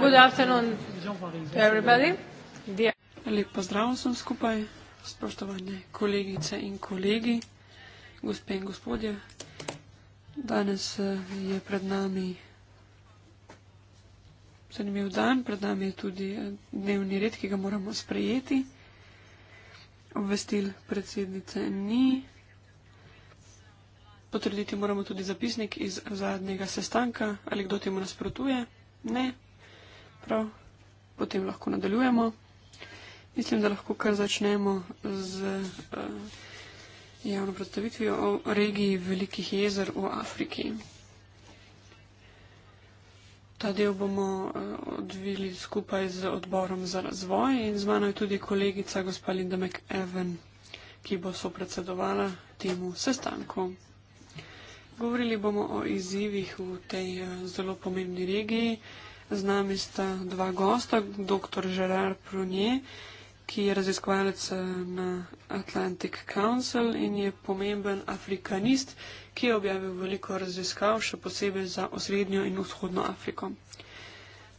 Good afternoon, everybody. Lep pozdrav vsem skupaj, spoštovane kolegice in kolegi, gospe in gospodje. Danes eh, je pred nami zanimiv dan, pred nami je tudi eh, dnevni red, ki ga moramo sprejeti. Obvestil predsednice ni. Potrditi moramo tudi zapisnik iz zadnjega sestanka, ali kdo temu nasprotuje. Ne. Prav. Potem lahko nadaljujemo. Mislim, da lahko kar začnemo z uh, javno predstavitvijo o regiji velikih jezer v Afriki. Ta del bomo uh, odvili skupaj z odborom za razvoj in z mano je tudi kolegica gospa Linda McEwen, ki bo sopredsedovala temu sestanku. Govorili bomo o izzivih v tej eh, zelo pomembni regiji. Z nami sta dva gosta, dr. Gerard Prunier, ki je raziskovalec eh, na Atlantic Council in je pomemben afrikanist, ki je objavil veliko raziskav, še posebej za osrednjo in vzhodno Afriko.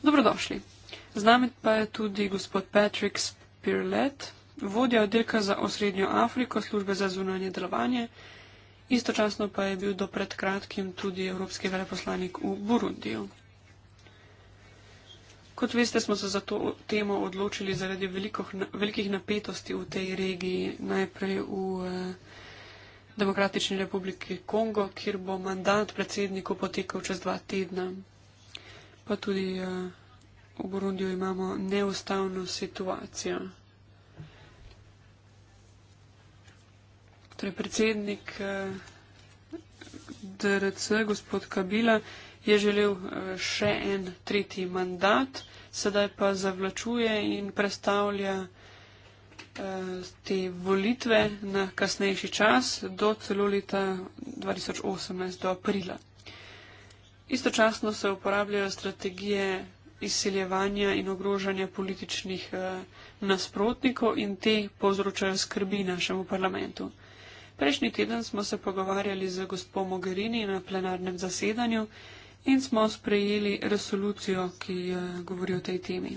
Dobrodošli. Z nami pa je tudi gospod Patrick Spirlet, vodja oddelka za osrednjo Afriko službe za zunanje delovanje istočasno pa je bil do pred kratkim tudi evropski veleposlanik v Burundiju. Kot veste, smo se za to temo odločili zaradi veliko, velikih napetosti v tej regiji, najprej v eh, Demokratični republiki Kongo, kjer bo mandat predsedniku potekal čez dva tedna. Pa tudi eh, v Burundiju imamo neustavno situacijo. Torej, predsednik eh, DRC, gospod Kabila, je želel eh, še en tretji mandat, sedaj pa zavlačuje in predstavlja eh, te volitve na kasnejši čas do celo leta 2018, do aprila. Istočasno se uporabljajo strategije izseljevanja in ogrožanja političnih nasprotnikov in te povzročajo skrbi našemu parlamentu. Prejšnji teden smo se pogovarjali z gospod Mogherini na plenarnem zasedanju in smo sprejeli resolucijo, ki eh, govori o tej temi.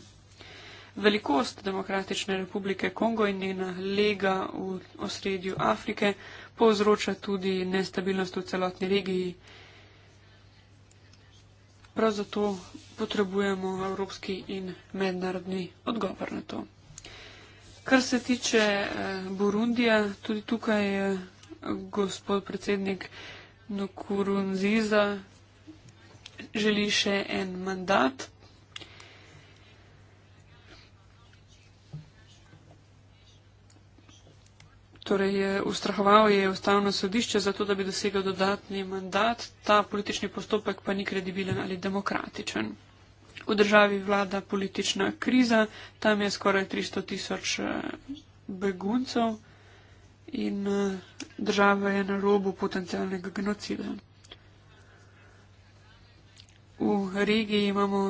Velikost Demokratične republike Kongo in njena lega v osredju Afrike povzroča tudi nestabilnost v celotni regiji. Prav zato potrebujemo evropski in mednarodni odgovor na to. Kar se tiče eh, Burundija, tudi tukaj je eh, gospod predsednik Nukurunziza želi še en mandat. Torej, ustrahoval je ustavno sodišče zato, da bi dosegel dodatni mandat, ta politični postopek pa ni kredibilen ali demokratičen. V državi vlada politična kriza, tam je skoraj 300 tisoč eh, beguncev in eh, država je na robu potencialnega genocida. V regiji imamo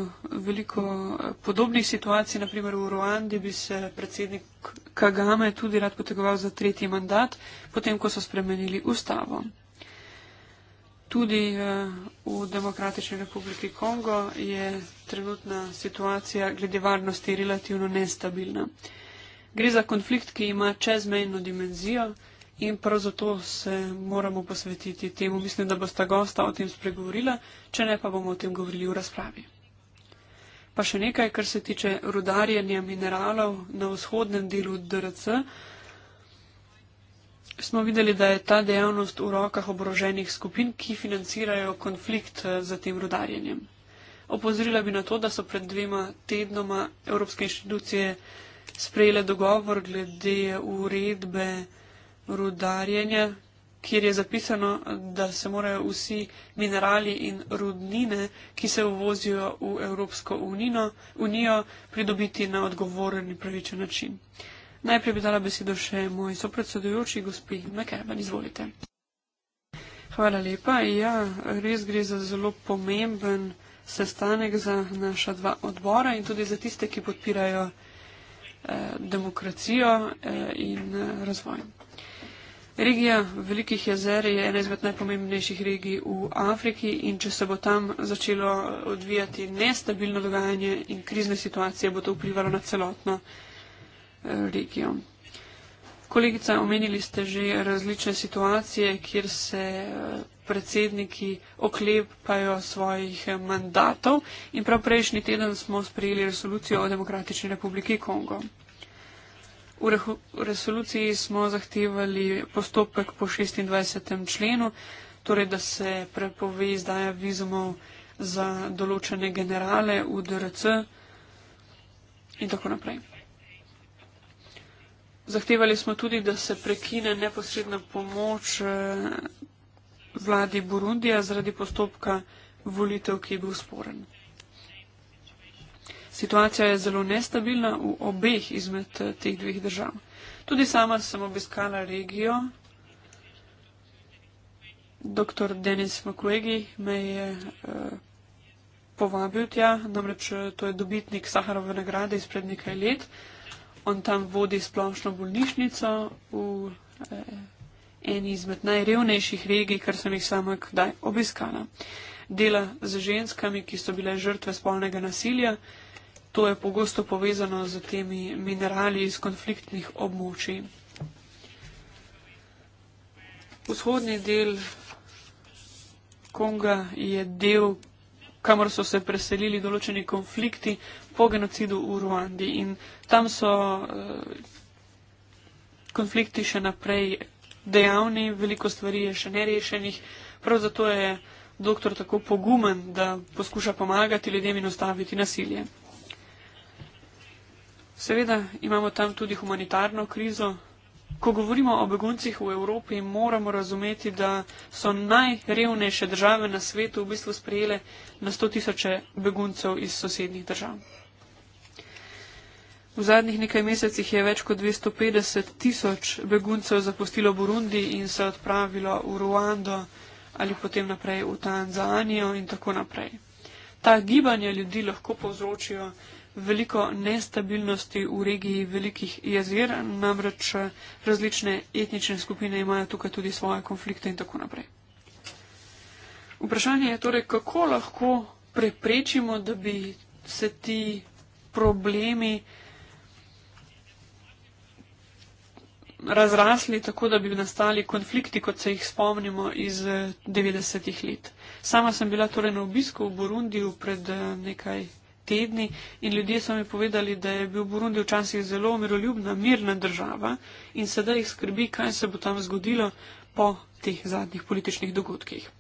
veliko eh, podobnih situacij, naprimer v Ruandi bi se predsednik Kagame tudi rad potegoval za tretji mandat, potem ko so spremenili ustavo. Tudi eh, v Demokratični republiki Kongo je trenutna situacija glede varnosti relativno nestabilna. Gre za konflikt, ki ima čezmejno dimenzijo in prav zato se moramo posvetiti temu. Mislim, da bosta gosta o tem spregovorila, če ne pa bomo o tem govorili v razpravi. Pa še nekaj, kar se tiče rudarjenja mineralov na vzhodnem delu DRC smo videli, da je ta dejavnost v rokah oboroženih skupin, ki financirajo konflikt eh, za tem rudarjenjem. Opozorila bi na to, da so pred dvema tednoma evropske inštitucije sprejele dogovor glede uredbe rudarjenja, kjer je zapisano, da se morajo vsi minerali in rudnine, ki se uvozijo v Evropsko unijo, pridobiti na odgovoren in pravičen način. Najprej bi dala besedo še moj sopredsedujoči, gospi Mekerban, izvolite. Hvala lepa. Ja, res gre za zelo pomemben sestanek za naša dva odbora in tudi za tiste, ki podpirajo eh, demokracijo eh, in eh, razvoj. Regija Velikih jezer je ena izmed najpomembnejših regij v Afriki in če se bo tam začelo odvijati nestabilno dogajanje in krizne situacije, bo to vplivalo na celotno regijo. Kolegica, omenili ste že različne situacije, kjer se eh, predsedniki oklepajo svojih eh, mandatov in prav prejšnji teden smo sprejeli resolucijo o Demokratični republiki Kongo. V, re v resoluciji smo zahtevali postopek po 26. členu, torej da se prepove izdaja vizumov za določene generale v DRC in tako naprej. Zahtevali smo tudi, da se prekine neposredna pomoč eh, vladi Burundija zaradi postopka volitev, ki je bil sporen. Situacija je zelo nestabilna v obeh izmed eh, teh dveh držav. Tudi sama sem obiskala regijo. Dr. Denis Makwegi me je uh, povabil tja, namreč to je dobitnik Saharove nagrade izpred nekaj let. Uh, on tam vodi splošno bolnišnico v eh, eni izmed najrevnejših regij, kar sem jih sama kdaj obiskala. Dela z ženskami, ki so bile žrtve spolnega nasilja, to je pogosto povezano z temi minerali iz konfliktnih območij. Vzhodni del Konga je del, kamor so se preselili določeni konflikti, po genocidu v Ruandi in tam so eh, konflikti še naprej dejavni, veliko stvari je še nerešenih. Prav zato je doktor tako pogumen, da poskuša pomagati ljudem in ustaviti nasilje. Seveda imamo tam tudi humanitarno krizo. Ko govorimo o beguncih v Evropi, moramo razumeti, da so najrevnejše države na svetu v bistvu sprejele na sto tisoče beguncev iz sosednjih držav. V zadnjih nekaj mesecih je več kot 250 tisoč beguncev zapustilo Burundi in se odpravilo v Ruando ali potem naprej v Tanzanijo in tako naprej. Ta gibanja ljudi lahko povzročijo veliko nestabilnosti v regiji velikih jezer, namreč različne etnične skupine imajo tukaj tudi svoje konflikte in tako naprej. Vprašanje je torej, kako lahko preprečimo, da bi se ti problemi razrasli tako, da bi nastali konflikti, kot se jih spomnimo iz 90-ih eh, let. Sama sem bila torej na obisku v Burundiju pred eh, nekaj tedni in ljudje so mi povedali, da je bil Burundi včasih zelo miroljubna, mirna država in sedaj jih skrbi, kaj se bo tam zgodilo po teh zadnjih političnih dogodkih.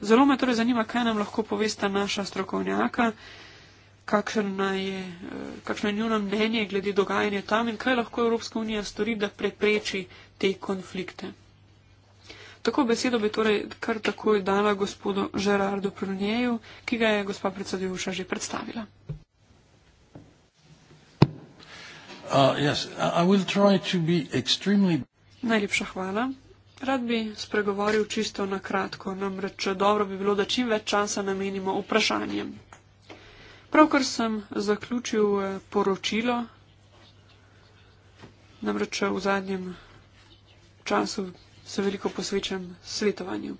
Zelo me torej zanima, kaj nam lahko povesta naša strokovnjaka. Eh, kakšno je njuno mnenje glede dogajanja tam in kaj lahko Evropska unija stori, da prepreči te konflikte. Tako besedo bi torej kar takoj dala gospodu Žerardu Pruneju, ki ga je gospa predsedujoča že predstavila. Uh, yes. Najlepša hvala. Rad bi spregovoril čisto na kratko, namreč dobro bi bilo, da čim več časa namenimo vprašanjem. Pravkar sem zaključil eh, poročilo, namreč eh, v zadnjem času se veliko posvečam svetovanju.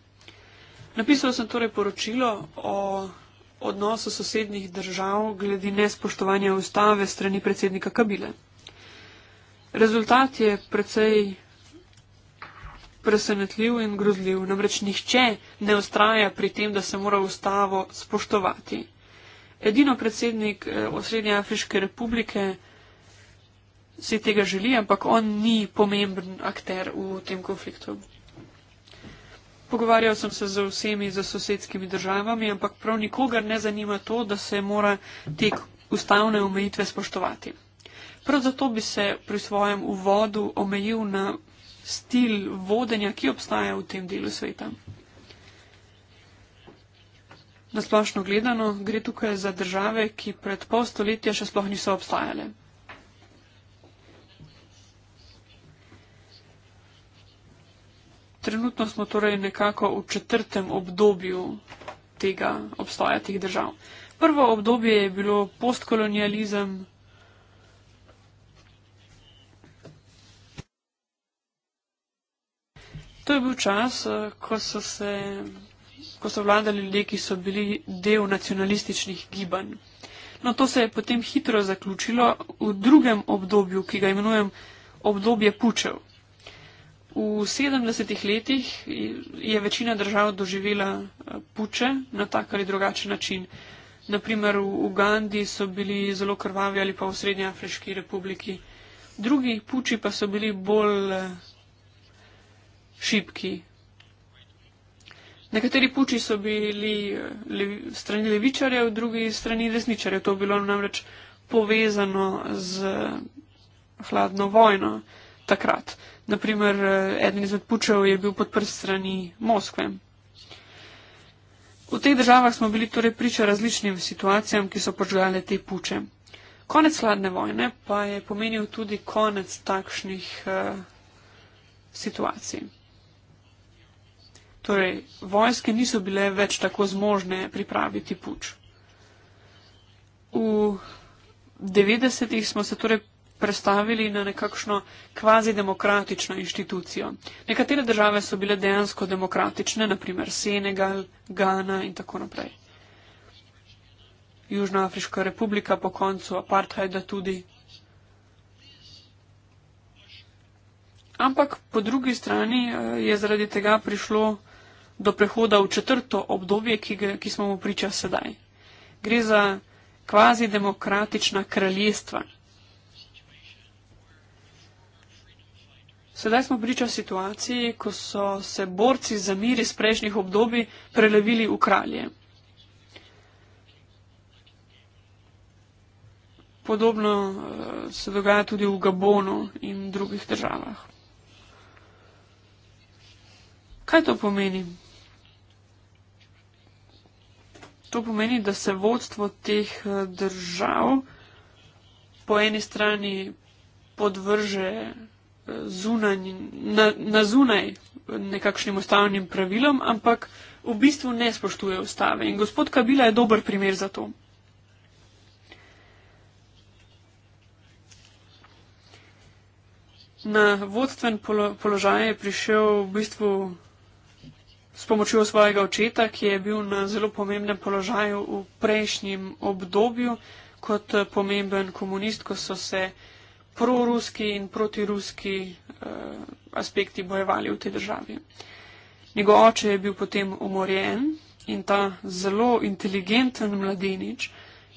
Napisal sem torej poročilo o odnosu sosednjih držav glede nespoštovanja ustave strani predsednika Kabile. Rezultat je precej presenetljiv in grozljiv. Namreč nihče ne ustraja pri tem, da se mora ustavo spoštovati edino predsednik eh, Osrednje Afriške republike si tega želi, ampak on ni pomemben akter v tem konfliktu. Pogovarjal sem se z vsemi za sosedskimi državami, ampak prav nikogar ne zanima to, da se mora te ustavne omejitve spoštovati. Prav zato bi se pri svojem uvodu omejil na stil vodenja, ki obstaja v tem delu sveta. Nasplošno gledano gre tukaj za države, ki pred pol stoletja še sploh niso obstajale. Trenutno smo torej nekako v četrtem obdobju tega obstoja teh držav. Prvo obdobje je bilo postkolonializem. To je bil čas, eh, ko so se ko so vladali ljudje, ki so bili del nacionalističnih gibanj. No, to se je potem hitro zaključilo v drugem obdobju, ki ga imenujem obdobje pučev. V 70-ih letih je večina držav doživela eh, puče na tak ali drugačen način. Naprimer v Ugandi so bili zelo krvavi ali pa v Srednji Afriški republiki. Drugi puči pa so bili bolj eh, šipki, Nekateri puči so bili eh, lev, strani levičarjev, drugi strani desničarjev. To je bilo namreč povezano z hladno vojno takrat. Naprimer, eh, eden izmed pučev je bil podprt strani Moskve. V teh državah smo bili torej priča različnim situacijam, ki so požgale te puče. Konec hladne vojne pa je pomenil tudi konec takšnih uh, situacij. Torej, vojske niso bile več tako zmožne pripraviti puč. V 90-ih smo se torej predstavili na nekakšno kvazi demokratično inštitucijo. Nekatere države so bile dejansko demokratične, naprimer Senegal, Ghana in tako naprej. Južna Afriška republika po koncu apartheida tudi. Ampak po drugi strani eh, je zaradi tega prišlo do prehoda v četrto obdobje, ki, ga, ki smo mu priča sedaj. Gre za kvazi demokratična kraljestva. Sedaj smo priča situaciji, ko so se borci za mir iz prejšnjih obdobij prelevili v kralje. Podobno eh, se dogaja tudi v Gabonu in drugih državah. Kaj to pomeni? To pomeni, da se vodstvo teh eh, držav po eni strani podvrže eh, zunaj, na, na zunaj nekakšnim ustavnim pravilom, ampak v bistvu ne spoštuje ustave. In gospod Kabila je dober primer za to. Na vodstven polo položaj je prišel v bistvu s pomočjo svojega očeta, ki je bil na zelo pomembnem položaju v prejšnjem obdobju kot eh, pomemben komunist, ko so se proruski in protiruski uh, aspekti bojevali v tej državi. Njegov oče je bil potem umorjen in ta zelo inteligenten mladenič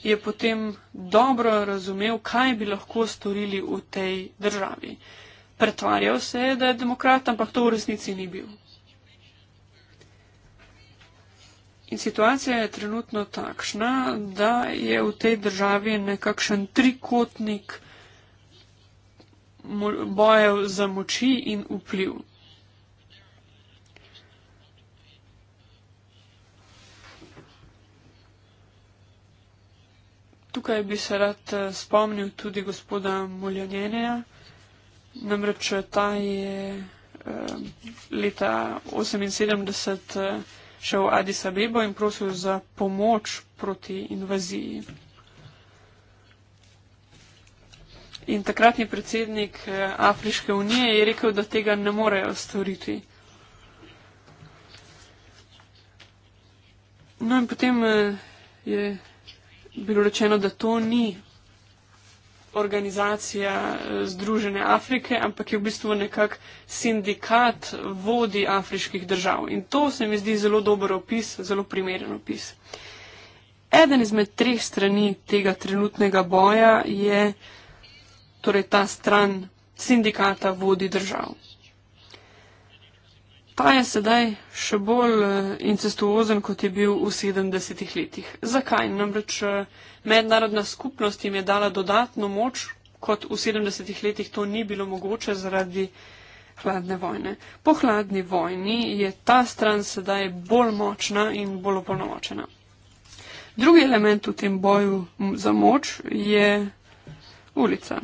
je potem dobro razumel, kaj bi lahko storili v tej državi. Pretvarjal se je, da je demokrat, ampak to v resnici ni bil. In situacija je trenutno takšna, da je v tej državi nekakšen trikotnik bojev za moči in vpliv. Tukaj bi se rad eh, spomnil tudi gospoda Muljanjenja, namreč eh, ta je eh, leta 1978 še v Addis Abebo in prosil za pomoč proti invaziji. In takratni predsednik eh, Afriške unije je rekel, da tega ne morejo storiti. No in potem eh, je bilo rečeno, da to ni organizacija eh, Združene Afrike, ampak je v bistvu nekak sindikat vodi afriških držav. In to se mi zdi zelo dober opis, zelo primeren opis. Eden izmed treh strani tega trenutnega boja je torej ta stran sindikata vodi držav. Ta je sedaj še bolj eh, incestuozen, kot je bil v 70-ih letih. Zakaj? Namreč eh, mednarodna skupnost jim je dala dodatno moč, kot v 70-ih letih to ni bilo mogoče zaradi hladne vojne. Po hladni vojni je ta stran sedaj bolj močna in bolj opolnomočena. Drugi element v tem boju za moč je ulica.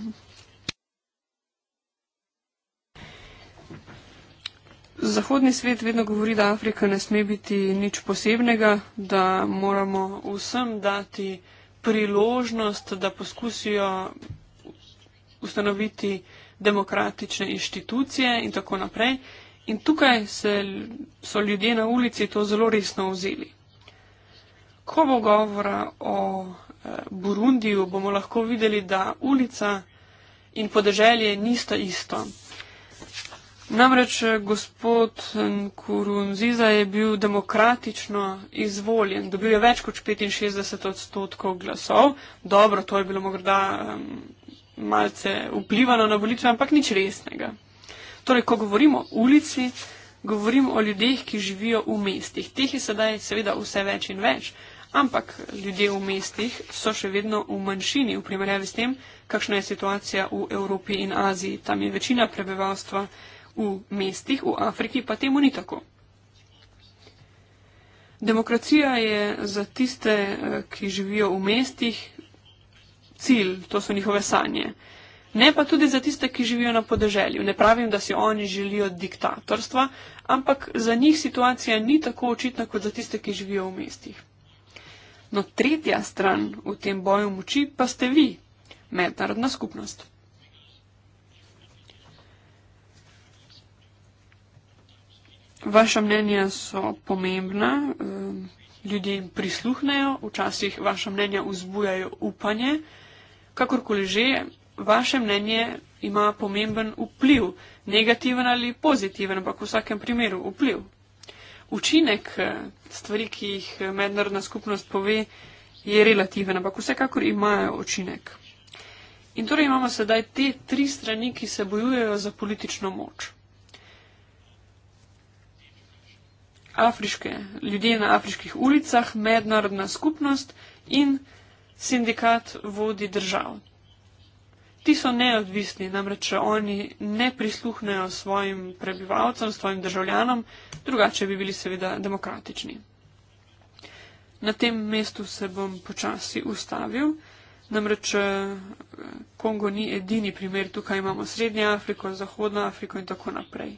Zahodni svet vedno govori, da Afrika ne sme biti nič posebnega, da moramo vsem dati priložnost, da poskusijo ustanoviti demokratične inštitucije in tako naprej. In tukaj se, so ljudje na ulici to zelo resno vzeli. Ko bo govora o eh, Burundiju, bomo lahko videli, da ulica in podeželje nista isto. Namreč eh, gospod eh, Kurunziza je bil demokratično izvoljen, dobil je več kot 65 odstotkov glasov. Dobro, to je bilo morda um, malce vplivano na volitve, ampak nič resnega. Torej, ko govorimo o ulici, govorim o ljudeh, ki živijo v mestih. Teh je sedaj seveda vse več in več, ampak ljudje v mestih so še vedno v manjšini v primerjavi s tem, kakšna je situacija v Evropi in Aziji. Tam je večina prebivalstva v mestih, v Afriki pa temu ni tako. Demokracija je za tiste, eh, ki živijo v mestih, cilj, to so njihove sanje. Ne pa tudi za tiste, ki živijo na podeželju. Ne pravim, da si oni želijo diktatorstva, ampak za njih situacija ni tako očitna kot za tiste, ki živijo v mestih. No, tretja stran v tem boju moči pa ste vi, mednarodna skupnost. Vaša mnenja so pomembna, ehm, ljudje jim prisluhnejo, včasih vaša mnenja vzbujajo upanje. Kakorkoli že, vaše mnenje ima pomemben vpliv, negativen ali pozitiven, ampak v vsakem primeru vpliv. Učinek eh, stvari, ki jih mednarodna skupnost pove, je relativen, ampak vsekakor imajo učinek. In torej imamo sedaj te tri strani, ki se bojujejo za politično moč. afriške, ljudje na afriških ulicah, mednarodna skupnost in sindikat vodi držav. Ti so neodvisni, namreč oni ne prisluhnejo svojim prebivalcem, svojim državljanom, drugače bi bili seveda demokratični. Na tem mestu se bom počasi ustavil, namreč eh, Kongo ni edini primer, tukaj imamo Srednjo Afriko, Zahodno Afriko in tako naprej.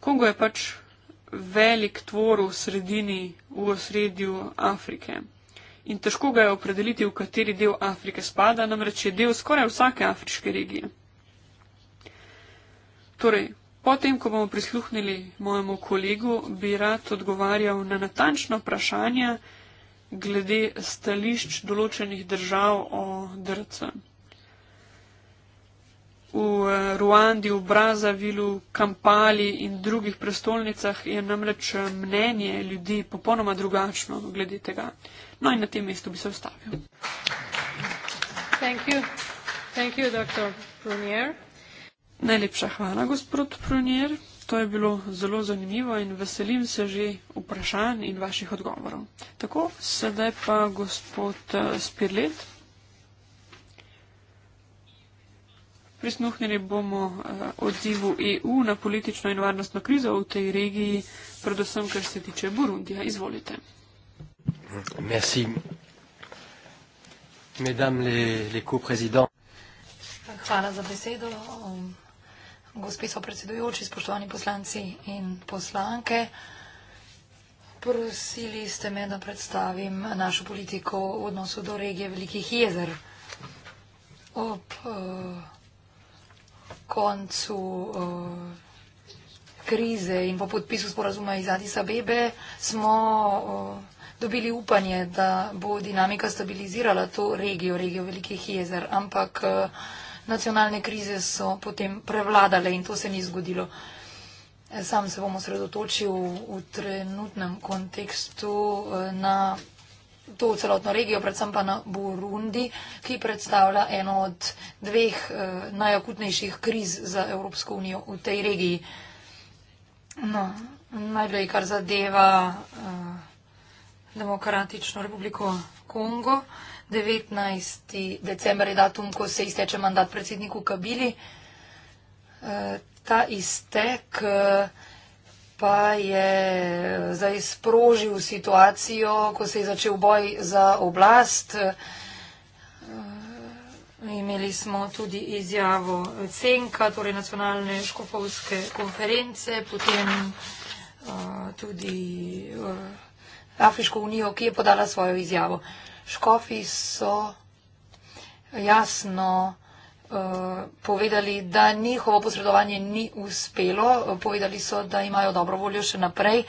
Kongo je pač velik tvor v sredini, v osredju Afrike. In težko ga je opredeliti, v kateri del Afrike spada, namreč je del skoraj vsake afriške regije. Torej, potem, ko bomo prisluhnili mojemu kolegu, bi rad odgovarjal na natančno vprašanje glede stališč določenih držav o DRC v eh, Ruandi, v Brazavilu, Kampali in drugih prestolnicah je namreč eh, mnenje ljudi popolnoma drugačno glede tega. No in na tem mestu bi se ustavil. Thank you. Thank you, Najlepša hvala, gospod Prunier. To je bilo zelo zanimivo in veselim se že vprašanj in vaših odgovorov. Tako, sedaj pa gospod eh, Spirlet. Prisluhnili bomo eh, odzivu EU na politično in varnostno krizo v tej regiji, predvsem kar se tiče Burundija. Izvolite. Merci. Mesdames les co-presidents. Hvala za besedo. Um, gospe so predsedujoči, spoštovani poslanci in poslanke. Prosili ste me, da predstavim našo politiko v odnosu do regije Velikih jezer. Ob uh, koncu uh, krize in po podpisu sporazuma iz Adisa Bebe smo uh, dobili upanje, da bo dinamika stabilizirala to regijo, regijo Velikih jezer. Ampak uh, nacionalne krize so potem prevladale in to se ni zgodilo. Sam se bom osredotočil v, v trenutnem kontekstu uh, na to celotno regijo, predvsem pa na Burundi, ki predstavlja eno od dveh eh, najakutnejših kriz za Evropsko unijo v tej regiji. No, najprej, kar zadeva eh, Demokratično republiko Kongo. 19. december je datum, ko se izteče mandat predsedniku Kabili. Eh, ta iztek. Eh, pa je zdaj sprožil situacijo, ko se je začel boj za oblast. Imeli smo tudi izjavo Cenka, torej nacionalne škofovske konference, potem eh, tudi eh, Afriško unijo, ki je podala svojo izjavo. Škofi so jasno povedali, da njihovo posredovanje ni uspelo. Povedali so, da imajo dobro voljo še naprej.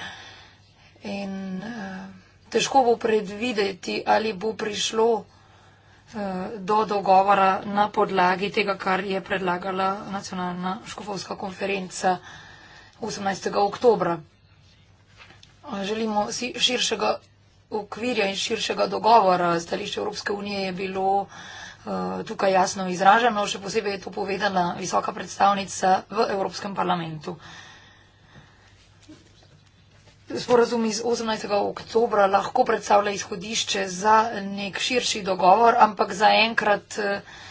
In uh, težko bo predvideti, ali bo prišlo eh, do dogovora na podlagi tega, kar je predlagala nacionalna škofovska konferenca 18. oktobra. Želimo si širšega okvirja in širšega dogovora. Stališče Evropske unije je bilo uh, Eh, tukaj jasno izraženo, še posebej je to povedala visoka predstavnica v Evropskem parlamentu. Sporazum iz 18. oktobra lahko predstavlja izhodišče za nek širši dogovor, ampak zaenkrat eh,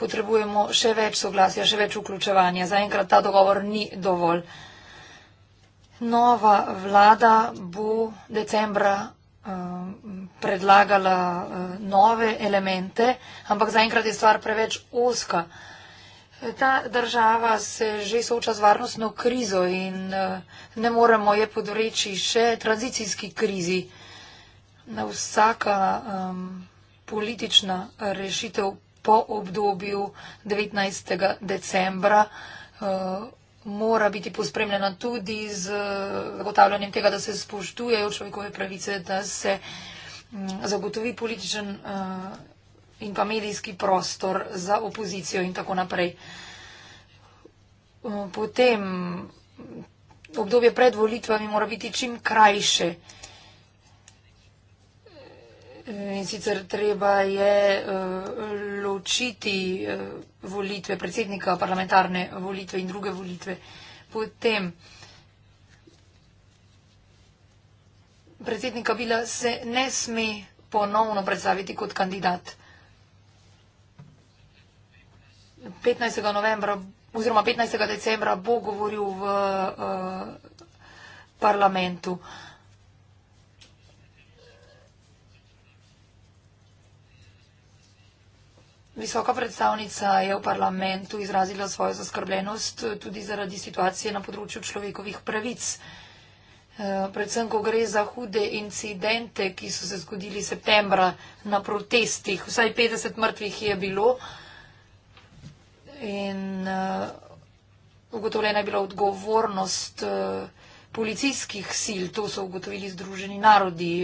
potrebujemo še več soglasja, še več vključevanja. Zaenkrat ta dogovor ni dovolj. Nova vlada bo decembra Eh, predlagala eh, nove elemente, ampak zaenkrat je stvar preveč oska. Ta država se že sooča z varnostno krizo in eh, ne moremo je podoreči še tranzicijski krizi. Na vsaka um, politična rešitev po obdobju 19. decembra uh, mora biti pospremljena tudi z eh, zagotavljanjem tega, da se spoštujejo človekove pravice, da se mm, zagotovi političen eh, in pa medijski prostor za opozicijo in tako naprej. Eh, potem obdobje pred volitvami mora biti čim krajše. In sicer treba je eh, ločiti eh, volitve predsednika, parlamentarne volitve in druge volitve. Potem predsednika Bila se ne sme ponovno predstaviti kot kandidat. 15. novembra oziroma 15. decembra bo govoril v uh, parlamentu. Uh, Visoka predstavnica je v parlamentu izrazila svojo zaskrbljenost tudi zaradi situacije na področju človekovih pravic. Eh, predvsem, ko gre za hude incidente, ki so se zgodili septembra na protestih. Vsaj 50 mrtvih je bilo in eh, ugotovljena je bila odgovornost eh, policijskih sil, to so ugotovili združeni narodi,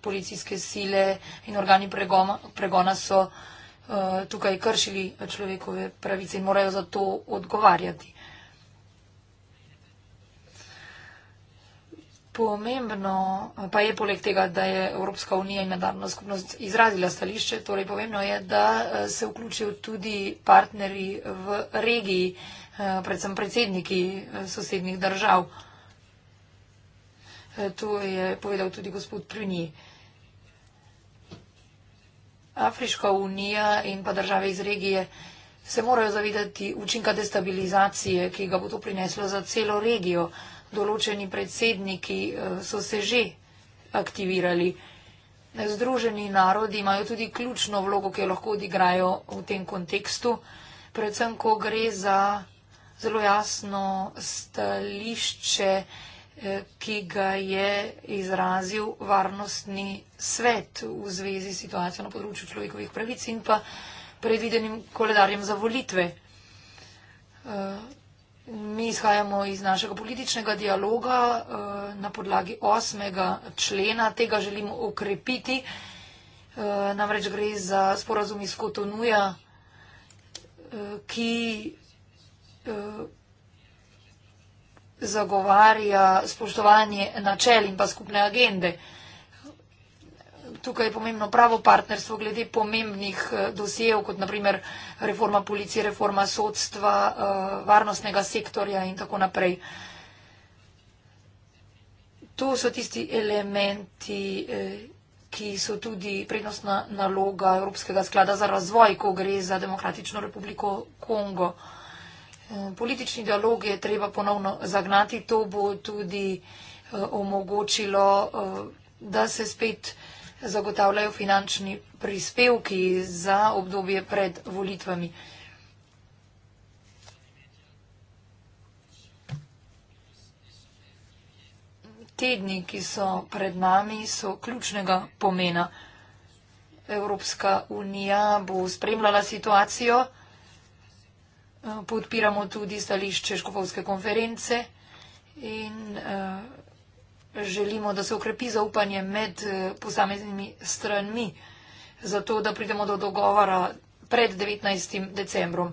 policijske sile in organi pregona, pregona so. Eh, tukaj kršili človekove pravice in morajo za to odgovarjati. Pomembno eh, pa je poleg tega, da je Evropska unija in mednarodna skupnost izrazila stališče, torej pomembno je, da eh, se vključijo tudi partnerji v regiji, predvsem predsedniki sosednjih držav. To je povedal tudi gospod Prvni. Afriška unija in pa države iz regije se morajo zavedati učinka destabilizacije, ki ga bo to prineslo za celo regijo. Določeni predsedniki eh, so se že aktivirali. Združeni narodi imajo tudi ključno vlogo, ki jo lahko odigrajo v tem kontekstu, predvsem, ko gre za zelo jasno stališče, Eh, ki ga je izrazil varnostni svet v zvezi s situacijo na področju človekovih pravic in pa predvidenim koledarjem za volitve. Eh, mi izhajamo iz našega političnega dialoga eh, na podlagi osmega člena, tega želimo okrepiti, namreč gre za sporazum iz Kotonuja, ki zagovarja spoštovanje načel in pa skupne agende. Tukaj je pomembno pravo partnerstvo glede pomembnih eh, dosijev, kot naprimer reforma policije, reforma sodstva, eh, varnostnega sektorja in tako naprej. To so tisti elementi, eh, ki so tudi prednostna naloga Evropskega sklada za razvoj, ko gre za Demokratično republiko Kongo. Eh, politični dialog je treba ponovno zagnati. To bo tudi eh, omogočilo, eh, da se spet zagotavljajo finančni prispevki za obdobje pred volitvami. Tedni, ki so pred nami, so ključnega pomena. Evropska unija bo spremljala situacijo podpiramo tudi stališče Škofovske konference in eh, želimo, da se ukrepi zaupanje med eh, posameznimi stranmi, zato da pridemo do dogovora pred 19. decembrom.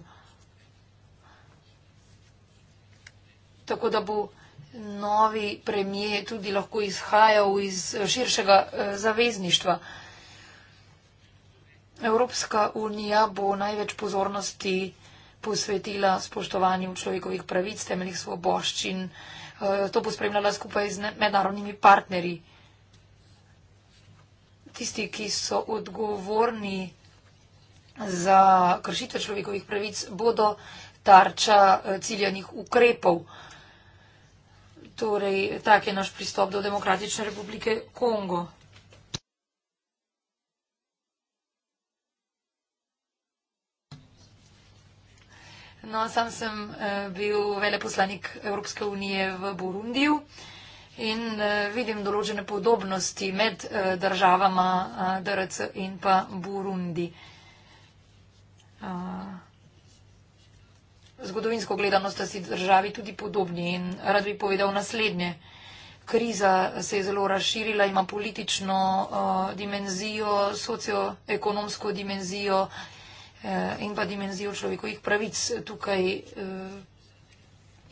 Tako da bo novi premije tudi lahko izhajal iz eh, širšega zavezništva. Evropska unija bo največ pozornosti posvetila spoštovanju človekovih pravic, temeljih svoboščin. Eh, to bo spremljala skupaj z mednarodnimi partnerji. Tisti, ki so odgovorni za kršitev človekovih pravic, bodo tarča eh, ciljanih ukrepov. Torej, tak je naš pristop do Demokratične republike Kongo. No, sam sem eh, bil veleposlanik Evropske unije v Burundiju in eh, vidim določene podobnosti med eh, državama DRC in pa Burundi. Zgodovinsko gledano sta si državi tudi podobni in rad bi povedal naslednje. Kriza se je zelo razširila, ima politično uh, dimenzijo, socioekonomsko dimenzijo, uh, Eh, in pa dimenzijo človekovih pravic. Tukaj eh,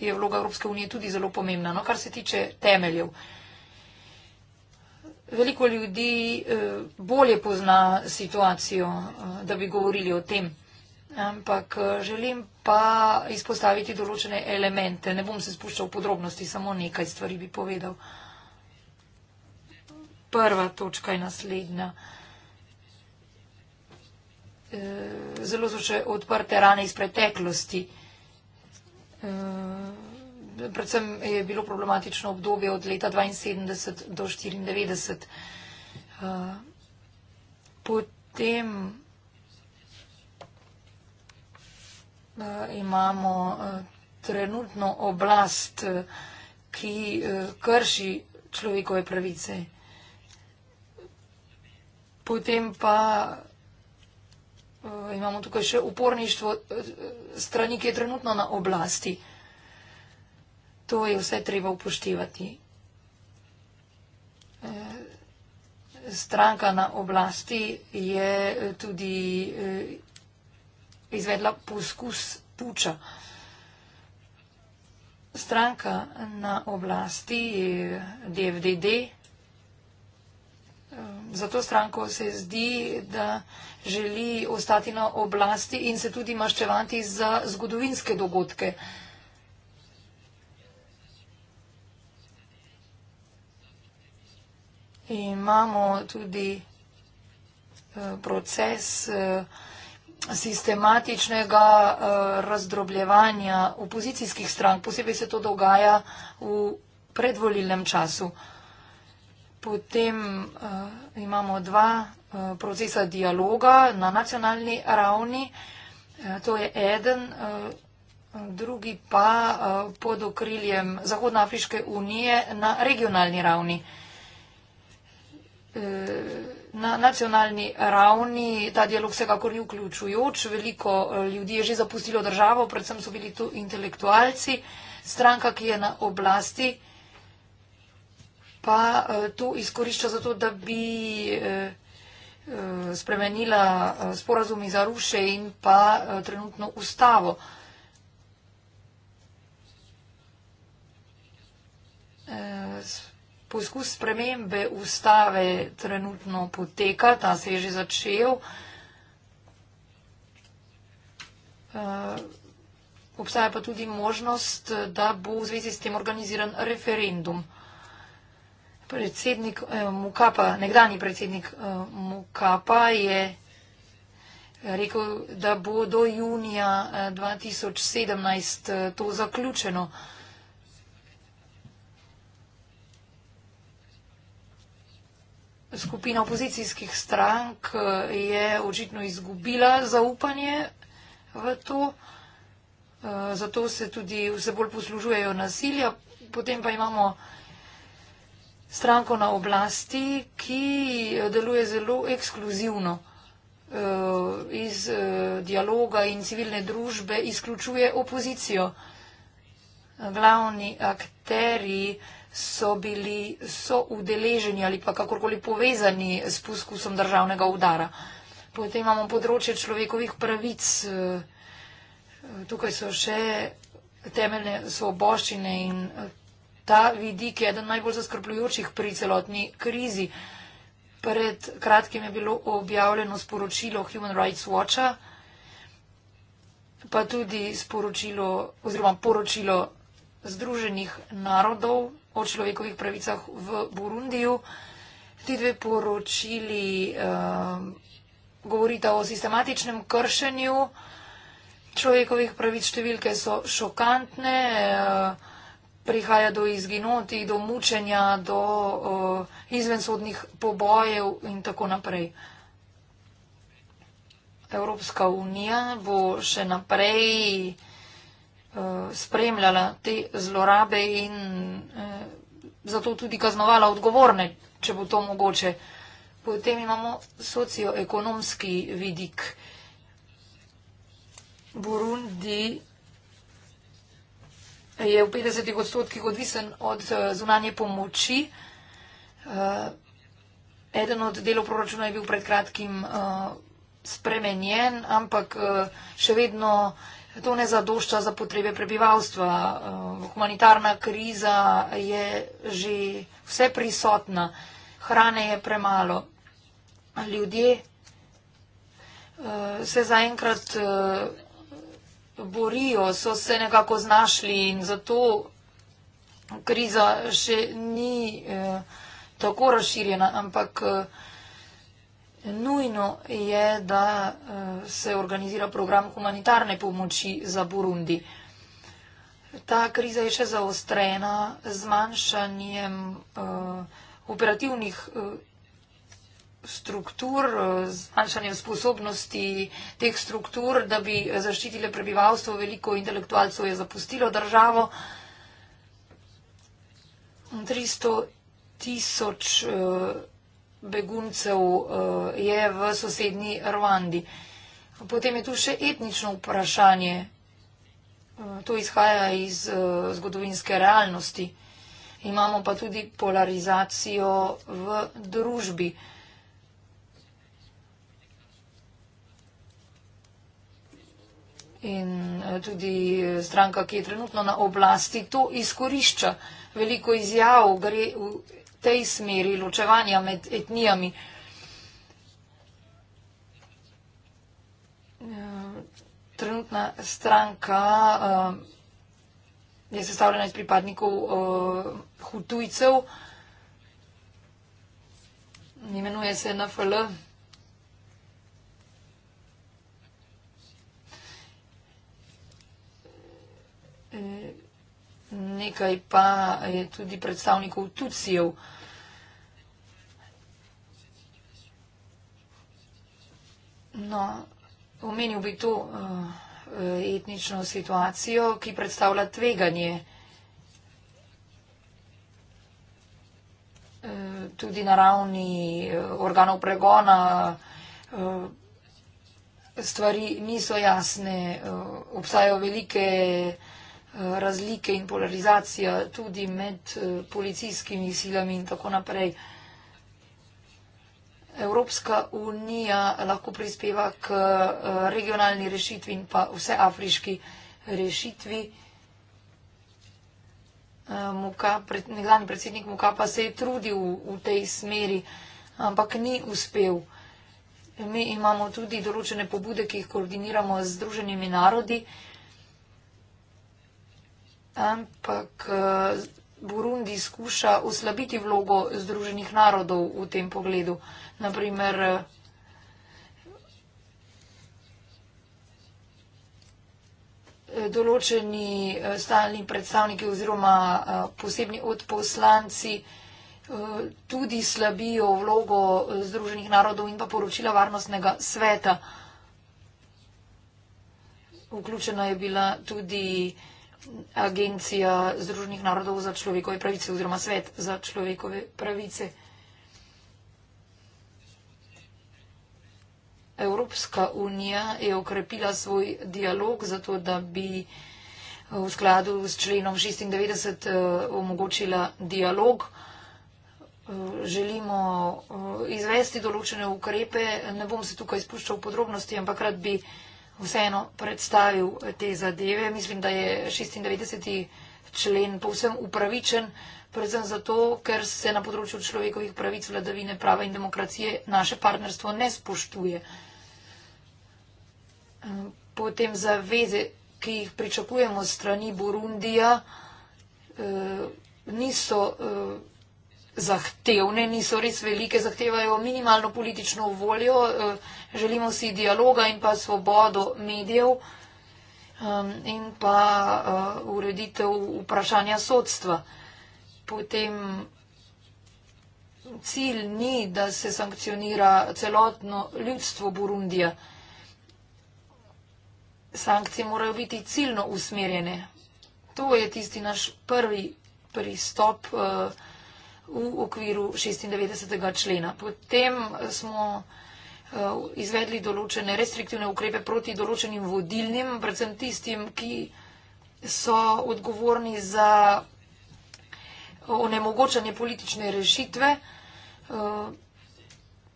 je vloga Evropske unije tudi zelo pomembna. No, kar se tiče temeljev. Veliko ljudi eh, bolje pozna situacijo, da bi govorili o tem. Ampak želim pa izpostaviti določene elemente. Ne bom se spuščal v podrobnosti, samo nekaj stvari bi povedal. Prva točka je naslednja. Eh, zelo so še odprte rane iz preteklosti. Eh, predvsem je bilo problematično obdobje od leta 72 do 94. Eh, potem imamo trenutno oblast, ki krši človekove pravice. Potem pa Eh, imamo tukaj še uporništvo eh, strani, ki je trenutno na oblasti. To je vse treba upoštevati. Eh, stranka na oblasti je tudi izvedla poskus puča. Stranka na oblasti je DFDD, za to stranko se zdi, da želi ostati na oblasti in se tudi maščevati za zgodovinske dogodke. Imamo tudi eh, proces eh, sistematičnega eh, razdrobljevanja opozicijskih strank, posebej se to dogaja v predvolilnem času. Potem uh, imamo dva uh, procesa dialoga na nacionalni ravni. Uh, to je eden, uh, drugi pa uh, pod okriljem Zahodnoafriške unije na regionalni ravni. Na nacionalni ravni ta dialog vsekakor ni vključujoč. Veliko ljudi je že zapustilo državo, predvsem so bili tu intelektualci. Stranka, ki je na oblasti, pa eh, to izkorišča zato, da bi eh, eh, spremenila sporazumi za ruše in pa trenutno ustavo. Poskus spremembe ustave trenutno poteka, ta se je že začel. Obstaja pa tudi možnost, da bo v zvezi s tem organiziran referendum. Predsednik eh, Mukapa, nekdani predsednik eh, Mukapa je rekel, da bo do junija eh, 2017 eh, to zaključeno. Skupina opozicijskih strank eh, je očitno izgubila zaupanje v to, eh, zato se tudi vse bolj poslužujejo nasilja. Potem pa imamo stranko na oblasti, ki deluje zelo ekskluzivno eh, iz eh, dialoga in civilne družbe, izključuje opozicijo. Glavni akteri so bili soudeleženi ali pa kakorkoli povezani s poskusom državnega udara. Potem imamo področje človekovih pravic. Eh, tukaj so še temeljne svoboščine in ta vidik je eden najbolj zaskrbljujočih pri celotni krizi. Pred kratkim je bilo objavljeno sporočilo Human Rights Watcha, pa tudi sporočilo oziroma poročilo Združenih narodov o človekovih pravicah v Burundiju. Ti dve poročili uh, govorita o sistematičnem kršenju človekovih pravic. Številke so šokantne. Uh, prihaja do izginoti, do mučenja, do uh, izvensodnih pobojev in tako naprej. Evropska unija bo še naprej uh, spremljala te zlorabe in uh, zato tudi kaznovala odgovorne, če bo to mogoče. Potem imamo socioekonomski vidik. Burundi je v 50 odstotkih odvisen od eh, zunanje pomoči. Eh, eden od delov proračuna je bil pred kratkim eh, spremenjen, ampak še vedno to ne zadošča za potrebe prebivalstva. Humanitarna kriza je že vse prisotna, hrane je premalo. Ljudje se zaenkrat borijo, so se nekako znašli in zato kriza še ni eh, tako razširjena, ampak eh, nujno je, da eh, se organizira program humanitarne pomoči za Burundi. Ta kriza je še zaostrena z manjšanjem eh, operativnih. Eh, struktur, eh, zmanjšanjem sposobnosti teh struktur, da bi zaščitile prebivalstvo, veliko intelektualcev je zapustilo državo. 300 tisoč eh, beguncev eh, je v sosednji Rwandi. Potem je tu še etnično vprašanje. To izhaja iz zgodovinske realnosti. Imamo pa tudi polarizacijo v družbi. in eh, tudi eh, stranka, ki je trenutno na oblasti, to izkorišča. Veliko izjav gre v tej smeri ločevanja med etnijami. Eh, trenutna stranka je sestavljena iz pripadnikov hutujcev, imenuje se NFL. nekaj pa je tudi predstavnikov tucijev. No, omenil bi to uh, etnično situacijo, ki predstavlja tveganje. Eh, tudi na ravni eh, organov pregona stvari niso jasne. Obstajajo velike razlike in polarizacija tudi med eh, policijskimi silami in tako naprej. Evropska unija lahko prispeva k eh, regionalni rešitvi in pa vse afriški rešitvi. Eh, Muka, pred, nekdani predsednik Mukapa se je trudil v, v tej smeri, ampak ni uspel. Mi imamo tudi določene pobude, ki jih koordiniramo z Združenimi narodi ampak eh, Burundi skuša uslabiti vlogo Združenih narodov v tem pogledu. Naprimer, eh, določeni eh, stalni predstavniki oziroma posebni odposlanci tudi slabijo vlogo Združenih narodov in pa poročila Varnostnega sveta. Vključena je bila tudi agencija Združenih narodov za človekove pravice oziroma svet za človekove pravice. Evropska unija je okrepila svoj dialog zato, da bi eh, v skladu s členom 96 eh, omogočila dialog. Eh, želimo izvesti določene ukrepe. Ne bom se tukaj spuščal v podrobnosti, ampak rad bi vseeno predstavil te zadeve. Mislim, da je 96. člen povsem upravičen, predvsem zato, ker se na področju človekovih pravic, vladavine prava in demokracije naše partnerstvo ne spoštuje. Potem zaveze, ki jih pričakujemo strani Burundija, eh, niso eh, zahtevne, niso res velike, zahtevajo minimalno politično voljo, eh, želimo si dialoga in pa svobodo medijev ehm, in pa eh, ureditev vprašanja sodstva. Potem cilj ni, da se sankcionira celotno ljudstvo Burundija. Sankcije morajo biti ciljno usmerjene. To je tisti naš prvi pristop. Uh, v okviru 96. člena. Potem eh, smo eh, izvedli določene restriktivne ukrepe proti določenim vodilnim, predvsem tistim, ki so odgovorni za eh, onemogočanje politične rešitve.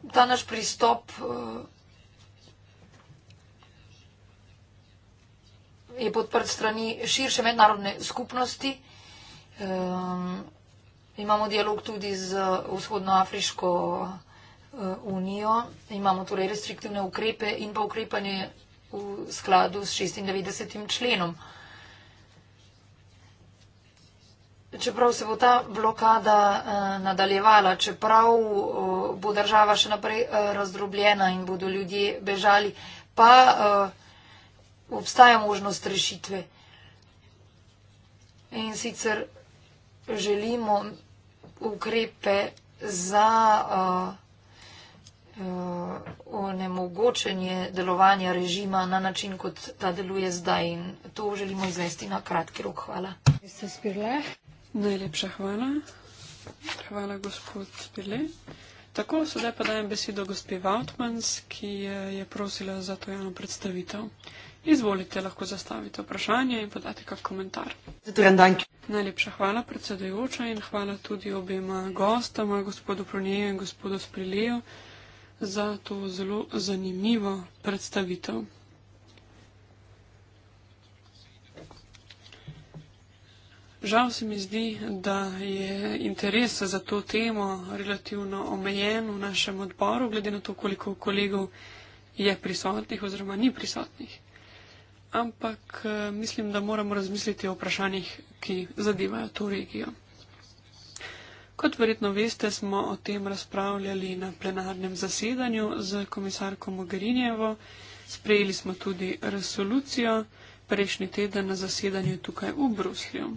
Ta naš pristop je podprt strani širše mednarodne skupnosti. Imamo dialog tudi z Vzhodnoafriško eh, unijo, imamo torej restriktivne ukrepe in pa ukrepanje v skladu s 96. členom. Čeprav se bo ta blokada eh, nadaljevala, čeprav eh, bo država še naprej razdrobljena in bodo ljudje bežali, pa obstaja možnost rešitve. In sicer želimo ukrepe za onemogočenje uh, uh, delovanja režima na način, kot ta deluje zdaj. In to želimo izvesti na kratki rok. Hvala. Najlepša hvala. Hvala, gospod Spirle. Tako, sedaj pa dajem besedo gospe Vautmans, ki je prosila za to javno predstavitev. Izvolite, lahko zastavite vprašanje in podate kak komentar. Najlepša hvala predsedojoča in hvala tudi obema gostama, gospodu Pronijeju in gospodu Spriliju, za to zelo zanimivo predstavitev. Žal se mi zdi, da je interes za to temo relativno omejen v našem odboru, glede na to, koliko kolegov je prisotnih oziroma ni prisotnih ampak eh, mislim, da moramo razmisliti o vprašanjih, ki zadevajo to regijo. Kot verjetno veste, smo o tem razpravljali na plenarnem zasedanju z komisarko Mogherinjevo. Sprejeli smo tudi resolucijo prejšnji teden na zasedanju tukaj v Bruslju.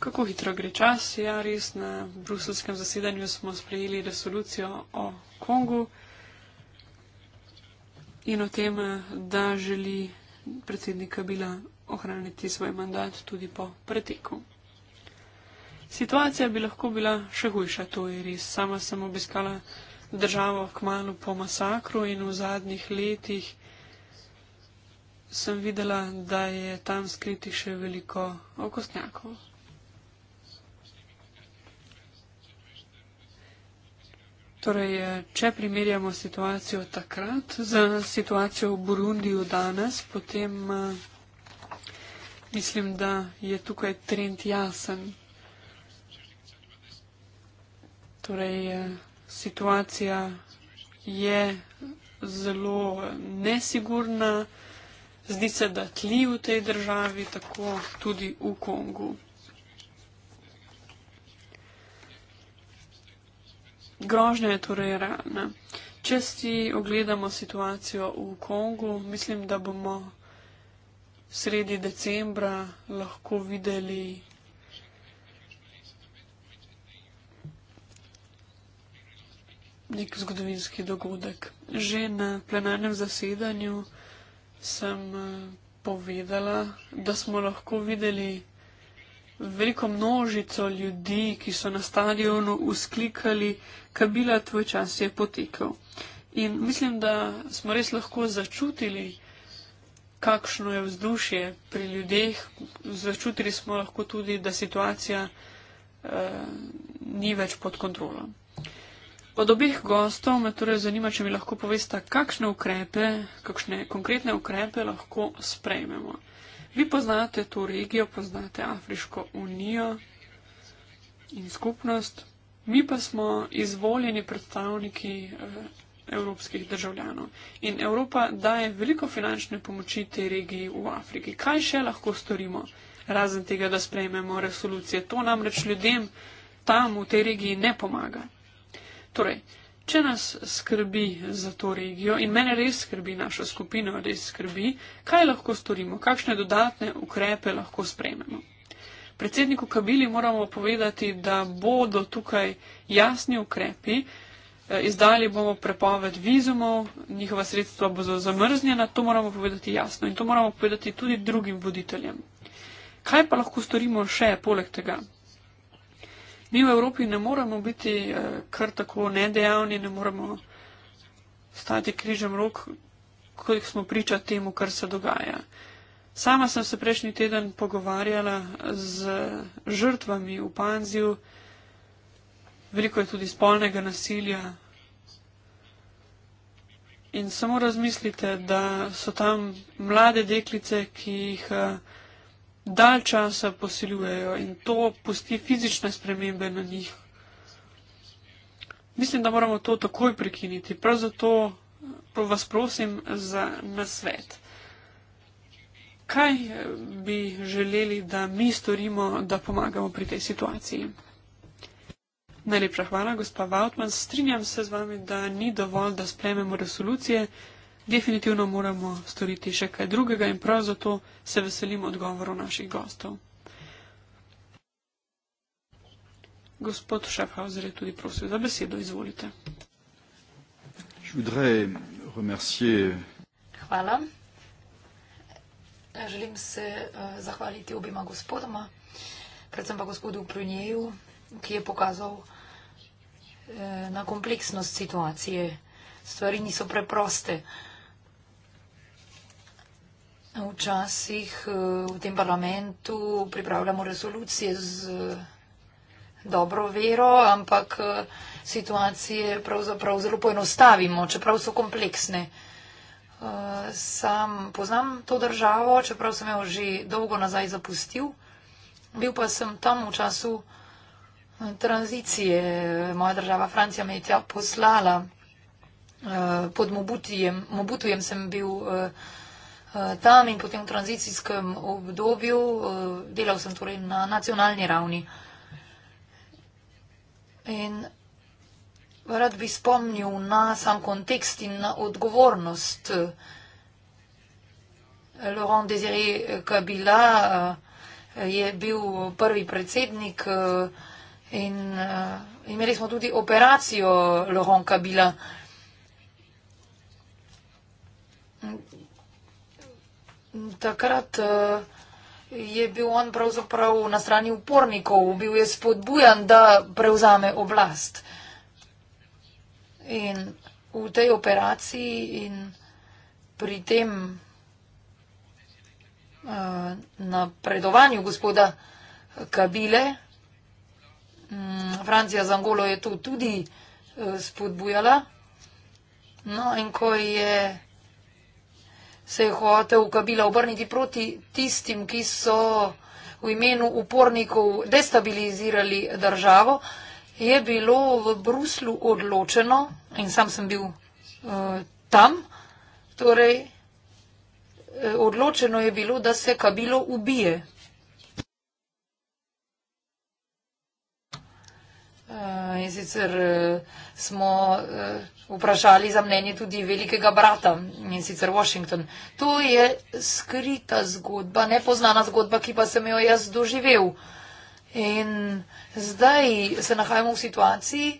Kako hitro gre čas? Ja, res, na bruselskem zasedanju smo sprejeli resolucijo o Kongu in o tem, da želi predsednika Bila ohraniti svoj mandat tudi po preteku. Situacija bi lahko bila še hujša, to je res. Sama sem obiskala državo kmalo po masakru in v zadnjih letih sem videla, da je tam skriti še veliko okostnjakov. Torej, eh, če primerjamo situacijo takrat z situacijo v Burundiju danes, potem eh, mislim, da je tukaj trend jasen. Torej, eh, situacija je zelo nesigurna, zdi se, da tli v tej državi, tako tudi v Kongu. grožnja je torej realna. Če si ogledamo situacijo v Kongu, mislim, da bomo sredi decembra lahko videli. Nek zgodovinski dogodek. Že na plenarnem zasedanju sem eh, povedala, da smo lahko videli veliko množico ljudi, ki so na stadionu usklikali, kabila tvoj čas je potekel. In mislim, da smo res lahko začutili, kakšno je vzdušje pri ljudeh. Začutili smo lahko tudi, da situacija eh, ni več pod kontrolo. Od obih gostov me torej zanima, če mi lahko poveste, kakšne ukrepe, kakšne konkretne ukrepe lahko sprejmemo. Vi poznate to regijo, poznate Afriško unijo in skupnost, mi pa smo izvoljeni predstavniki eh, evropskih državljanov. In Evropa daje veliko finančne pomoči tej regiji v Afriki. Kaj še lahko storimo, razen tega, da sprejmemo resolucije? To namreč ljudem tam v tej regiji ne pomaga. Torej, če nas skrbi za to regijo in mene res skrbi, našo skupino res skrbi, kaj lahko storimo, kakšne dodatne ukrepe lahko sprejmemo. Predsedniku Kabili moramo povedati, da bodo tukaj jasni ukrepi, eh, izdali bomo prepoved vizumov, njihova sredstva bo zamrznjena, to moramo povedati jasno in to moramo povedati tudi drugim voditeljem. Kaj pa lahko storimo še poleg tega? Mi v Evropi ne moremo biti eh, kar tako nedejavni, ne moremo stati križem rok, ko jih smo priča temu, kar se dogaja. Sama sem se prejšnji teden pogovarjala z žrtvami v Panziju, veliko je tudi spolnega nasilja. In samo razmislite, da so tam mlade deklice, ki jih. Eh, dal časa posiljujejo in to pusti fizične spremembe na njih. Mislim, da moramo to takoj prekiniti. Prav zato vas prosim za nasvet. Kaj eh, bi želeli, da mi storimo, da pomagamo pri tej situaciji? Najlepša hvala, gospa Vautman. Strinjam se z vami, da ni dovolj, da sprememo resolucije. Definitivno moramo storiti še kaj drugega in prav zato se veselim odgovorov naših gostov. Gospod Šafhauser je tudi prosil za besedo, izvolite. Hvala. Želim se eh, zahvaliti obima gospodama, predvsem pa gospodu Prunjeju, ki je pokazal eh, na kompleksnost situacije. Stvari niso preproste. Včasih eh, v tem parlamentu pripravljamo rezolucije z eh, dobro vero, ampak eh, situacije pravzaprav zelo poenostavimo, čeprav so kompleksne. Sam poznam to državo, čeprav sem jo že dolgo nazaj zapustil. Bil pa sem tam v času tranzicije. Moja država Francija me je tja poslala. Pod Mobutujem, Mobutujem sem bil Eh, tam in potem v tranzicijskem obdobju eh, delal sem torej na nacionalni ravni. In rad bi spomnil na sam kontekst in na odgovornost eh, Laurent Desiré Kabila je bil prvi predsednik in imeli smo tudi operacijo Laurent Kabila. Takrat eh, je bil on pravzaprav na strani upornikov, bil je spodbujan, da prevzame oblast. In v tej operaciji in pri tem eh, napredovanju gospoda Kabile, mm, Francija z Angolo je to tudi eh, spodbujala. No, in ko je se je hotel Kabila obrniti proti tistim, ki so v imenu upornikov destabilizirali državo, je bilo v Bruslu odločeno in sam sem bil uh, tam, torej eh, odločeno je bilo, da se Kabilo ubije. Uh, in sicer uh, smo uh, vprašali za mnenje tudi velikega brata in sicer Washington. To je skrita zgodba, nepoznana zgodba, ki pa sem jo jaz doživel. In zdaj se nahajamo v situaciji,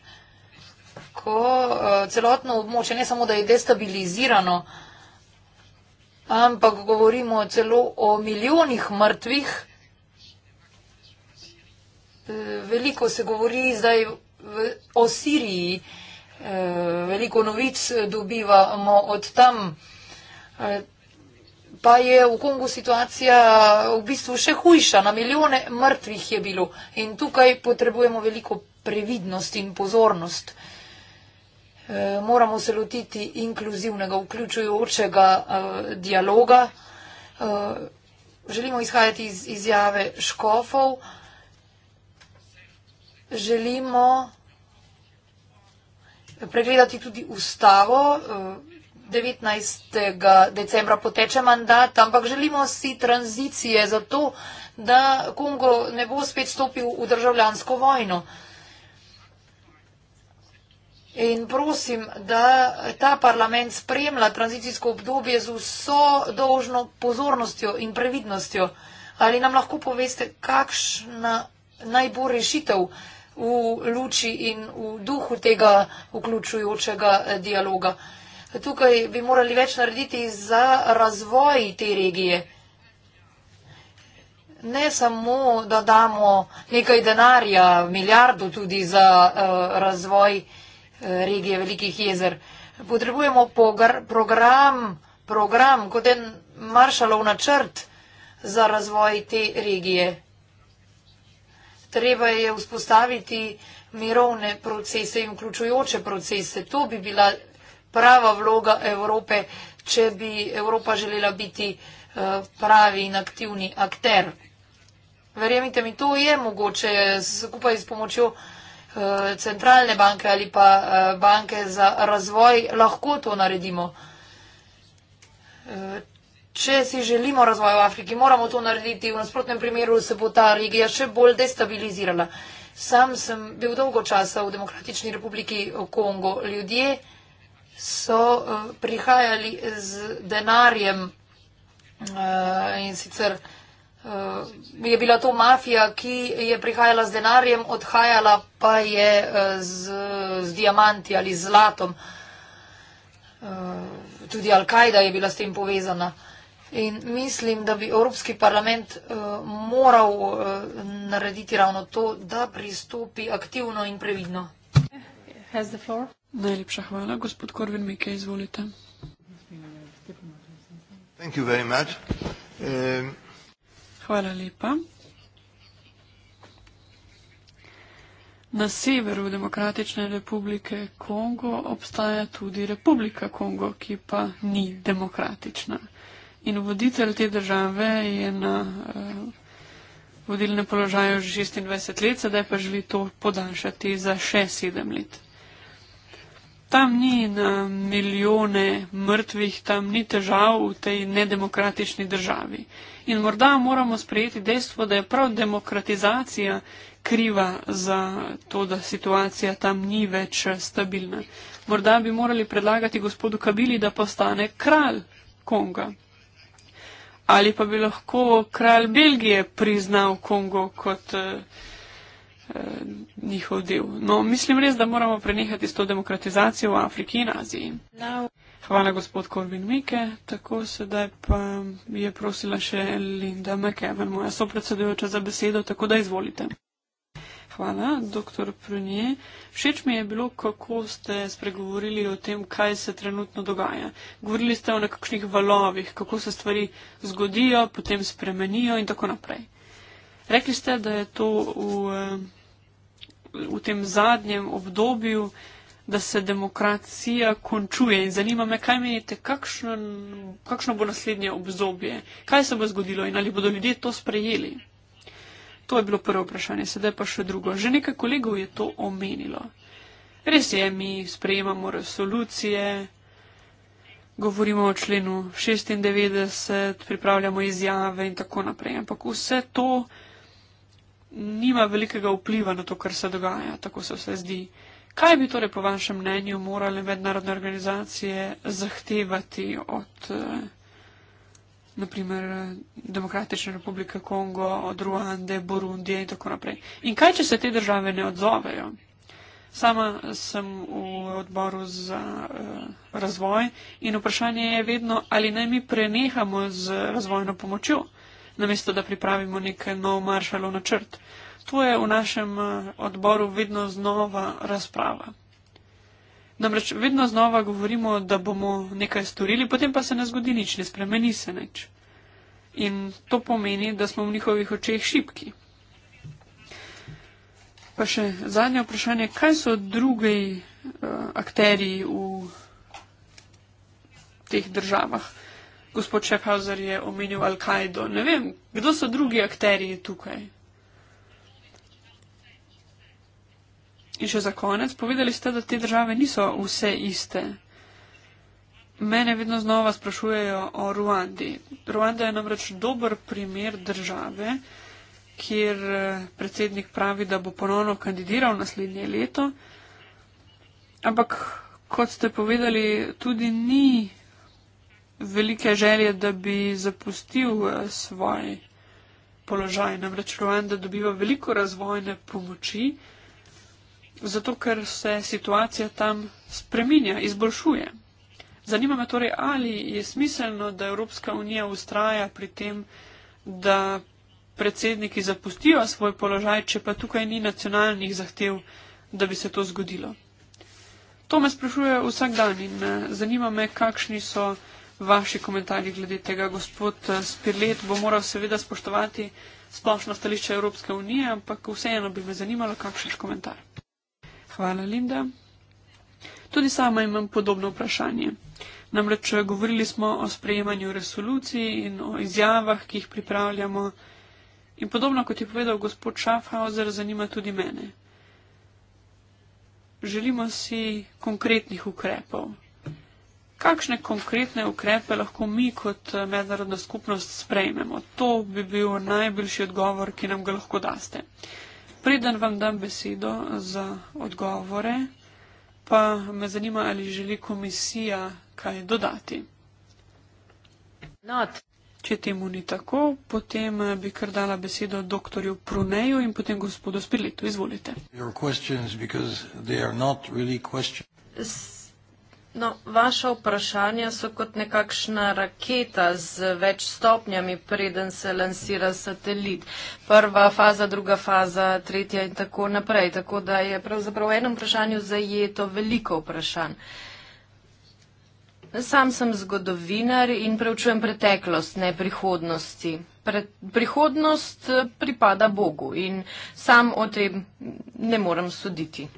ko eh, celotno območje ne samo, da je destabilizirano, ampak govorimo celo o milijonih mrtvih. Eh, veliko se govori zdaj v, o Siriji. Eh, veliko novic eh, dobivamo od tam. Eh, pa je v Kongu situacija v bistvu še hujša, na milijone mrtvih je bilo in tukaj potrebujemo veliko previdnost in pozornost. Moramo se lotiti inkluzivnega, vključujočega dialoga. Želimo izhajati iz izjave škofov. Želimo pregledati tudi ustavo. 19. Eh, decembra poteče mandat, ampak želimo si tranzicije za to, da Kongo ne bo spet stopil v državljansko vojno. In prosim, da ta parlament spremlja tranzicijsko obdobje z vso dožno pozornostjo in previdnostjo. Ali nam lahko poveste, kakšna naj bo rešitev? v luči in v duhu tega vključujočega eh, dialoga. Tukaj bi morali več narediti za razvoj te regije. Ne samo, da damo nekaj denarja, milijardo tudi za uh, razvoj eh, regije velikih jezer. Potrebujemo pogar, program, program kot en maršalov načrt za razvoj te regije. Treba je vzpostaviti mirovne procese in vključujoče procese. To bi bila prava vloga Evrope, če bi Evropa želela biti eh, pravi in aktivni akter. Verjemite mi, to je mogoče skupaj s pomočjo eh, centralne banke ali pa eh, banke za razvoj, lahko to naredimo če si želimo razvoj v Afriki, moramo to narediti, v nasprotnem primeru se bo ta regija še bolj destabilizirala. Sam sem bil dolgo časa v Demokratični republiki Kongo. Ljudje so eh, prihajali z denarjem eh, in sicer eh, je bila to mafija, ki je prihajala z denarjem, odhajala pa je z, z diamanti ali z zlatom. Tudi Al-Kaida je bila s tem povezana. In mislim, da bi Evropski parlament eh, moral eh, narediti ravno to, da pristopi aktivno in previdno. Najlepša hvala, gospod Korven Mike, izvolite. Um, hvala lepa. Na severu Demokratične republike Kongo obstaja tudi Republika Kongo, ki pa ni demokratična. In voditelj te države je na uh, vodilnem položaju že 26 let, sedaj pa želi to podaljšati za še 7 let. Tam ni na milijone mrtvih, tam ni težav v tej nedemokratični državi. In morda moramo sprejeti dejstvo, da je prav demokratizacija kriva za to, da situacija tam ni več eh, stabilna. Morda bi morali predlagati gospodu Kabili, da postane kralj Konga ali pa bi lahko kralj Belgije priznal Kongo kot eh, eh, njihov del. No, mislim res, da moramo prenehati s to demokratizacijo v Afriki in Aziji. Hvala, gospod Korvin Mike. Tako sedaj pa je prosila še Linda McEwen, moja sopredsedujoča za besedo, tako da izvolite. Hvala, doktor Prunje. Všeč mi je bilo, kako ste spregovorili o tem, kaj se trenutno dogaja. Govorili ste o nekakšnih valovih, kako se stvari zgodijo, potem spremenijo in tako naprej. Rekli ste, da je to v, v tem zadnjem obdobju, da se demokracija končuje in zanima me, kaj menite, kakšno, kakšno bo naslednje obdobje, kaj se bo zgodilo in ali bodo ljudje to sprejeli. To je bilo prvo vprašanje, sedaj pa še drugo. Že nekaj kolegov je to omenilo. Res je, mi sprejemamo resolucije, govorimo o členu 96, pripravljamo izjave in tako naprej, ampak vse to nima velikega vpliva na to, kar se dogaja, tako se vse zdi. Kaj bi torej po vašem mnenju morale mednarodne organizacije zahtevati od. Uh, naprimer eh, Demokratična republika Kongo, od Ruande, Burundije in tako naprej. In kaj, če se te države ne odzovejo? Sama sem v odboru za uh, razvoj in vprašanje je vedno, ali naj mi prenehamo z razvojno pomočjo, namesto da pripravimo nek nov Marshallov načrt. To je v našem eh, odboru vedno znova razprava. Namreč vedno znova govorimo, da bomo nekaj storili, potem pa se ne zgodi nič, ne spremeni se nič. In to pomeni, da smo v njihovih očeh šipki. Pa še zadnje vprašanje, kaj so drugi uh, eh, akteri v teh državah? Gospod Šefhauser je omenil Al-Kaido. Ne vem, kdo so drugi akteri tukaj? In še za konec, povedali ste, da te države niso vse iste. Mene vedno znova sprašujejo o Ruandi. Ruanda je namreč dober primer države, kjer eh, predsednik pravi, da bo ponovno kandidiral naslednje leto. Ampak, kot ste povedali, tudi ni velike želje, da bi zapustil eh, svoj položaj. Namreč Ruanda dobiva veliko razvojne pomoči zato ker se situacija tam spreminja, izboljšuje. Zanima me torej, ali je smiselno, da Evropska unija ustraja pri tem, da predsedniki zapustijo svoj položaj, če pa tukaj ni nacionalnih zahtev, da bi se to zgodilo. To me sprašuje vsak dan in eh, zanima me, kakšni so vaši komentarji glede tega. Gospod eh, Spirlet bo moral seveda spoštovati splošno stališče Evropske unije, ampak vseeno bi me zanimalo, kakšen je komentar. Hvala, Linda. Tudi sama imam podobno vprašanje. Namreč govorili smo o sprejemanju resolucij in o izjavah, ki jih pripravljamo. In podobno kot je povedal gospod Schaffhauser, zanima tudi mene. Želimo si konkretnih ukrepov. Kakšne konkretne ukrepe lahko mi kot eh, mednarodna skupnost sprejmemo? To bi bil najboljši odgovor, ki nam ga lahko daste. Preden vam dam besedo za odgovore, pa me zanima, ali želi komisija kaj dodati. Not. Če temu ni tako, potem bi kar dala besedo dr. Pruneju in potem gospodu Spirletu. Izvolite. No, vaša vprašanja so kot nekakšna raketa z več stopnjami, preden se lansira satelit. Prva faza, druga faza, tretja in tako naprej. Tako da je pravzaprav v enem vprašanju zajeto veliko vprašanj. Sam sem zgodovinar in preučujem preteklost, ne prihodnosti. Pre, prihodnost eh, pripada Bogu in sam o tem ne morem suditi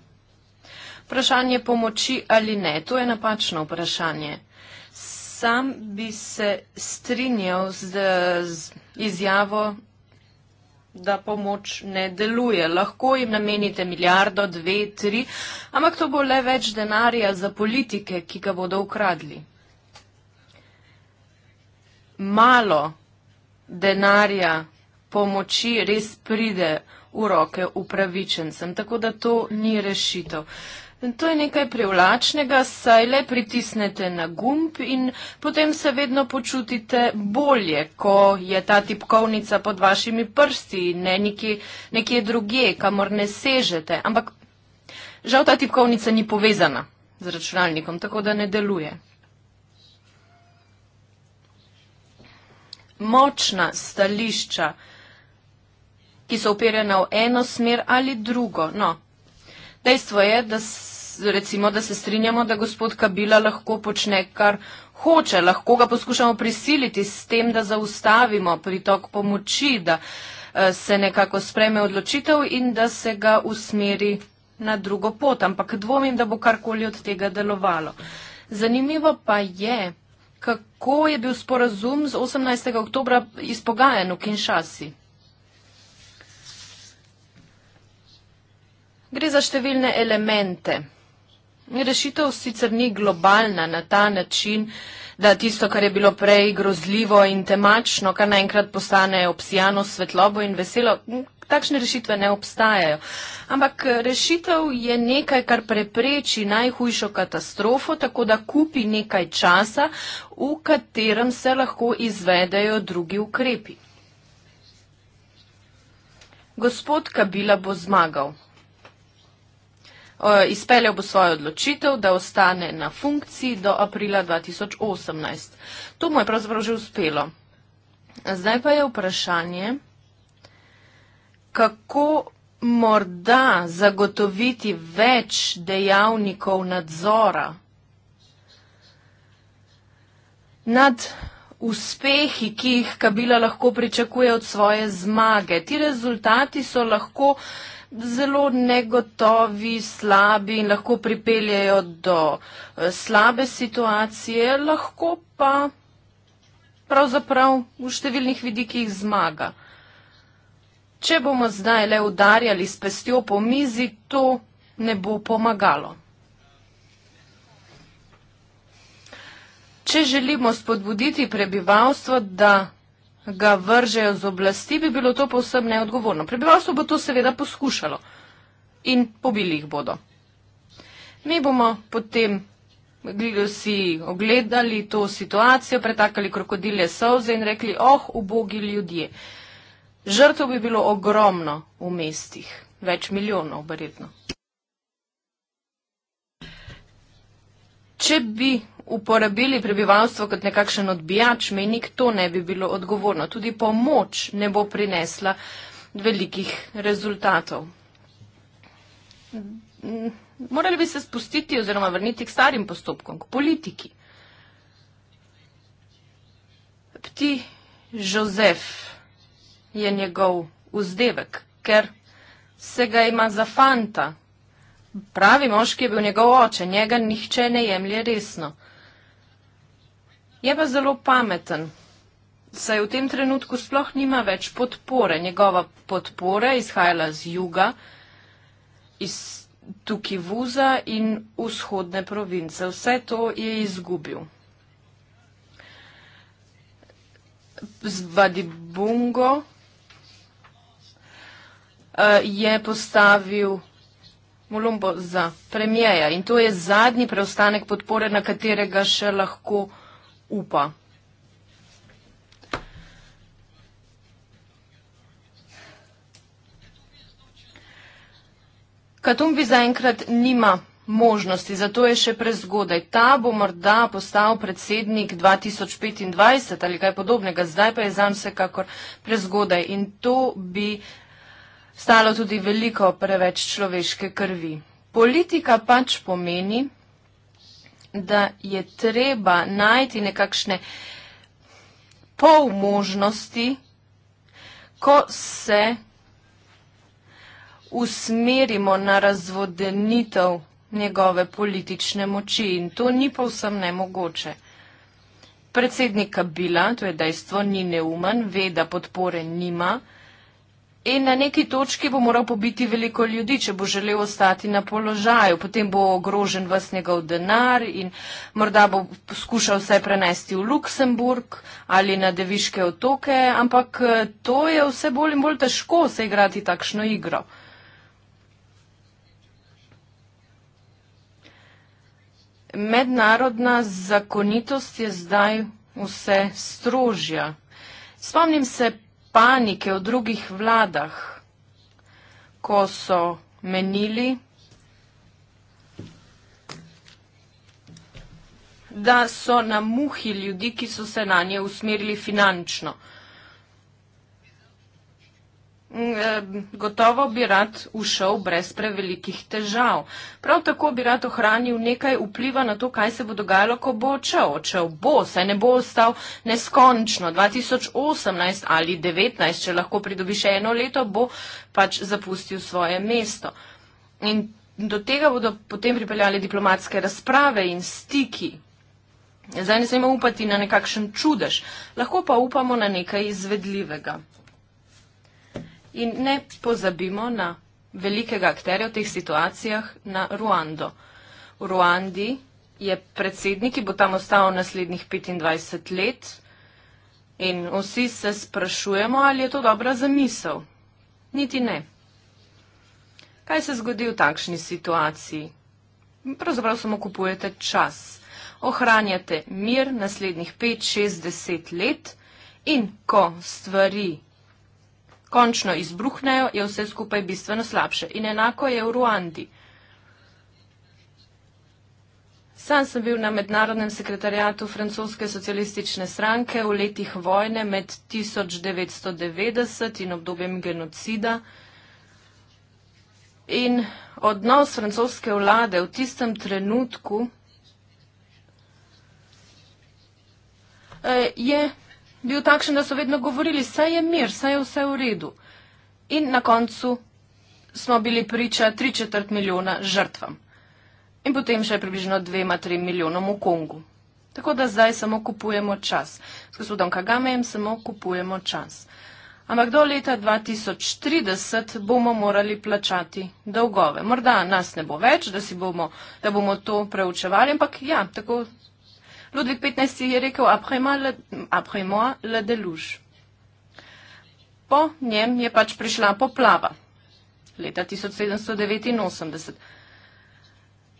vprašanje pomoči ali ne. To je napačno vprašanje. Sam bi se strinjal z, z izjavo, da pomoč ne deluje. Lahko jim namenite milijardo, dve, tri, ampak to bo le več denarja za politike, ki ga bodo ukradli. Malo denarja pomoči res pride v roke upravičencem, tako da to ni rešitev. To je nekaj privlačnega, saj le pritisnete na gumb in potem se vedno počutite bolje, ko je ta tipkovnica pod vašimi prsti, ne nekje, nekje druge, kamor ne sežete. Ampak žal ta tipkovnica ni povezana z računalnikom, tako da ne deluje. Močna stališča, ki so operjena v eno smer ali drugo. No, dejstvo je, da recimo, da se strinjamo, da gospod Kabila lahko počne kar hoče, lahko ga poskušamo prisiliti s tem, da zaustavimo pritok pomoči, da eh, se nekako spreme odločitev in da se ga usmeri na drugo pot. Ampak dvomim, da bo karkoli od tega delovalo. Zanimivo pa je, kako je bil sporazum z 18. oktobra izpogajen v Kinšasi. Gre za številne elemente. Rešitev sicer ni globalna na ta način, da tisto, kar je bilo prej grozljivo in temačno, kar naenkrat postane obsijano svetlobo in veselo, takšne rešitve ne obstajajo. Ampak eh, rešitev je nekaj, kar prepreči najhujšo katastrofo, tako da kupi nekaj časa, v katerem se lahko izvedejo drugi ukrepi. Gospod Kabila bo zmagal. Eh, izpeljal bo svojo odločitev, da ostane na funkciji do aprila 2018. To mu je pravzaprav že uspelo. Zdaj pa je vprašanje, kako morda zagotoviti več dejavnikov nadzora nad uspehi, ki jih Kabila lahko pričakuje od svoje zmage. Ti rezultati so lahko zelo negotovi, slabi in lahko pripeljejo do eh, slabe situacije, lahko pa pravzaprav v številnih vidikih zmaga. Če bomo zdaj le udarjali s pestjo po mizi, to ne bo pomagalo. Če želimo spodbuditi prebivalstvo, da ga vržejo z oblasti, bi bilo to povsem neodgovorno. Prebivalstvo bo to seveda poskušalo in pobili jih bodo. Mi bomo potem si ogledali to situacijo, pretakali krokodile solze in rekli, oh, ubogi ljudje. Žrtev bi bilo ogromno v mestih, več milijonov, verjetno. Če bi uporabili prebivalstvo kot nekakšen odbijač, menik, to ne bi bilo odgovorno. Tudi pomoč ne bo prinesla velikih rezultatov. Morali bi se spustiti oziroma vrniti k starim postopkom, k politiki. Pti Jozef je njegov vzdevek, ker se ga ima za fanta. Pravi moški je bil njegov oče, njega nihče ne jemlje resno. Je pa zelo pameten, saj v tem trenutku sploh nima več podpore. Njegova podpora izhajala z juga, iz Tukivuza in vzhodne province. Vse to je izgubil. Z Vadibungo eh, je postavil Molumbo za premijeja in to je zadnji preostanek podpore, na katerega še lahko upa. Katumbi zaenkrat nima možnosti, zato je še prezgodaj. Ta bo morda postal predsednik 2025 ali kaj podobnega, zdaj pa je zanj vsekakor prezgodaj in to bi stalo tudi veliko preveč človeške krvi. Politika pač pomeni, da je treba najti nekakšne pol možnosti, ko se usmerimo na razvodenitev njegove politične moči in to ni povsem nemogoče. Predsednika Bila, to je dejstvo, ni neumen, ve, da podpore nima. In na neki točki bo moral pobiti veliko ljudi, če bo želel ostati na položaju. Potem bo ogrožen vas njegov denar in morda bo skušal vse prenesti v Luksemburg ali na Deviške otoke, ampak eh, to je vse bolj in bolj težko se igrati takšno igro. Mednarodna zakonitost je zdaj vse strožja. Spomnim se panike v drugih vladah, ko so menili, da so namuhi ljudi, ki so se na nje usmerili finančno. Mm, eh, gotovo bi rad ušel brez prevelikih težav. Prav tako bi rad ohranil nekaj vpliva na to, kaj se bo dogajalo, ko bo odšel. Odšel bo, saj ne bo ostal neskončno. 2018 ali 2019, če lahko pridobi še eno leto, bo pač zapustil svoje mesto. In do tega bodo potem pripeljali diplomatske razprave in stiki. Zdaj ne smemo upati na nekakšen čudež, lahko pa upamo na nekaj izvedljivega in ne pozabimo na velikega akterja v teh situacijah, na Ruando. V Ruandi je predsednik, ki bo tam ostal naslednjih 25 let in vsi se sprašujemo, ali je to dobra zamisel. Niti ne. Kaj se zgodi v takšni situaciji? Pravzaprav samo kupujete čas. Ohranjate mir naslednjih 5-60 let in ko stvari končno izbruhnejo, je vse skupaj bistveno slabše. In enako je v Ruandi. Sam sem bil na mednarodnem sekretarijatu francoske socialistične stranke v letih vojne med 1990 in obdobjem genocida. In odnos francoske vlade v tistem trenutku eh, je bil takšen, da so vedno govorili, saj je mir, saj je vse v redu. In na koncu smo bili priča tri četrt milijona žrtvam. In potem še približno dvema, tri milijonom v Kongu. Tako da zdaj samo kupujemo čas. S gospodom Kagamejem samo kupujemo čas. Ampak do leta 2030 bomo morali plačati dolgove. Morda nas ne bo več, da, bomo, da bomo to preučevali, ampak ja, tako Ludvik XV je rekel, après moi, le, après moi le deluge. Po njem je pač prišla poplava leta 1789.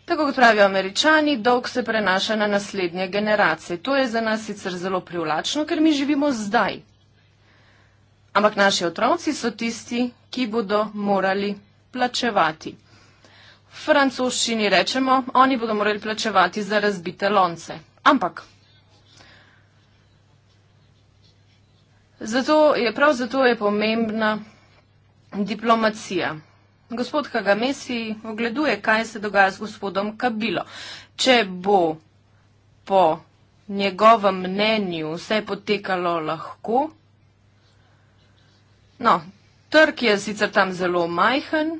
Tako kot pravijo američani, dolg se prenaša na naslednje generacije. To je za nas sicer zelo privlačno, ker mi živimo zdaj. Ampak naši otroci so tisti, ki bodo morali plačevati. V francoščini rečemo, oni bodo morali plačevati za razbite lonce. Ampak. Zato je, prav zato je pomembna diplomacija. Gospod Kagamesi ogleduje, kaj se dogaja z gospodom Kabilo. Če bo po njegovem mnenju vse potekalo lahko, no, trg je sicer tam zelo majhen,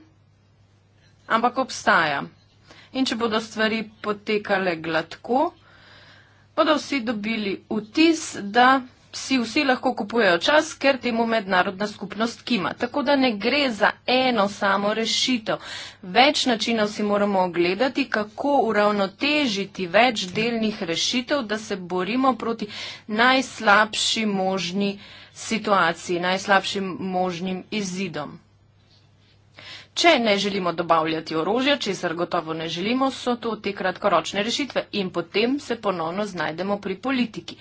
ampak obstaja. In če bodo stvari potekale gladko, bodo vsi dobili vtis, da si vsi lahko kupujejo čas, ker temu mednarodna skupnost kima. Tako da ne gre za eno samo rešitev. Več načinov si moramo ogledati, kako uravnotežiti več delnih rešitev, da se borimo proti najslabši možni situaciji, najslabšim možnim izidom. Če ne želimo dobavljati orožja, če se gotovo ne želimo, so to te kratkoročne rešitve in potem se ponovno znajdemo pri politiki.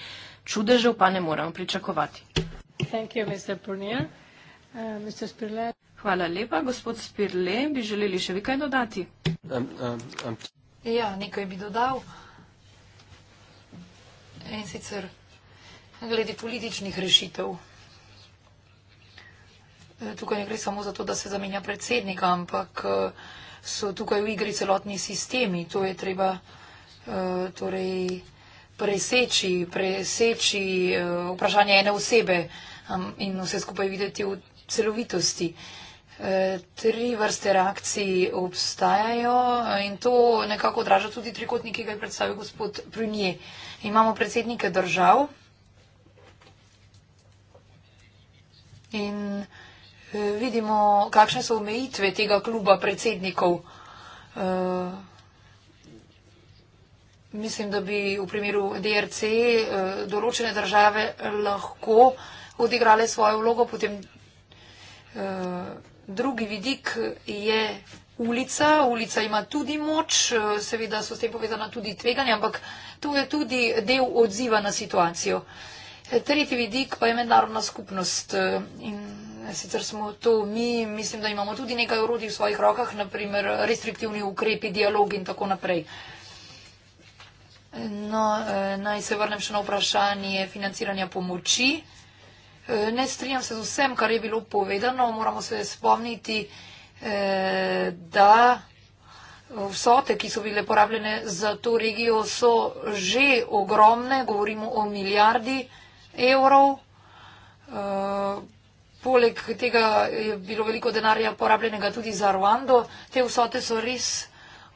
Čudežev pa ne moremo pričakovati. You, uh, Hvala lepa, gospod Spirle. Bi želeli še vi kaj dodati? Um, um, um. Ja, nekaj bi dodal. In sicer glede političnih rešitev. Eh, tukaj ne gre samo za to, da se zamenja predsednika, ampak eh, so tukaj v igri celotni sistemi. To je treba eh, torej, preseči, preseči vprašanje ene osebe um, in vse skupaj videti v celovitosti. Tri vrste reakcij obstajajo in to nekako odraža tudi trikotnik, ki ga je predstavil gospod Prunje. Imamo predsednike držav in Eh, vidimo, kakšne so omejitve tega kluba predsednikov. Eh, mislim, da bi v primeru DRC eh, določene države lahko odigrale svojo vlogo. Potem drugi vidik je ulica. Ulica ima tudi moč, seveda so s tem povezana tudi tveganja, ampak to je tudi del odziva na situacijo. Tretji vidik pa je mednarodna skupnost in Sicer smo tu mi, mislim, da imamo tudi nekaj orodij v svojih rokah, naprimer restriktivni ukrepi, dialog in tako naprej. No, e, naj se vrnem še na vprašanje financiranja pomoči. E, ne strinjam se z vsem, kar je bilo povedano. Moramo se spomniti, e, da vsote, ki so bile porabljene za to regijo, so že ogromne, govorimo o milijardi evrov. Poleg tega je bilo veliko denarja porabljenega tudi za Rwando. Te vsote so res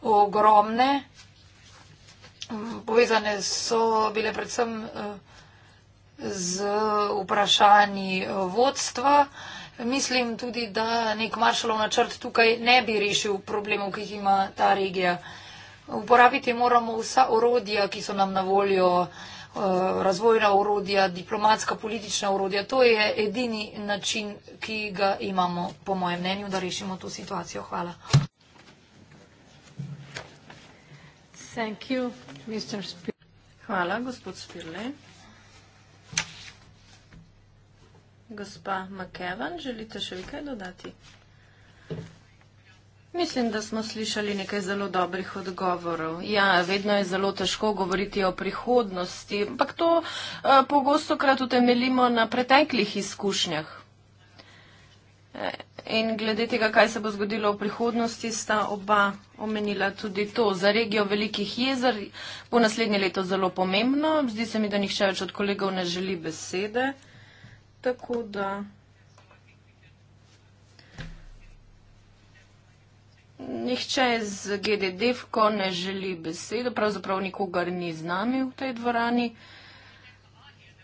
ogromne. Mm, povezane so bile predvsem eh, z vprašanji eh, vodstva. Mislim tudi, da nek maršalov načrt tukaj ne bi rešil problemov, ki jih ima ta regija. Uporabiti moramo vsa orodja, ki so nam na voljo. Eh, razvojna urodja, diplomatska, politična urodja. To je edini način, ki ga imamo, po mojem mnenju, da rešimo to situacijo. Hvala. Thank you, Mr. Hvala, gospod Spirle. Gospa McEwan, želite še vi kaj dodati? Hvala. Mislim, da smo slišali nekaj zelo dobrih odgovorov. Ja, vedno je zelo težko govoriti o prihodnosti, ampak to e, eh, pogosto krat utemelimo na preteklih izkušnjah. E, in glede tega, kaj se bo zgodilo v prihodnosti, sta oba omenila tudi to. Za regijo velikih jezer bo naslednje leto zelo pomembno. Zdi se mi, da nihče več od kolegov ne želi besede. Tako da. Nihče z GDD-ko ne želi besedo, pravzaprav nikogar ni z nami v tej dvorani.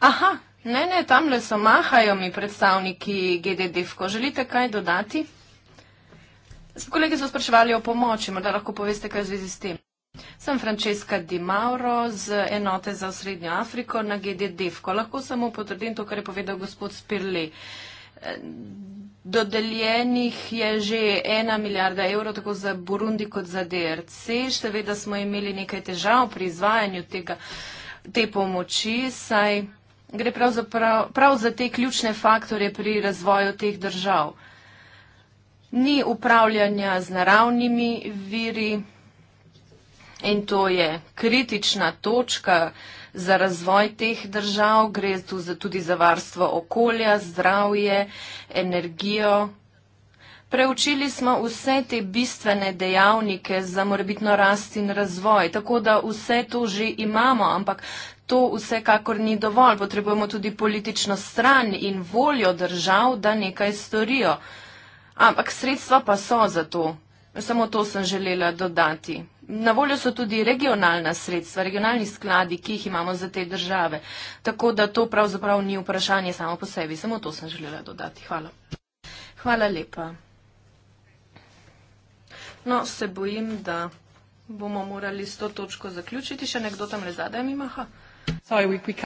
Aha, ne, ne, tamle so mahajo mi predstavniki GDD-ko. Želite kaj dodati? Kolegi so spraševali o pomoči, morda lahko poveste kaj v zvezi s tem. Sem Francesca Di Mauro z enote za Srednjo Afriko na GDD-ko. Lahko samo potrdim to, kar je povedal gospod Spirle. Dodeljenih je že ena milijarda evrov tako za Burundi kot za DRC. Seveda smo imeli nekaj težav pri izvajanju tega, te pomoči, saj gre prav za, prav, prav za te ključne faktore pri razvoju teh držav. Ni upravljanja z naravnimi viri in to je kritična točka za razvoj teh držav, gre tu za, tudi za varstvo okolja, zdravje, energijo. Preučili smo vse te bistvene dejavnike za morbitno rast in razvoj, tako da vse to že imamo, ampak to vsekakor ni dovolj. Potrebujemo tudi politično stran in voljo držav, da nekaj storijo. Ampak sredstva pa so za to. Samo to sem želela dodati. Na voljo so tudi regionalna sredstva, regionalni skladi, ki jih imamo za te države. Tako da to pravzaprav ni vprašanje samo po sebi. Samo to sem želela dodati. Hvala. Hvala lepa. No, se bojim, da bomo morali s to točko zaključiti. Še nekdo tam rezada mi maha? Sorry, we, we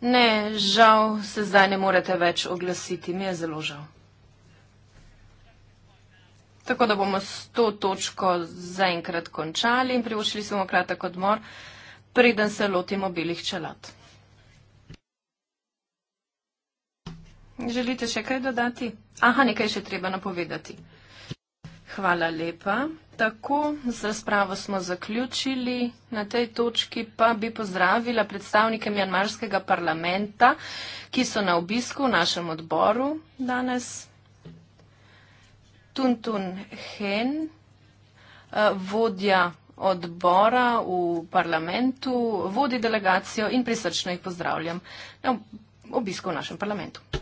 ne, žal se zdaj ne morete več oglasiti. Mi je zelo žal. Tako da bomo s to točko zaenkrat končali in privošili smo kratek odmor, preden se lotimo belih čelad. Želite še kaj dodati? Aha, nekaj še treba napovedati. Hvala lepa. Tako, z razpravo smo zaključili. Na tej točki pa bi pozdravila predstavnike mjanmarskega parlamenta, ki so na obisku v našem odboru danes. Tuntun Hen, eh, vodja odbora v parlamentu, vodi delegacijo in prisrčno jih pozdravljam na obisku v našem parlamentu.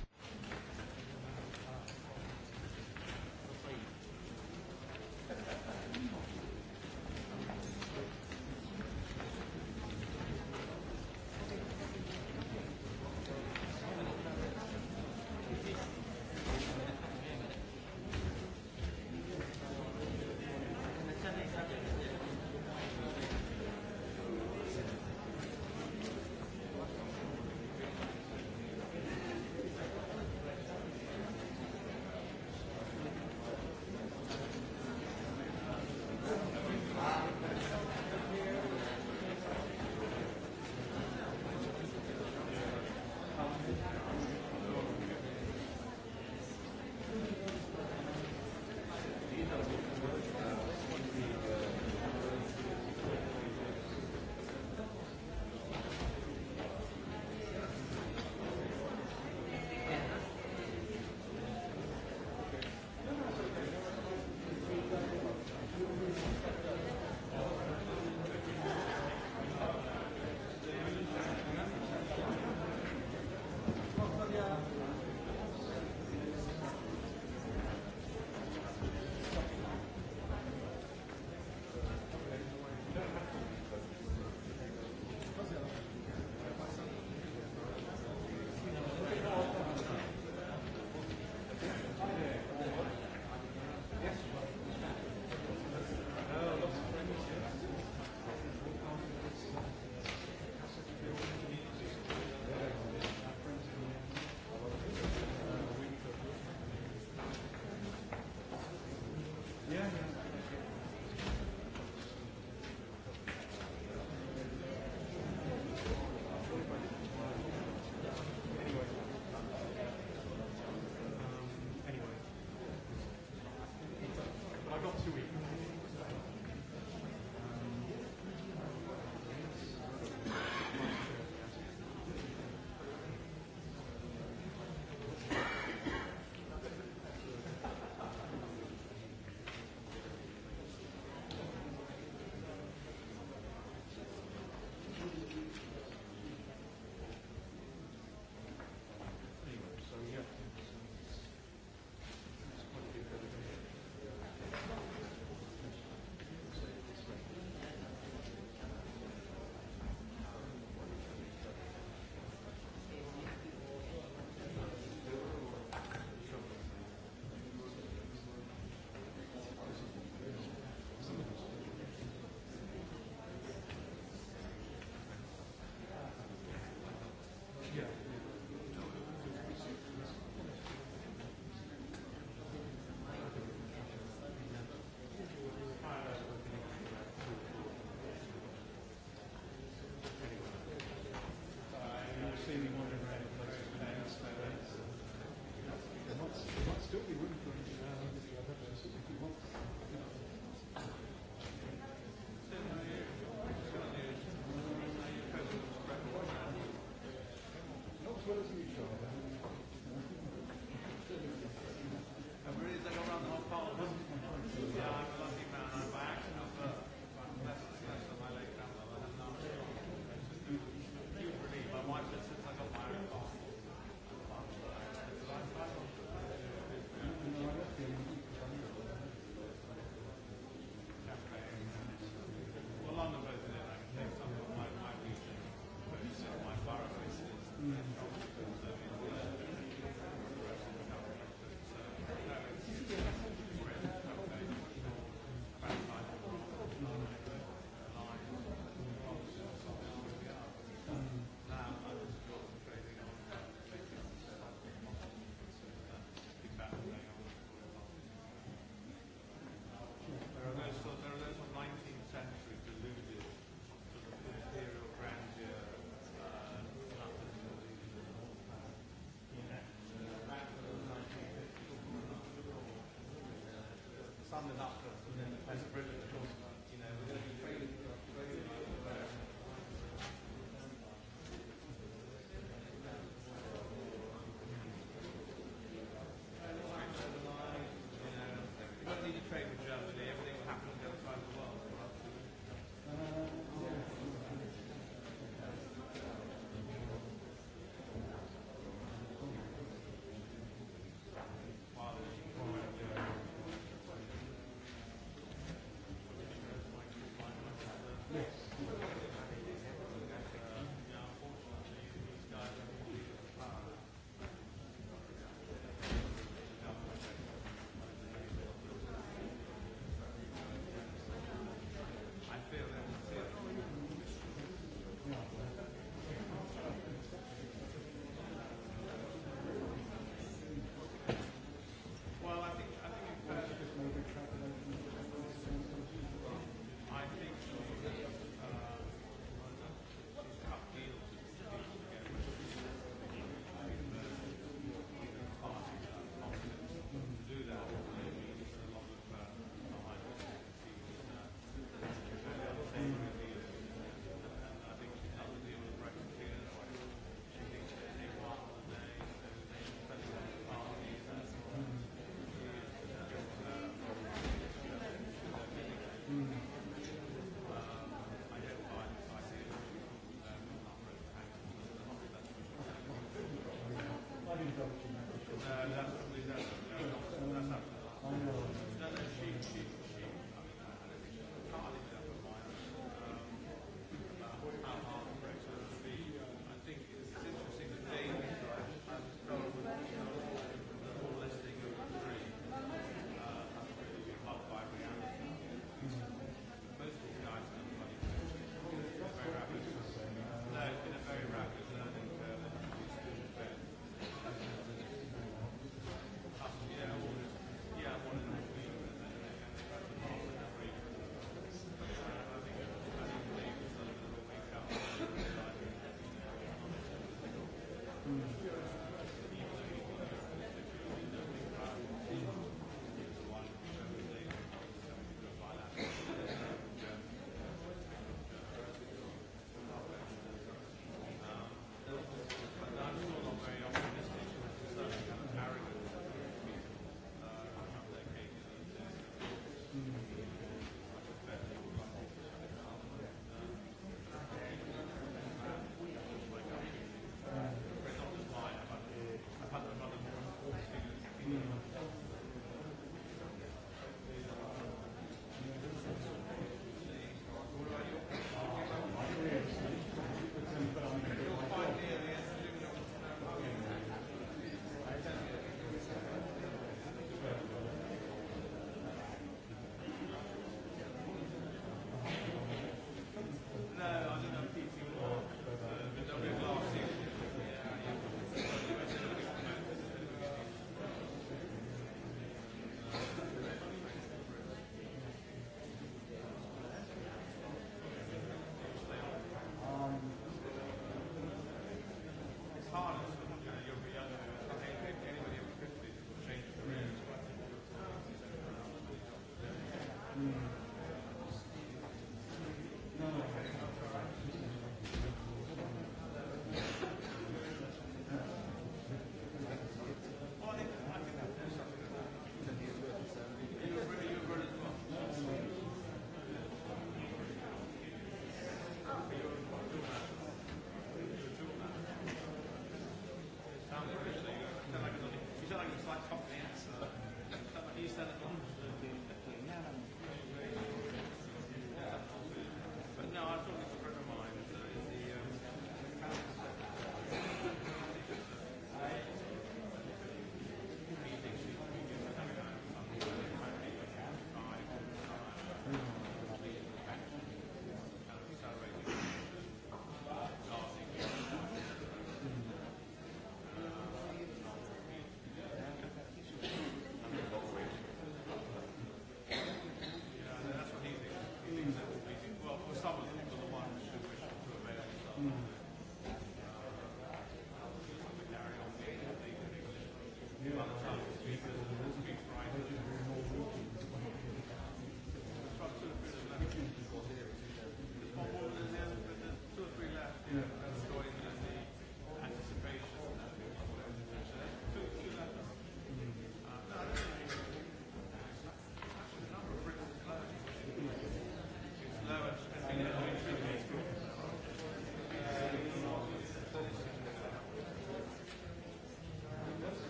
看得到。Thank you.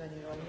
Daniel Olin.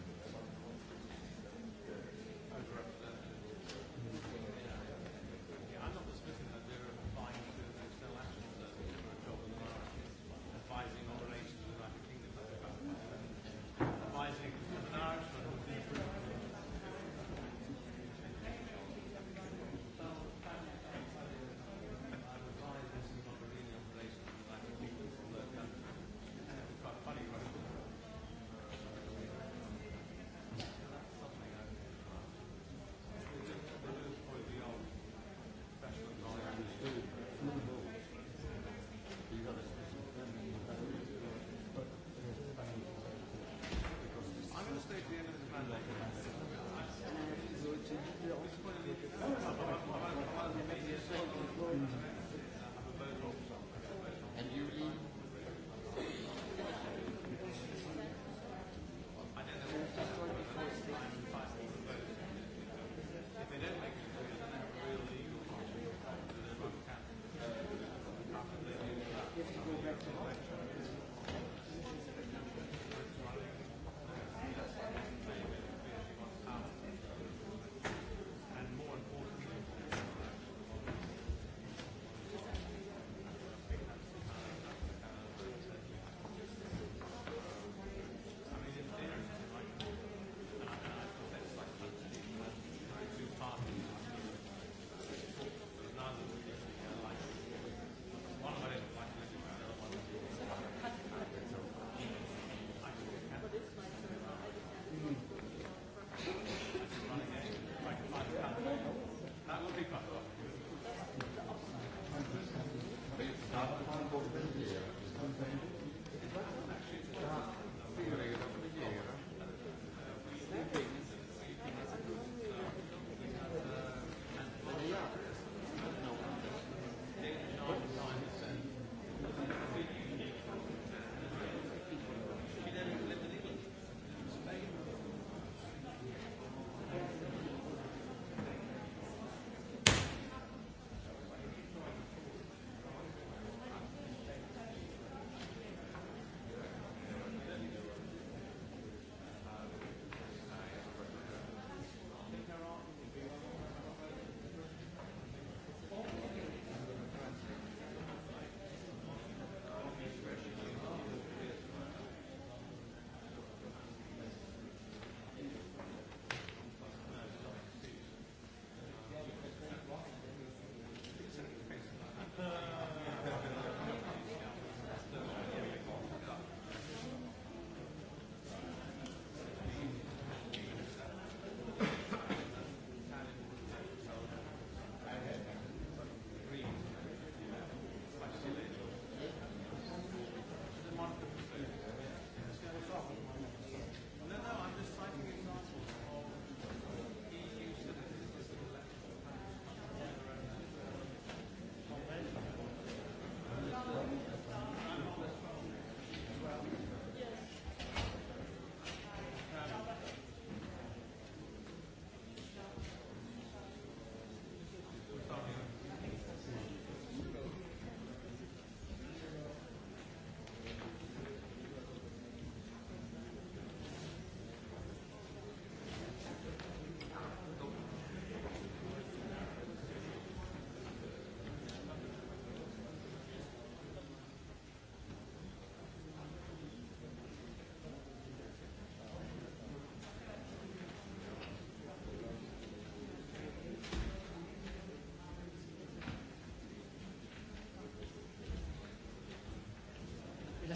c'est différent. Mmh.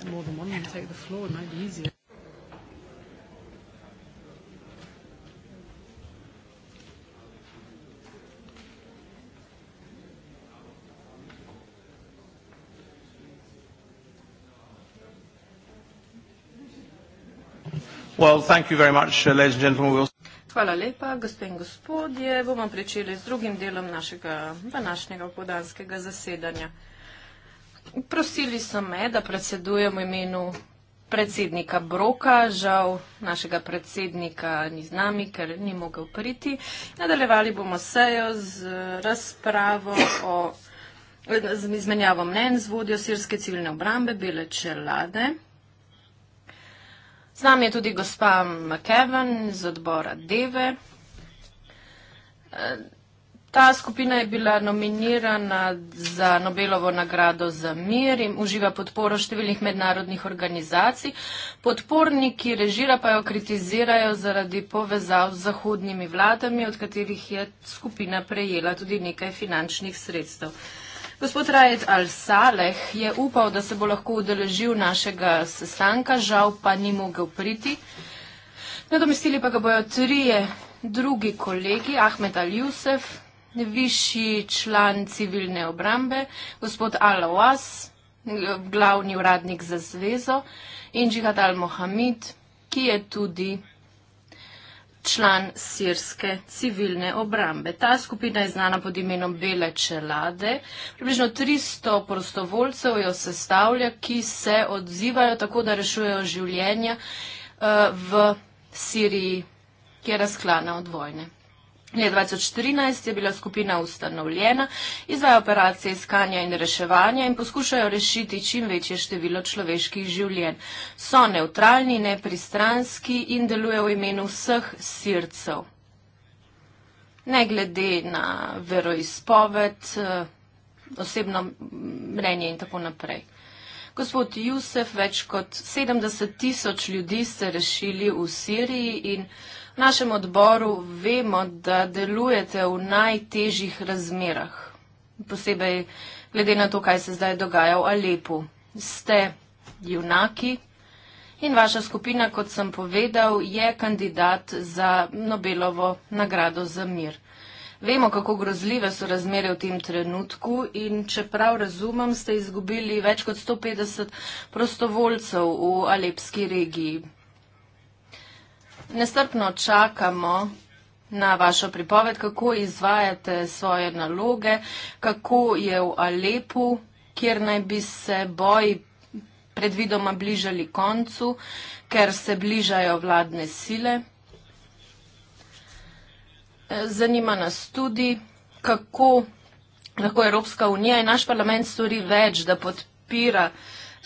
to more than one and take the floor, it might be easier. Well, thank you very much, uh, ladies and gentlemen. Hvala lepa, gospe in gospodje. Bomo pričeli z drugim delom našega današnjega opoldanskega zasedanja. Zaprosili so me, da predsedujem v imenu predsednika Broka. Žal našega predsednika ni z nami, ker ni mogel priti. Nadaljevali bomo sejo z razpravo o z izmenjavo mnen z vodjo sirske civilne obrambe Bele Čelade. Z nami je tudi gospa McKevin iz odbora Deve. Ta skupina je bila nominirana za Nobelovo nagrado za mir in uživa podporo številnih mednarodnih organizacij. Podporniki režira pa jo kritizirajo zaradi povezav z zahodnimi vladami, od katerih je skupina prejela tudi nekaj finančnih sredstev. Gospod Rajet Al-Saleh je upal, da se bo lahko udeležil našega sestanka, žal pa ni mogel priti. Nadomestili pa ga bojo trije drugi kolegi, Ahmed Al-Jusef, višji član civilne obrambe, gospod Alawas, glavni uradnik za zvezo in Džihad al-Mohamed, ki je tudi član sirske civilne obrambe. Ta skupina je znana pod imenom Bele čelade. Približno 300 prostovoljcev jo sestavlja, ki se odzivajo tako, da rešujejo življenja uh, v Siriji, ki je razklana od vojne. Leta 2014 je bila skupina ustanovljena, izvaja operacije iskanja in reševanja in poskušajo rešiti čim večje število človeških življenj. So neutralni, nepristranski in delujejo v imenu vseh sircev. Ne glede na veroizpoved, eh, osebno mnenje in tako naprej. Gospod Jusef, več kot 70 tisoč ljudi ste rešili v Siriji in v našem odboru vemo, da delujete v najtežjih razmerah, posebej glede na to, kaj se zdaj dogaja v Alepu. Ste junaki in vaša skupina, kot sem povedal, je kandidat za Nobelovo nagrado za mir. Vemo, kako grozljive so razmere v tem trenutku in če prav razumem, ste izgubili več kot 150 prostovoljcev v Alepski regiji. Nestrpno čakamo na vašo pripoved, kako izvajate svoje naloge, kako je v Alepu, kjer naj bi se boj predvidoma bližali koncu, ker se bližajo vladne sile. Eh, zanima nas tudi, kako lahko Evropska unija in naš parlament stori več, da podpira,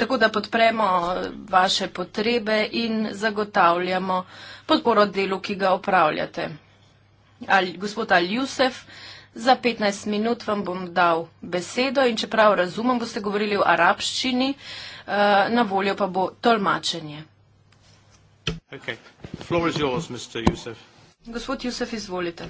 tako da podpremo eh, vaše potrebe in zagotavljamo podporo delu, ki ga upravljate. Al, gospod Aljusef, za 15 minut vam bom dal besedo in čeprav razumem, boste govorili v arabščini, eh, na voljo pa bo tolmačenje. Okay. Floor is yours, Mr. Youssef. Gospod Jusef, izvolite.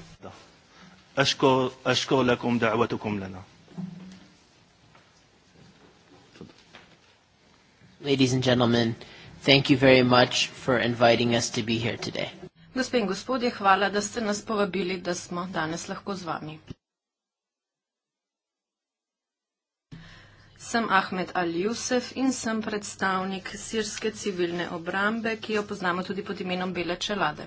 Ladies and gentlemen, thank you very much for inviting us to be here today. Gospe in gospodje, hvala, da ste nas povabili, da smo danes lahko z vami. Sem Ahmed Al-Jusef in sem predstavnik sirske civilne obrambe, ki jo poznamo tudi pod imenom Bele čelade.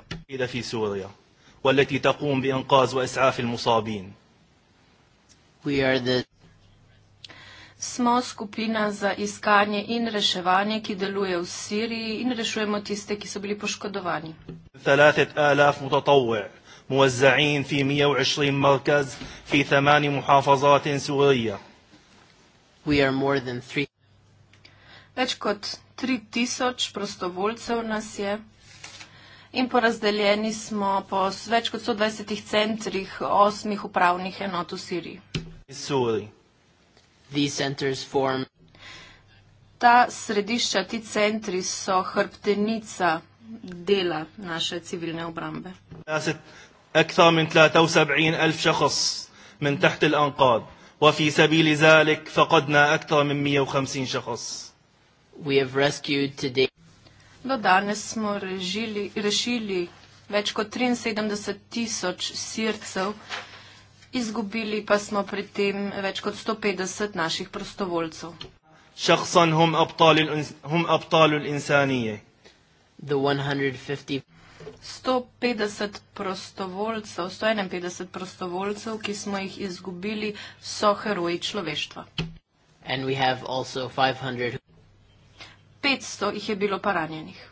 Smo skupina za iskanje in reševanje, ki deluje v Siriji in rešujemo tiste, ki so bili poškodovani. 3000 mutatavih, muvazzain fi 120 markaz, fi 8 muhafazatin Sirija. Več kot tri tisoč prostovoljcev nas je in porazdeljeni smo po več kot 120 centrih osmih upravnih enot v Siriji. Ta središča, ti centri so hrbtenica dela naše civilne obrambe. Več kot 73 tisoč ljudi je tam tudi. وفي سبيل ذلك فقدنا أكثر من 150 شخص. We have rescued today. Do danes smo režili, rešili več kot 73 tisoč sircev, izgubili pa smo pri tem več kot 150 naših prostovoljcev. Šahsan hum aptalul insanije. The 150. 150 prostovoljcev, 151 prostovoljcev, ki smo jih izgubili, so heroji človeštva. 500. 500 jih je bilo pa ranjenih.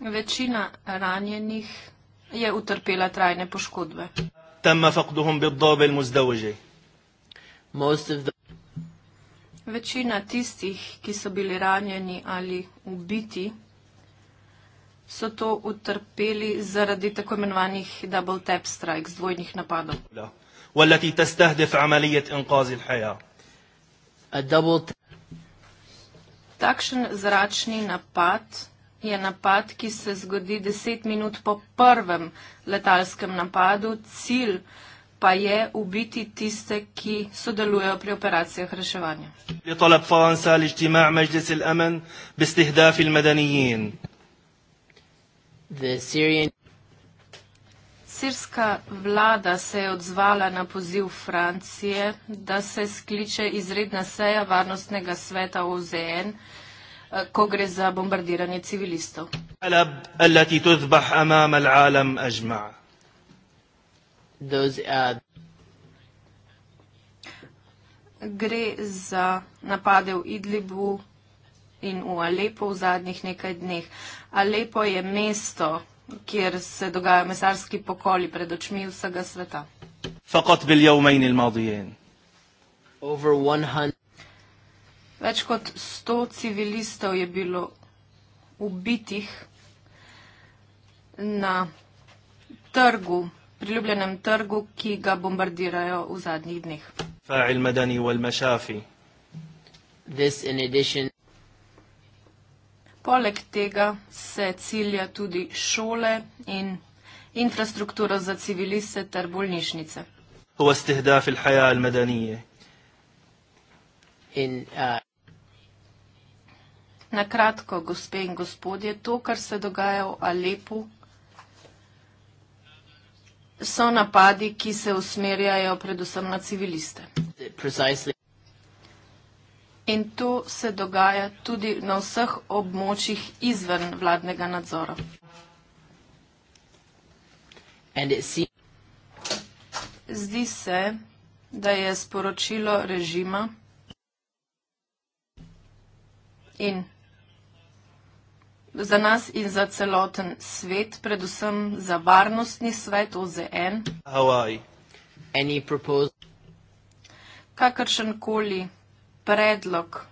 Večina ranjenih je utrpela trajne poškodbe. Večina tistih, ki so bili ranjeni ali ubiti, so to utrpeli zaradi tako imenovanih double tap strikes, dvojnih napadov. والتي تستهدف عملية إنقاذ الحياة. تاكشن زراتشني نبات هي نبات كي سيزغدي دسيت مينوت بو پرفم لتالسكم نبادو تسيل با يه وبيتي تيست كي سودلويو بري أوبراتسيا خرشوانيا. لطلب فرنسا لاجتماع مجلس الأمن باستهداف المدنيين. Sirska vlada se je odzvala na poziv Francije, da se skliče izredna seja varnostnega sveta OZN, eh, ko gre za bombardiranje civilistov. Gre za napade v Idlibu, in v Alepo v zadnjih nekaj dneh. Alepo je mesto, kjer se dogajajo mesarski pokoli pred očmi vsega sveta. Več kot sto civilistov je bilo ubitih na trgu, priljubljenem trgu, ki ga bombardirajo v zadnjih dneh. To je v addition Poleg tega se cilja tudi šole in infrastrukturo za civiliste ter bolnišnice. Na kratko, gospe in gospodje, to, kar se dogaja v Alepu, so napadi, ki se usmerjajo predvsem na civiliste. Precisely in to se dogaja tudi na vseh območjih izven vladnega nadzora. Zdi se, da je sporočilo režima in za nas in za celoten svet, predvsem za varnostni svet OZN, kakršenkoli predlog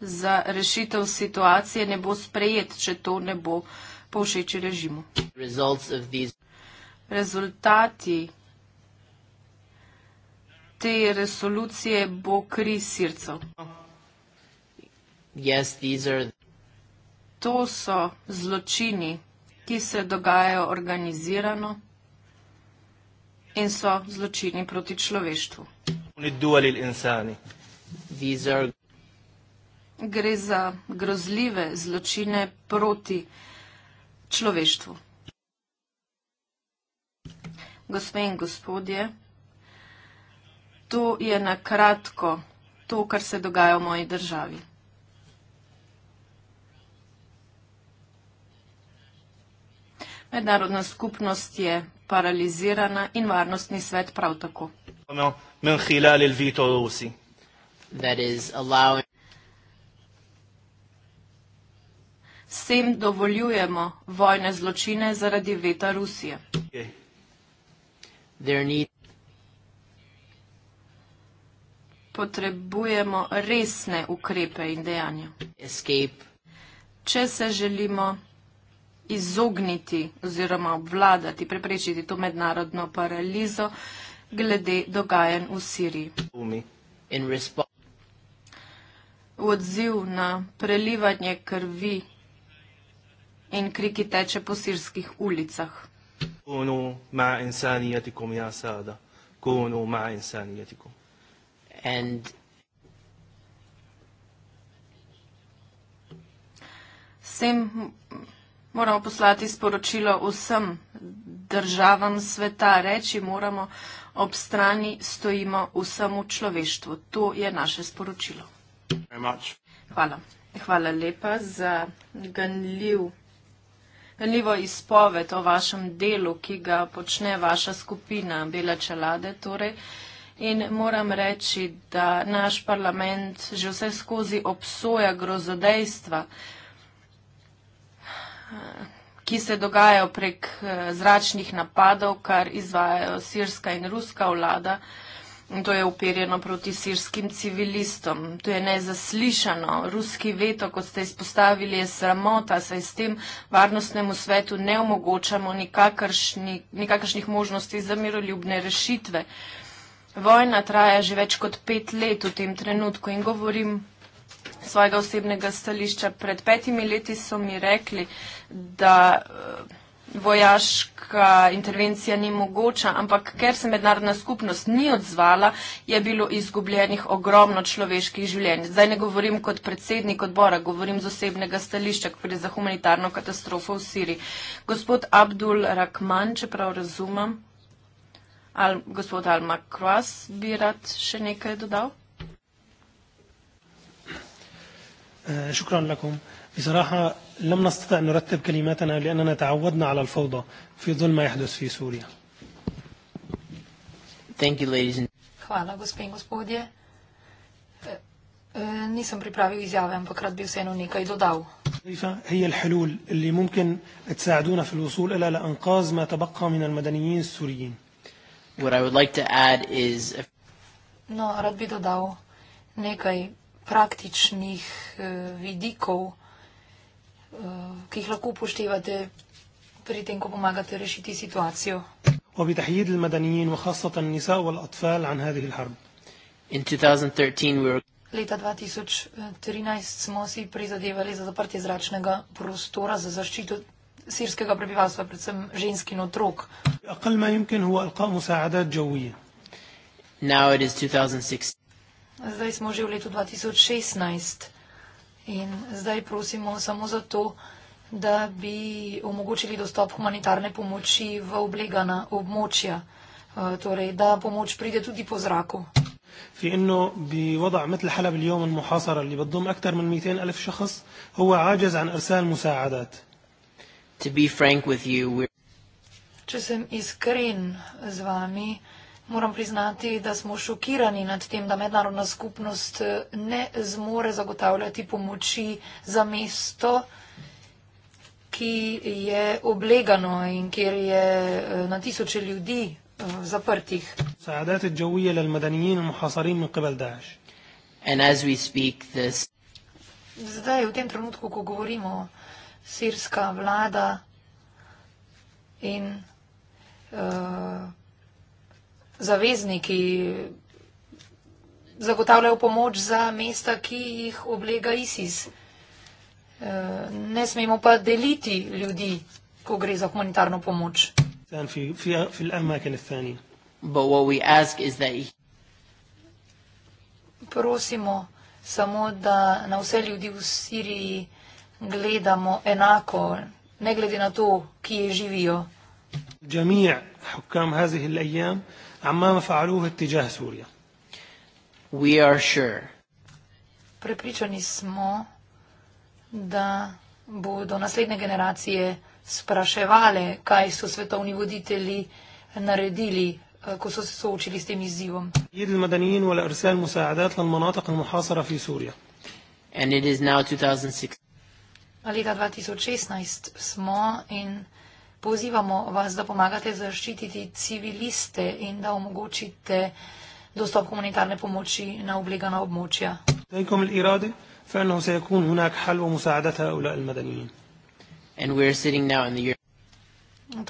za rešitev situacije ne bo sprejet, če to ne bo povšeči režimu. Rezultati te resolucije bo kri sircev. Yes, are... To so zločini, ki se dogajajo organizirano in so zločini proti človeštvu. Gre za grozljive zločine proti človeštvu. Gospe in gospodje, to je na kratko to, kar se dogaja v moji državi. Mednarodna skupnost je paralizirana in varnostni svet prav tako. No, no, that is allowing S tem dovoljujemo vojne zločine zaradi veta Rusije. Potrebujemo resne ukrepe in dejanja. Escape. Če se želimo izogniti oziroma obvladati, preprečiti to mednarodno paralizo glede dogajanj v Siriji. In odziv na prelivanje krvi in kriki teče po sirskih ulicah. And... Sem moramo poslati sporočilo vsem državam sveta, reči moramo, ob strani stojimo vsemu človeštvu. To je naše sporočilo. Hvala. Hvala lepa za ganljiv, ganljivo izpoved o vašem delu, ki ga počne vaša skupina Bela čelade. Torej. In moram reči, da naš parlament že vse skozi obsoja grozodejstva, ki se dogajajo prek eh, zračnih napadov, kar izvajajo sirska in ruska vlada. To je uperjeno proti sirskim civilistom. To je nezaslišano. Ruski veto, kot ste izpostavili, je sramota, saj s tem varnostnemu svetu ne omogočamo nikakršni, nikakršnih možnosti za miroljubne rešitve. Vojna traja že več kot pet let v tem trenutku in govorim svojega osebnega stališča. Pred petimi leti so mi rekli, da. Uh, vojaška intervencija ni mogoča, ampak ker se mednarodna skupnost ni odzvala, je bilo izgubljenih ogromno človeških življenj. Zdaj ne govorim kot predsednik odbora, govorim z osebnega stališča, ker je za humanitarno katastrofo v Siriji. Gospod Abdul Rahman, če prav razumem, Al, gospod Alma Kroas bi rad še nekaj dodal. Uh, šukran lakom. Uh, بصراحة لم نستطع نرتب كلماتنا لأننا تعودنا على الفوضى في ظل ما يحدث في سوريا. Thank you, ladies and Hvala, gospe in gospodje. E, e, nisem pripravil izjave, ampak rad bi vseeno nekaj dodal. كيف هي الحلول اللي ممكن تساعدونا في الوصول الى لانقاذ ما تبقى من المدنيين السوريين What I would like to add is if... no, رد بي دو داو نيكاي براكتيشنيخ فيديكو uh, Eh, ki jih lahko upoštevate pri tem, ko pomagate rešiti situacijo. In 2013 smo si prizadevali za zaprtje zračnega prostora za zaščito sirskega prebivalstva, predvsem žensk in otrok. Zdaj smo že v letu 2016. In zdaj prosimo samo zato, da bi omogočili dostop humanitarne pomoči v oblegana območja, eh, torej da pomoč pride tudi po zraku. في انه بوضع مثل حلب اليوم المحاصره اللي بتضم اكثر من 200 الف شخص هو عاجز عن ارسال مساعدات to be frank with you we're... Če sem iskren z vami, uh, Moram priznati, da smo šokirani nad tem, da mednarodna skupnost eh, ne zmore zagotavljati pomoči za mesto, ki je oblegano in kjer je eh, na tisoče ljudi eh, zaprtih. Zdaj, v tem trenutku, ko govorimo, sirska vlada in uh, zavezniki zagotavljajo pomoč za mesta, ki jih oblega ISIS. Eh, ne smemo pa deliti ljudi, ko gre za humanitarno pomoč. Prosimo samo, da na vse ljudi v Siriji gledamo enako, ne glede na to, kje živijo. Džamija, hukam hazih l-ajam. عما ما فعلوه اتجاه سوريا. We are sure. Prepričani smo, da bodo naslednje generacije spraševali, kaj so svetovni voditelji naredili, eh, ko so se soočili s tem izzivom. In it is now 2016. Leta 2016 smo in pozivamo vas, da pomagate zaščititi civiliste in da omogočite dostop humanitarne pomoči na oblegana območja.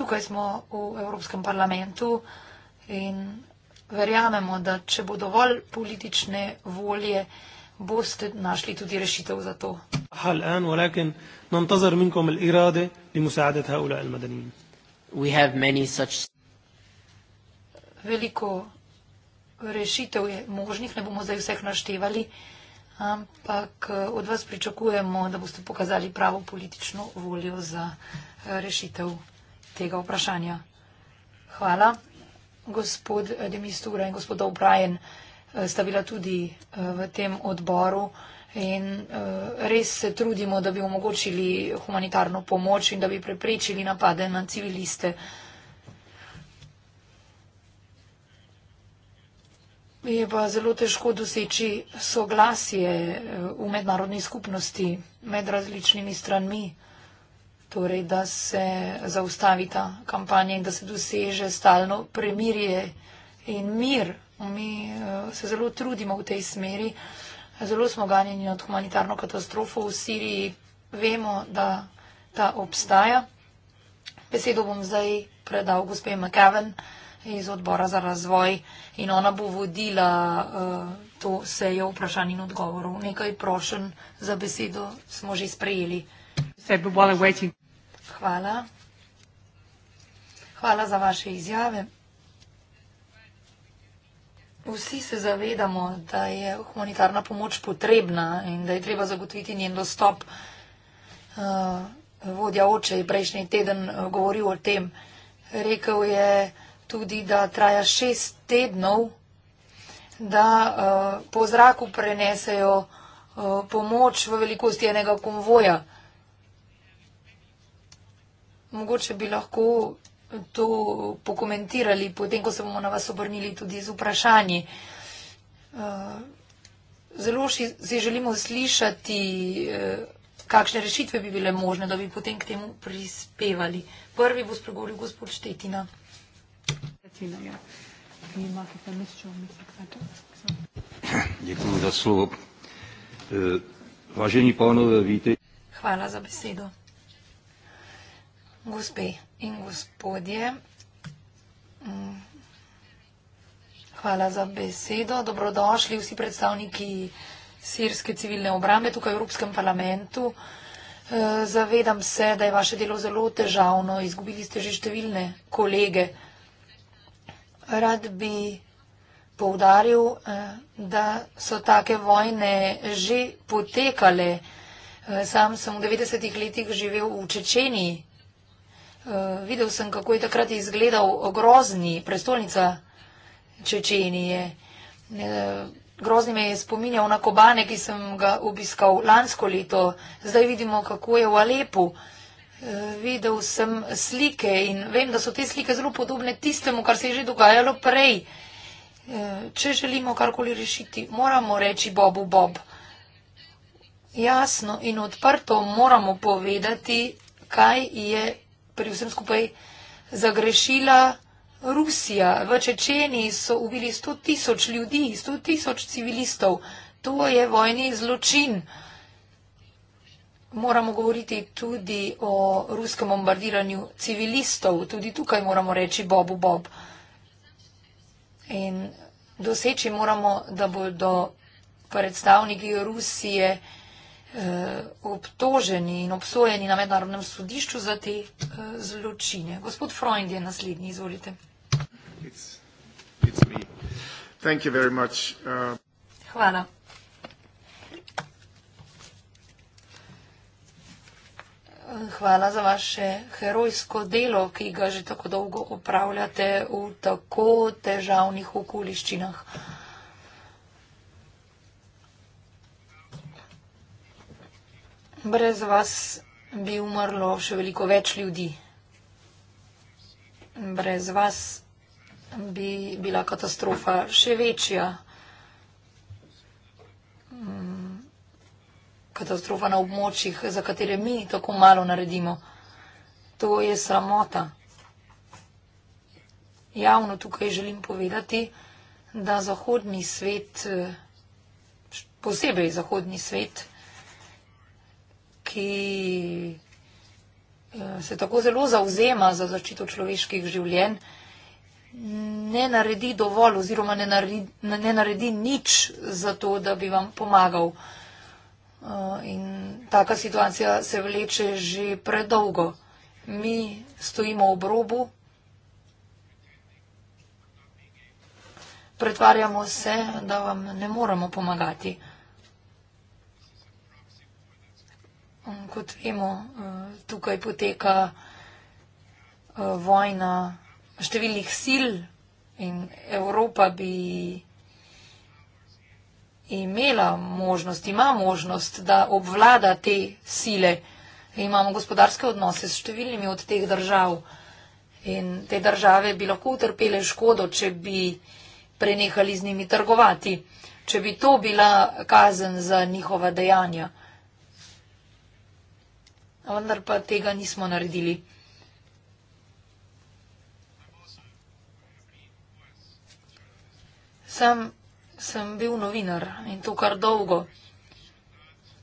Tukaj smo v Evropskem parlamentu in verjamemo, da če bo dovolj politične volje, boste našli tudi rešitev za to. حال الآن ولكن ننتظر منكم الإرادة لمساعدة هؤلاء المدنيين. We have many such. veliko rešitev je možnih, ne bomo zdaj vseh naštevali, ampak od vas pričakujemo, da boste pokazali pravo politično voljo za rešitev tega vprašanja. Hvala, gospod Demistura in gospod O'Brien. Eh, sta bila tudi eh, v tem odboru in eh, res se trudimo, da bi omogočili humanitarno pomoč in da bi preprečili napade na civiliste. Je pa zelo težko doseči soglasje v mednarodni skupnosti med različnimi stranmi, torej da se zaustavi ta kampanja in da se doseže stalno premirje in mir Mi eh, se zelo trudimo v tej smeri, zelo smo ganjeni nad humanitarno katastrofo v Siriji, vemo, da ta obstaja. Besedo bom zdaj predal gospe McKeven iz odbora za razvoj in ona bo vodila uh, to sejo vprašanj in odgovorov. Nekaj prošen za besedo smo že sprejeli. Hvala. Hvala za vaše izjave. Vsi se zavedamo, da je humanitarna pomoč potrebna in da je treba zagotoviti njen dostop. Eh, vodja oče je prejšnji teden eh, govoril o tem. Rekel je tudi, da traja šest tednov, da eh, po zraku prenesejo pomoč v velikosti enega konvoja. Mogoče bi lahko to pokomentirali, potem ko se bomo na vas obrnili tudi z vprašanji. Eh, zelo si želimo slišati, eh, kakšne rešitve bi bile možne, da bi potem k temu prispevali. Prvi bo spregovoril gospod Štetina. Ja. Eh, Hvala za besedo. Gospe in gospodje, mm, hvala za besedo. Dobrodošli vsi predstavniki sirske civilne obrambe tukaj v Evropskem parlamentu. Eh, zavedam se, da je vaše delo zelo težavno. Izgubili ste že številne kolege. Rad bi poudaril, eh, da so take vojne že potekale. Eh, sam sem v 90-ih letih živel v Čečeniji Eh, videl sem, kako je takrat izgledal grozni prestolnica Čečenije. Eh, grozni me je spominjal na Kobane, ki sem ga obiskal lansko leto. Zdaj vidimo, kako je v Alepu. Eh, videl sem slike in vem, da so te slike zelo podobne tistemu, kar se je že dogajalo prej. Če želimo karkoli rešiti, moramo reči Bobu Bob. Jasno in odprto moramo povedati, kaj je pri vsem skupaj zagrešila Rusija. V Čečeni so ubili 100 tisoč ljudi, 100 tisoč civilistov. To je vojni zločin. Moramo govoriti tudi o ruskem bombardiranju civilistov. Tudi tukaj moramo reči bobu bob. In doseči moramo, da bodo predstavniki Rusije. Eh, obtoženi in obsojeni na mednarodnem sodišču za te eh, zločine. Gospod Freund je naslednji, izvolite. It's, it's uh... Hvala. Hvala za vaše herojsko delo, ki ga že tako dolgo opravljate v tako težavnih okoliščinah. Uh, brez vas bi umrlo še veliko več ljudi. Brez vas bi bila katastrofa še večja. Mm, katastrofa na območjih, za katere mi tako malo naredimo. To je sramota. Javno tukaj želim povedati, da zahodni svet, posebej zahodni svet, ki eh, se tako zelo zauzema za začito človeških življenj, ne naredi dovolj oziroma ne naredi, ne naredi nič za to, da bi vam pomagal. Eh, in taka situacija se vleče že predolgo. Mi stojimo ob robu, pretvarjamo se, da vam ne moremo pomagati. Mm, kot vemo, eh, tukaj poteka eh, vojna številnih sil in Evropa bi imela možnost, ima možnost, da obvlada te sile. Imamo gospodarske odnose s številnimi od teh držav in te države bi lahko utrpele škodo, če bi prenehali z njimi trgovati, če bi to bila kazen za njihova dejanja vendar pa tega nismo naredili. Sam sem bil novinar in to kar dolgo,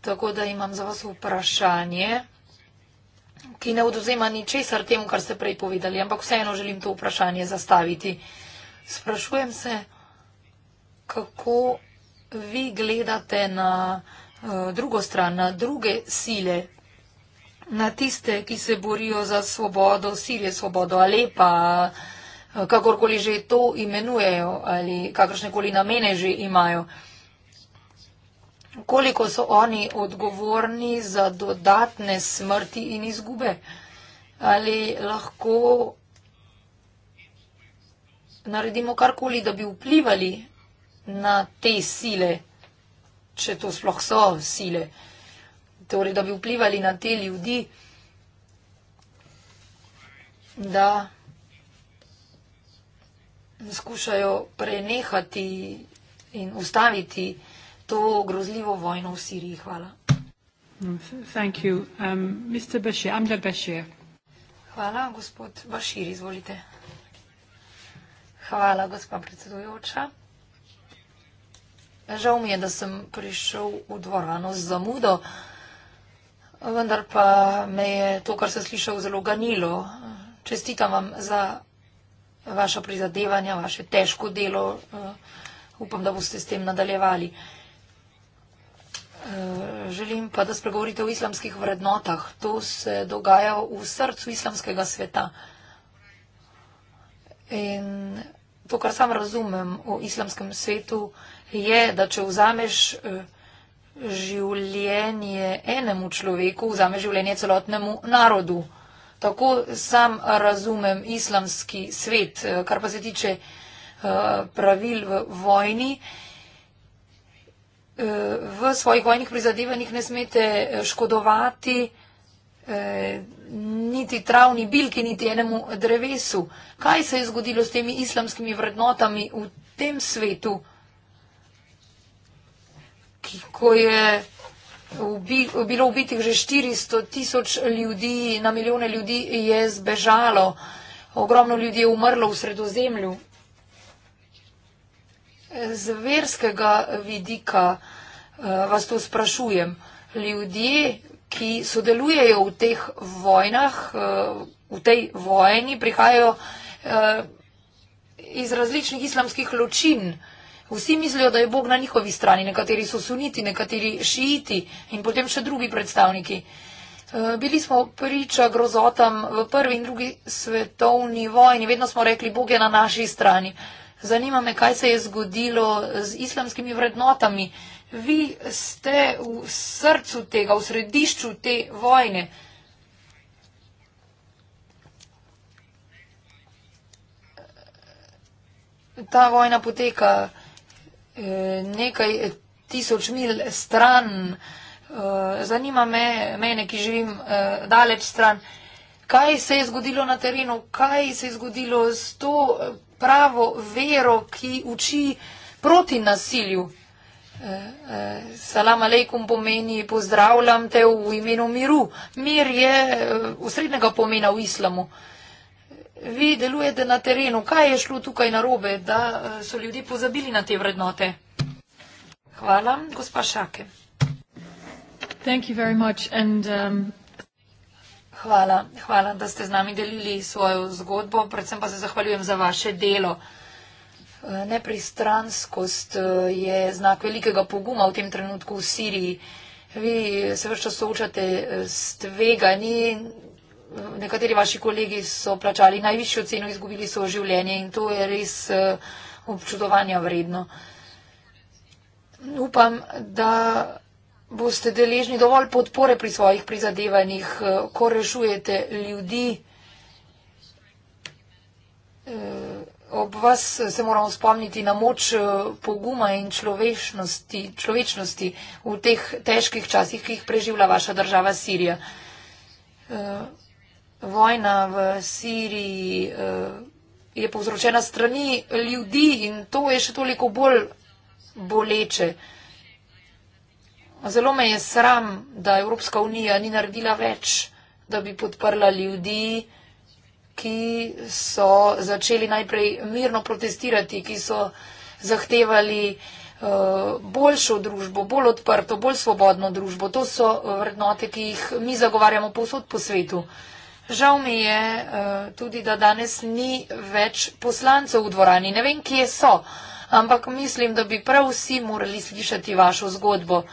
tako da imam za vas vprašanje, ki ne oduzema ničesar temu, kar ste prej povedali, ampak vseeno želim to vprašanje zastaviti. Sprašujem se, kako vi gledate na eh, drugo stran, na druge sile, na tiste, ki se borijo za svobodo, Sirije, svobodo Alepa, eh, kakorkoli že to imenujejo ali kakršnekoli namene že imajo. Koliko so oni odgovorni za dodatne smrti in izgube? Ali lahko naredimo karkoli, da bi vplivali na te sile, če to sploh so sile? Uh, torej da bi vplivali na te ljudi, da skušajo prenehati in ustaviti to grozljivo vojno v Siriji. Hvala. Thank you. Um, Mr. Bashir, Amjad Bashir. Hvala, gospod Bashir, izvolite. Hvala, gospa predsedujoča. Žal mi je, da sem prišel v dvorano z zamudo vendar pa me je to, kar sem slišal, zelo ganilo. Čestitam vam za vaša prizadevanja, vaše težko delo. Eh, upam, da boste s tem nadaljevali. Eh, želim pa, da spregovorite o islamskih vrednotah. To se dogaja v srcu islamskega sveta. In to, kar sam razumem o islamskem svetu, je, da če vzameš. Eh, življenje enemu človeku, vzame življenje celotnemu narodu. Tako sam razumem islamski svet, eh, kar pa se tiče eh, pravil v vojni. Eh, v svojih vojnih prizadevanjih ne smete škodovati niti travni bilki, niti enemu drevesu. Kaj se je zgodilo s temi islamskimi vrednotami v tem svetu? ki, ko je ubi, bilo ubitih že 400 tisoč ljudi, na milijone ljudi je zbežalo, ogromno ljudi je umrlo v sredozemlju. Z verskega vidika eh, vas to sprašujem. Ljudje, ki sodelujejo v teh vojnah, eh, v tej vojni, prihajajo eh, iz različnih islamskih ločin. Vsi mislijo, da je Bog na njihovi strani, nekateri so suniti, nekateri šiiti in potem še drugi predstavniki. Eh, bili smo priča grozotam v prvi in drugi svetovni vojni, vedno smo rekli, Bog je na naši strani. Zanima me, kaj se je zgodilo z islamskimi vrednotami. Vi ste v srcu tega, v središču te vojne. Ta vojna poteka nekaj eh, tisoč mil stran. Eh, zanima me, mene, ki živim eh, daleč stran, kaj se je zgodilo na terenu, kaj se je zgodilo s to pravo vero, ki uči proti nasilju. Salam alaikum pomeni pozdravljam te v imenu miru. Mir je usrednjega pomena v islamu vi delujete na terenu. Kaj je šlo tukaj narobe, da eh, so ljudje pozabili na te vrednote? Hvala, gospa Šake. Um, hvala, hvala, da ste z nami delili svojo zgodbo, predvsem pa se zahvaljujem za vaše delo. Eh, nepristranskost eh, je znak velikega poguma v tem trenutku v Siriji. Vi se vrščo soočate s tveganji, nekateri vaši kolegi so plačali najvišjo ceno, izgubili so življenje in to je res eh, občudovanja vredno. Upam, da boste deležni dovolj podpore pri svojih prizadevanjih, eh, ko rešujete ljudi. Eh, ob vas se moramo spomniti na moč poguma in človečnosti, človečnosti v teh težkih časih, ki jih preživlja vaša država Sirija vojna v Siriji eh, je povzročena strani ljudi in to je še toliko bolj boleče. Zelo me je sram, da Evropska unija ni naredila več, da bi podprla ljudi, ki so začeli najprej mirno protestirati, ki so zahtevali eh, boljšo družbo, bolj odprto, bolj svobodno družbo. To so vrednote, ki jih mi zagovarjamo povsod po svetu. Žal mi je eh, tudi, da danes ni več poslancev v dvorani. Ne vem, kje so, ampak mislim, da bi prav vsi morali slišati vašo zgodbo. Eh,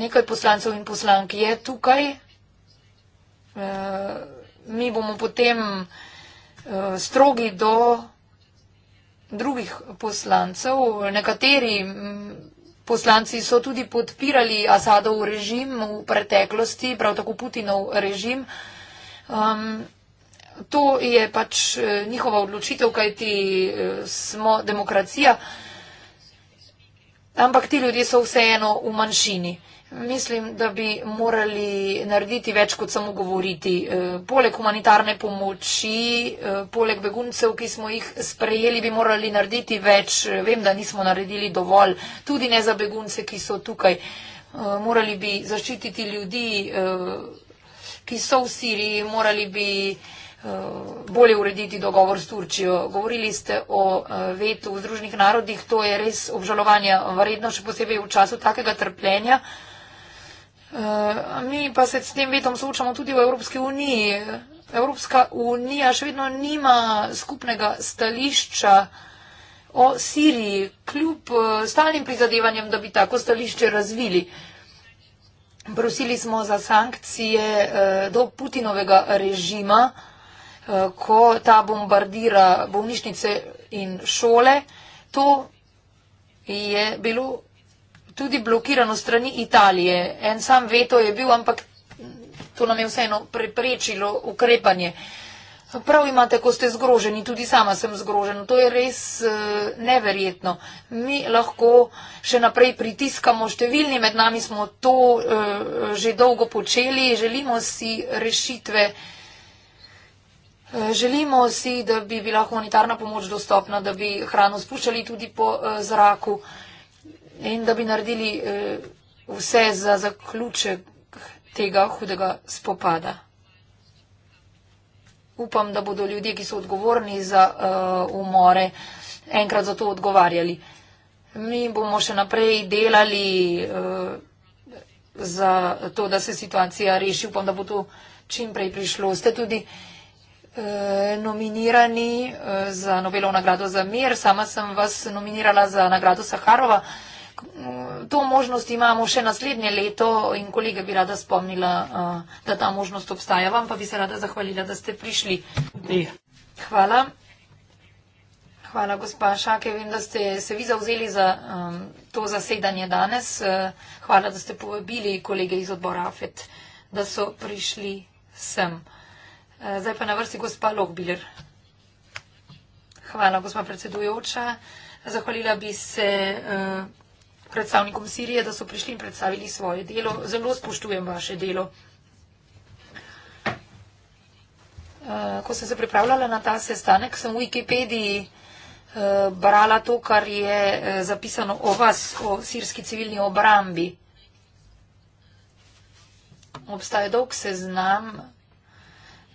nekaj poslancev in poslank je tukaj. Eh, mi bomo potem strogi do drugih poslancev. Nekateri mm, poslanci so tudi podpirali Asadov režim v preteklosti, prav tako Putinov režim. Um, to je pač eh, njihova odločitev, kajti eh, smo demokracija, ampak ti ljudje so vseeno v manjšini. Mislim, da bi morali narediti več kot samo govoriti. Eh, poleg humanitarne pomoči, poleg beguncev, ki smo jih sprejeli, bi morali narediti več. Vem, da nismo naredili dovolj, tudi ne za begunce, ki so tukaj. Morali bi zaščititi ljudi ki so v Siriji, morali bi eh, bolje urediti dogovor s Turčijo. Govorili ste o eh, vetu v Združenih narodih, to je res obžalovanje vredno, še posebej v času takega trpljenja. Eh, mi pa se s tem vetom soočamo tudi v Evropski uniji. Evropska unija še vedno nima skupnega stališča o Siriji, kljub stalnim prizadevanjem, da bi tako stališče razvili prosili smo za sankcije eh, do Putinovega režima, eh, ko ta bombardira bolnišnice in šole. To je bilo tudi blokirano strani Italije. En sam veto je bil, ampak to nam je vseeno preprečilo ukrepanje. Prav imate, ko ste zgroženi, tudi sama sem zgrožena. To je res eh, neverjetno. Mi lahko še naprej pritiskamo, številni med nami smo to eh, že dolgo počeli, želimo si rešitve. Eh, želimo si, da bi bila humanitarna pomoč dostopna, da bi hrano spuščali tudi po zraku in da bi naredili vse za zaključek tega hudega spopada upam, da bodo ljudje, ki so odgovorni za uh, umore, enkrat za to odgovarjali. Mi bomo še naprej delali uh, za to, da se situacija reši. Upam, da bo to čim prej prišlo. Ste tudi uh, nominirani uh, za Nobelov nagrado za mir. Sama sem vas nominirala za nagrado Saharova to možnost imamo še naslednje leto in kolega bi rada spomnila, eh, da ta možnost obstaja. Vam pa bi se rada zahvalila, da ste prišli. Hvala. Hvala, gospa Šake. Vem, da ste se vi zavzeli za eh, to zasedanje danes. Eh, hvala, da ste povabili kolege iz odbora AFET, da so prišli sem. Zdaj pa na vrsti gospa Lokbiler. Hvala, gospa predsedujoča. Zahvalila bi se predstavnikom Sirije, da so prišli in predstavili svoje delo. Zelo spoštujem vaše delo. Eh, ko sem se pripravljala na ta sestanek, sem v Wikipediji eh, brala to, kar je eh, zapisano o vas, o sirski civilni obrambi. Obstaja dolg seznam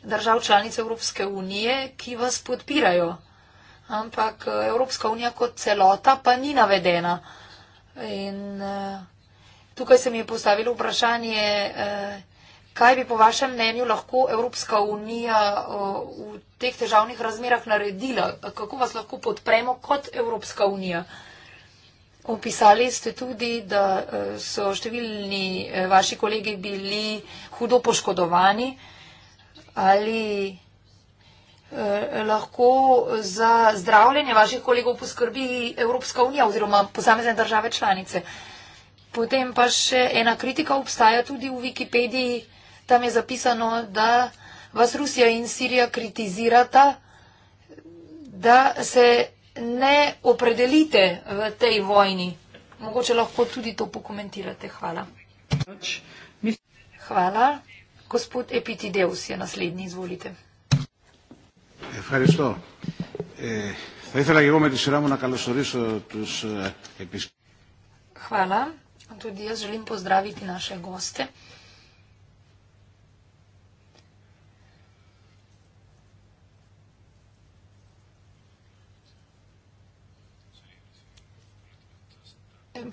držav članic Evropske unije, ki vas podpirajo, ampak Evropska unija kot celota pa ni navedena. Uh, In eh, tukaj se mi je postavilo vprašanje, eh, kaj bi po vašem mnenju lahko Evropska unija eh, v teh težavnih razmerah naredila, kako vas lahko podpremo kot Evropska unija. Opisali ste tudi, da so številni vaši kolegi bili hudo poškodovani. Ali Eh, lahko za zdravljenje vaših kolegov poskrbi Evropska unija oziroma posamezne države članice. Potem pa še ena kritika obstaja tudi v Wikipediji. Tam je zapisano, da vas Rusija in Sirija kritizirata, da se ne opredelite v tej vojni. Mogoče lahko tudi to pokomentirate. Hvala. Hvala. Gospod Epitideus je naslednji. Izvolite. Ευχαριστώ. Ε, θα ήθελα και εγώ με τη σειρά μου να καλωσορίσω τους επισκέπτες. Χαλά. Τούτι ας ζωλήν ποζδράβει την άσε γόστε.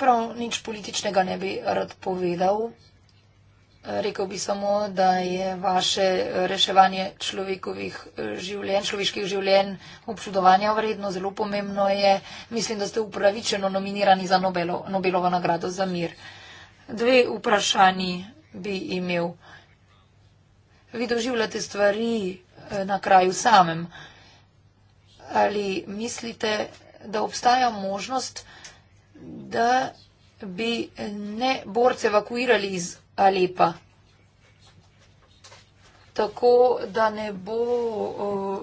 Prav nič političnega ne bi rad povedal. Rekel bi samo, da je vaše reševanje človekovih eh, življenj, človeških življenj občudovanja vredno, zelo pomembno je. Mislim, da ste upravičeno nominirani za Nobelo, Nobelovo nagrado za mir. Dve vprašanji bi imel. Vi doživljate stvari eh, na kraju samem. Ali mislite, da obstaja možnost, da bi ne borce evakuirali iz ali pa. Tako, da ne bo uh,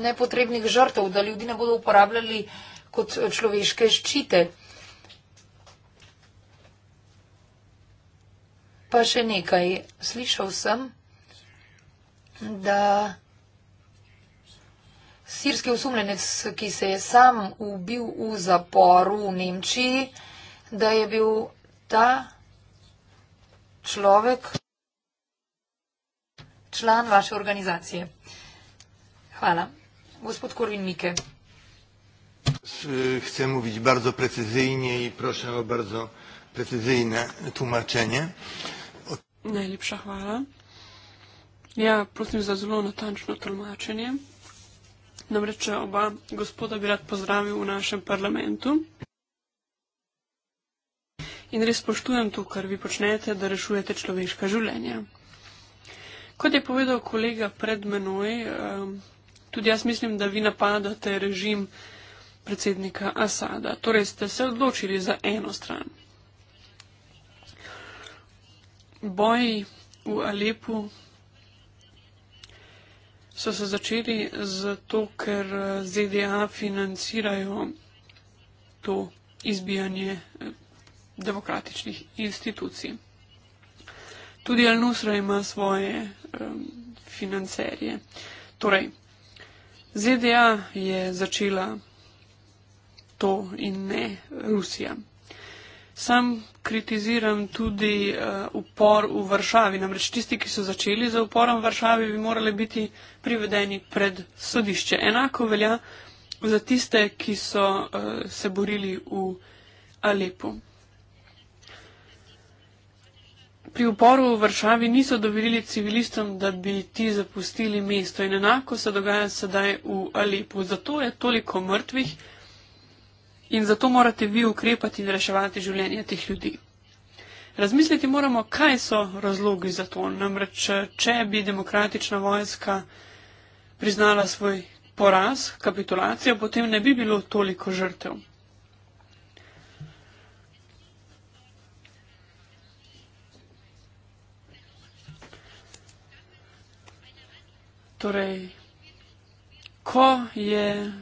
nepotrebnih žrtev, da ljudi ne bodo uporabljali kot človeške ščite. Pa še nekaj. Slišal sem, da sirski osumljenec, ki se je sam ubil v zaporu v Nemčiji, da je bil ta človek, član vaše organizacije. Hvala. Gospod Korvin Mike. Chcę mówić bardzo precyzyjnie i proszę o bardzo precyzyjne tłumaczenie. O... Najlepsza chwała. Ja proszę za zrozumiałe tłumaczenie. Namreč oba gospoda bi rad pozdravil v našem parlamentu in res spoštujem to, kar vi počnete, da rešujete človeška življenja. Kot je povedal kolega pred menoj, ehm, tudi jaz mislim, da vi napadate režim predsednika Asada. Torej ste se odločili za eno stran. Boji v Alepu so se začeli zato, ker eh, ZDA financirajo to izbijanje eh, demokratičnih institucij. Tudi Al-Nusra ima svoje um, financerje. Torej, ZDA je začela to in ne Rusija. Sam kritiziram tudi uh, upor v Varšavi. Namreč tisti, ki so začeli za uporom v Varšavi, bi morali biti privedeni pred sodišče. Enako velja za tiste, ki so uh, se borili v Alepu pri uporu v Varšavi niso dovolili civilistom, da bi ti zapustili mesto in enako se dogaja sedaj v Alepu. Zato je toliko mrtvih in zato morate vi ukrepati in reševati življenje teh ljudi. Razmisliti moramo, kaj so razlogi za to. Namreč, če bi demokratična vojska priznala svoj poraz, kapitulacijo, potem ne bi bilo toliko žrtev. Torej, ko je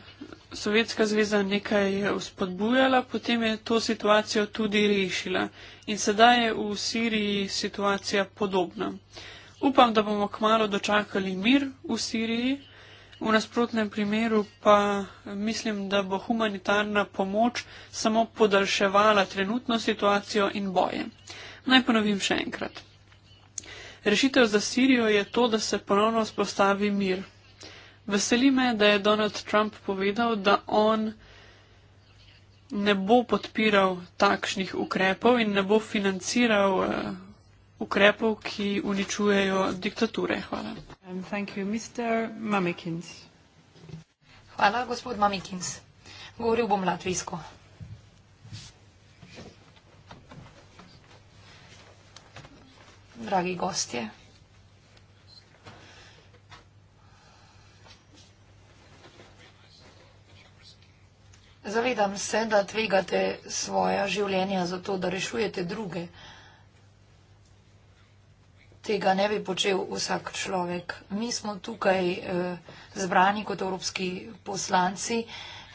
Sovjetska zveza nekaj uspodbujala, potem je to situacijo tudi rešila. In sedaj je v Siriji situacija podobna. Upam, da bomo kmalo dočakali mir v Siriji, v nasprotnem primeru pa mislim, da bo humanitarna pomoč samo podaljševala trenutno situacijo in boje. Naj ponovim še enkrat. Rešitev za Sirijo je to, da se ponovno spostavi mir. Veseli me, da je Donald Trump povedal, da on ne bo podpiral takšnih ukrepov in ne bo financiral uh, ukrepov, ki uničujejo diktature. Hvala. Um, Hvala, gospod Mamikins. Govoril bom latvijsko. dragi gostje. Zavedam se, da tvegate svoja življenja zato, da rešujete druge. Tega ne bi počel vsak človek. Mi smo tukaj eh, zbrani kot evropski poslanci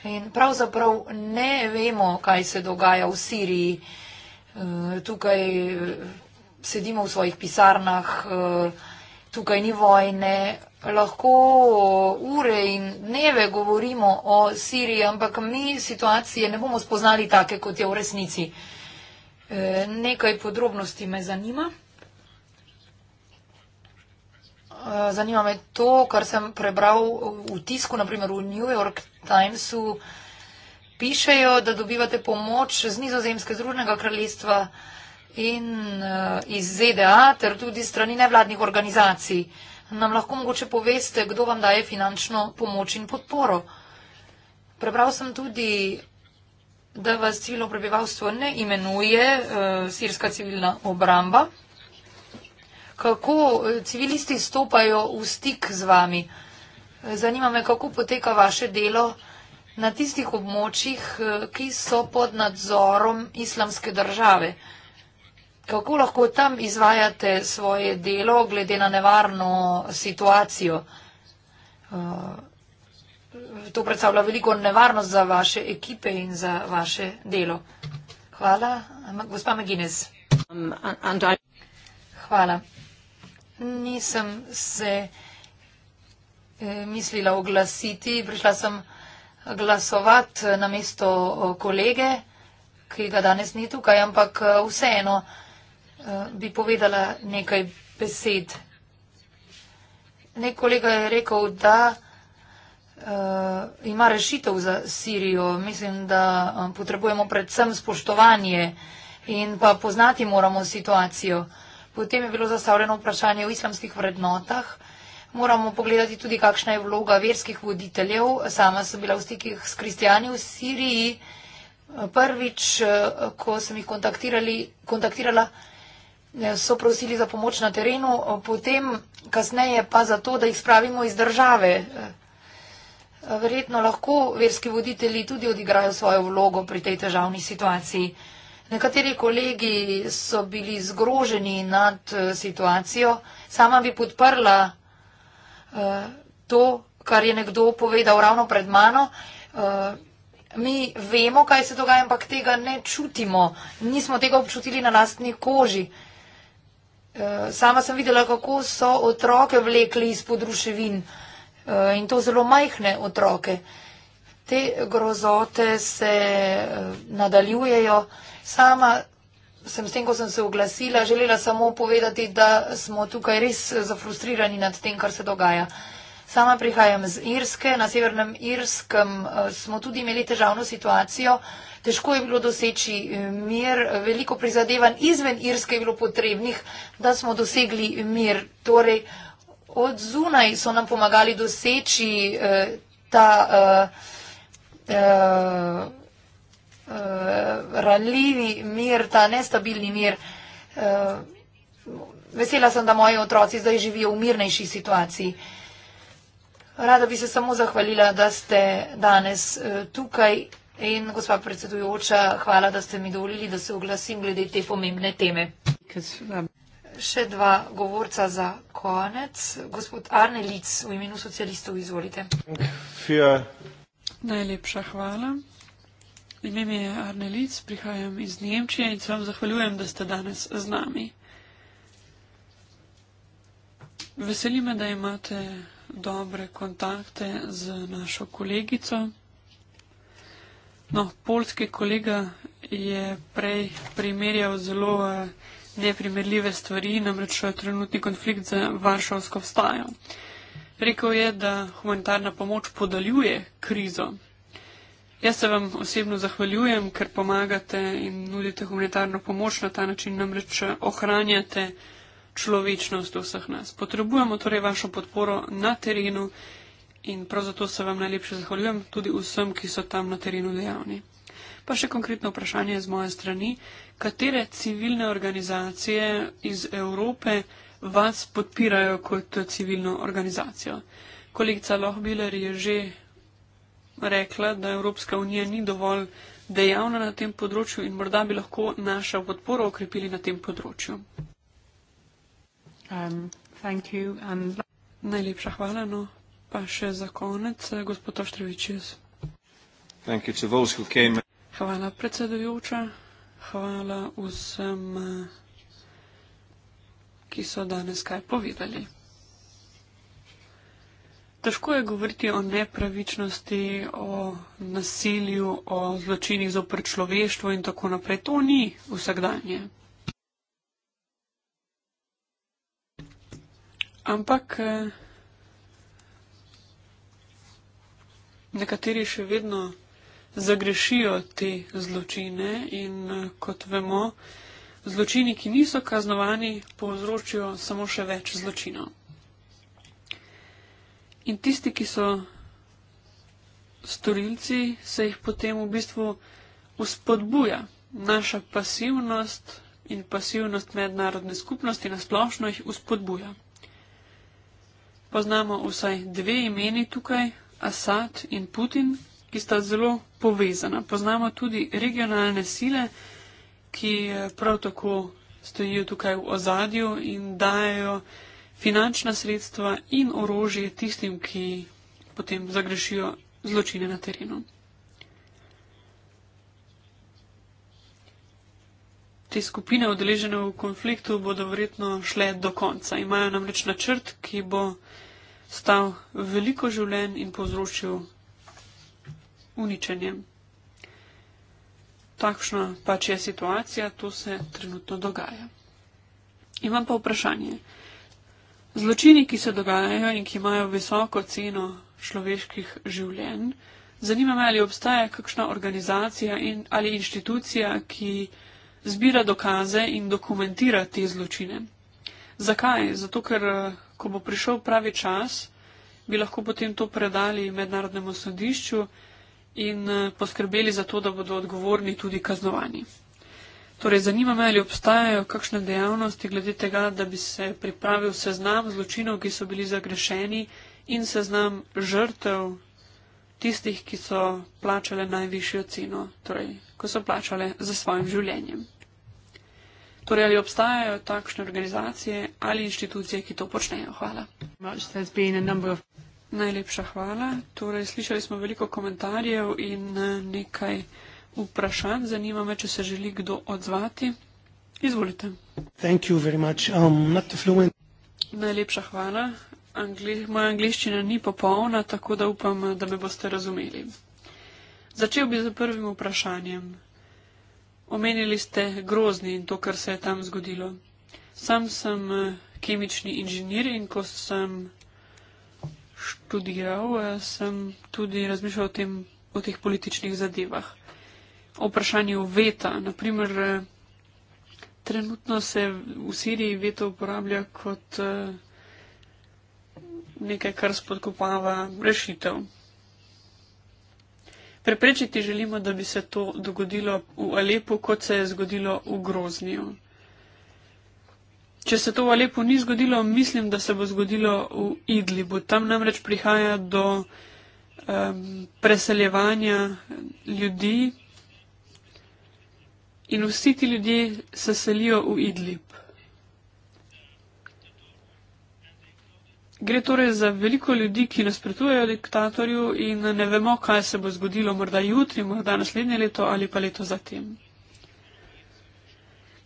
in pravzaprav ne vemo, kaj se dogaja v Siriji. Eh, tukaj sedimo v svojih pisarnah, eh, tukaj ni vojne, lahko eh, ure in dneve govorimo o Siriji, ampak mi situacije ne bomo spoznali take, kot je v resnici. Eh, nekaj podrobnosti me zanima. Zanima me to, kar sem prebral v tisku, naprimer v New York Timesu, pišejo, da dobivate pomoč z nizozemske združnega kraljestva, in uh, iz ZDA ter tudi strani nevladnih organizacij. Nam lahko mogoče poveste, kdo vam daje finančno pomoč in podporo. Prebral sem tudi, da vas civilno prebivalstvo ne imenuje uh, sirska civilna obramba. Kako eh, civilisti stopajo v stik z vami? Zanima me, kako poteka vaše delo na tistih območjih, ki so pod nadzorom islamske države. Kako lahko tam izvajate svoje delo, glede na nevarno situacijo? Eh, to predstavlja veliko nevarnost za vaše ekipe in za vaše delo. Hvala, gospa McGuinness. Um, Hvala. Nisem se eh, mislila oglasiti, prišla sem glasovati na mesto eh, kolege, ki ga danes ni tukaj, ampak vseeno. Eh, bi povedala nekaj besed. Nek kolega je rekel, da uh, ima rešitev za Sirijo. Mislim, da um, potrebujemo predvsem spoštovanje in pa poznati moramo situacijo. Potem je bilo zastavljeno vprašanje o islamskih vrednotah. Moramo pogledati tudi, kakšna je vloga verskih voditeljev. Sama sem bila v stikih s kristijani v Siriji. Prvič, ko sem jih kontaktirala, Eh, so prosili za pomoč na terenu, eh, potem kasneje pa za to, da jih spravimo iz države. Eh, verjetno lahko verski voditelji tudi odigrajo svojo vlogo pri tej težavni situaciji. Nekateri kolegi so bili zgroženi nad situacijo. Sama bi podprla to, kar je nekdo povedal ravno pred mano. Mi vemo, kaj se dogaja, ampak tega ne čutimo. Nismo tega občutili na lastni koži. Eh, sama sem videla, kako so otroke vlekli izpod ruševin eh, in to zelo majhne otroke. Te grozote se eh, nadaljujejo. Sama sem s tem, ko sem se oglasila, želela samo povedati, da smo tukaj res zafrustrirani nad tem, kar se dogaja. Sama prihajam z Irske. Na severnem Irskem smo tudi imeli težavno situacijo težko je bilo doseči eh, mir, veliko prizadevanj izven Irske je bilo potrebnih, da smo dosegli mir. Torej, od zunaj so nam pomagali doseči eh, ta eh, eh, eh, ranljivi mir, ta nestabilni mir. Eh, vesela sem, da moji otroci zdaj živijo v mirnejši situaciji. Rada bi se samo zahvalila, da ste danes eh, tukaj In gospa predsedujoča, hvala, da ste mi dovolili, da se oglasim glede te pomembne teme. Še dva govorca za konec. Gospod Arne Lic, v imenu socialistov, izvolite. Najlepša hvala. Ime mi je Arne Lic, prihajam iz Nemčije in se vam zahvaljujem, da ste danes z nami. Veseli me, da imate dobre kontakte z našo kolegico. No, polski kolega je prej primerjal zelo eh, neprimerljive stvari, namreč eh, trenutni konflikt za Varšavsko vstajo. Rekel je, da humanitarna pomoč podaljuje krizo. Jaz se vam osebno zahvaljujem, ker pomagate in nudite humanitarno pomoč na ta način, namreč eh, ohranjate človečnost vseh nas. Potrebujemo torej vašo podporo na terenu in prav zato se vam najlepše zahvaljujem tudi vsem, ki so tam na terenu dejavni. Pa še konkretno vprašanje z moje strani, katere civilne organizacije iz Evrope vas podpirajo kot civilno organizacijo? Kolegica Lohbiler je že rekla, da Evropska unija ni dovolj dejavna na tem področju in morda bi lahko našo podporo okrepili na tem področju. Um, Najlepša hvala. No. Pa še za konec, eh, gospod Oštrovič, jaz. Hvala predsedujoča, hvala vsem, eh, ki so danes kaj povedali. Težko je govoriti o nepravičnosti, o nasilju, o zločinih zopr človeštvo in tako naprej. To ni vsakdanje. Ampak. Eh, nekateri še vedno zagrešijo te zločine in kot vemo, zločini, ki niso kaznovani, povzročijo samo še več zločinov. In tisti, ki so storilci, se jih potem v bistvu uspodbuja. Naša pasivnost in pasivnost mednarodne skupnosti nasplošno jih uspodbuja. Poznamo vsaj dve imeni tukaj, Assad in Putin, ki sta zelo povezana. Poznamo tudi regionalne sile, ki eh, prav tako stojijo tukaj v ozadju in dajo finančna sredstva in orožje tistim, ki potem zagrešijo zločine na terenu. Te skupine odeležene v konfliktu bodo verjetno šle do konca. Imajo namreč načrt, ki bo stal veliko življenj in povzročil uničenje. Takšna pač je situacija, to se trenutno dogaja. Imam pa vprašanje. Zločini, ki se dogajajo in ki imajo visoko ceno človeških življenj, zanima me, ali obstaja kakšna organizacija in, ali inštitucija, ki zbira dokaze in dokumentira te zločine. Zakaj? Zato, ker ko bo prišel pravi čas, bi lahko potem to predali mednarodnemu sodišču in eh, poskrbeli za to, da bodo odgovorni tudi kaznovani. Torej, zanima me, ali obstajajo kakšne dejavnosti glede tega, da bi se pripravil seznam zločinov, ki so bili zagrešeni in seznam žrtev tistih, ki so plačale najvišjo ceno, torej, ko so plačale za svojim življenjem. Torej, ali obstajajo takšne organizacije ali inštitucije, ki to počnejo? Hvala. Najlepša hvala. Torej, slišali smo veliko komentarjev in eh, nekaj vprašanj. Zanima me, če se želi kdo odzvati. Izvolite. Um, Najlepša hvala. Angli moja angliščina ni popolna, tako da upam, da me boste razumeli. Začel bi z prvim vprašanjem. Omenili ste grozni in to, kar se je tam zgodilo. Sam sem eh, kemični inženir in ko sem študiral, eh, sem tudi razmišljal o, tem, o teh političnih zadevah. O vprašanju veta, naprimer, eh, trenutno se v Siriji veto uporablja kot nekaj, kar spodkopava rešitev. Preprečiti želimo, da bi se to dogodilo v Alepu, kot se je zgodilo v Grozniju. Če se to v Alepu ni zgodilo, mislim, da se bo zgodilo v Idlibu. Tam namreč prihaja do um, preseljevanja ljudi in vsi ti ljudje se selijo v Idlib. Gre torej za veliko ljudi, ki nasprotujejo diktatorju in ne vemo, kaj se bo zgodilo morda jutri, morda naslednje leto ali pa leto zatem.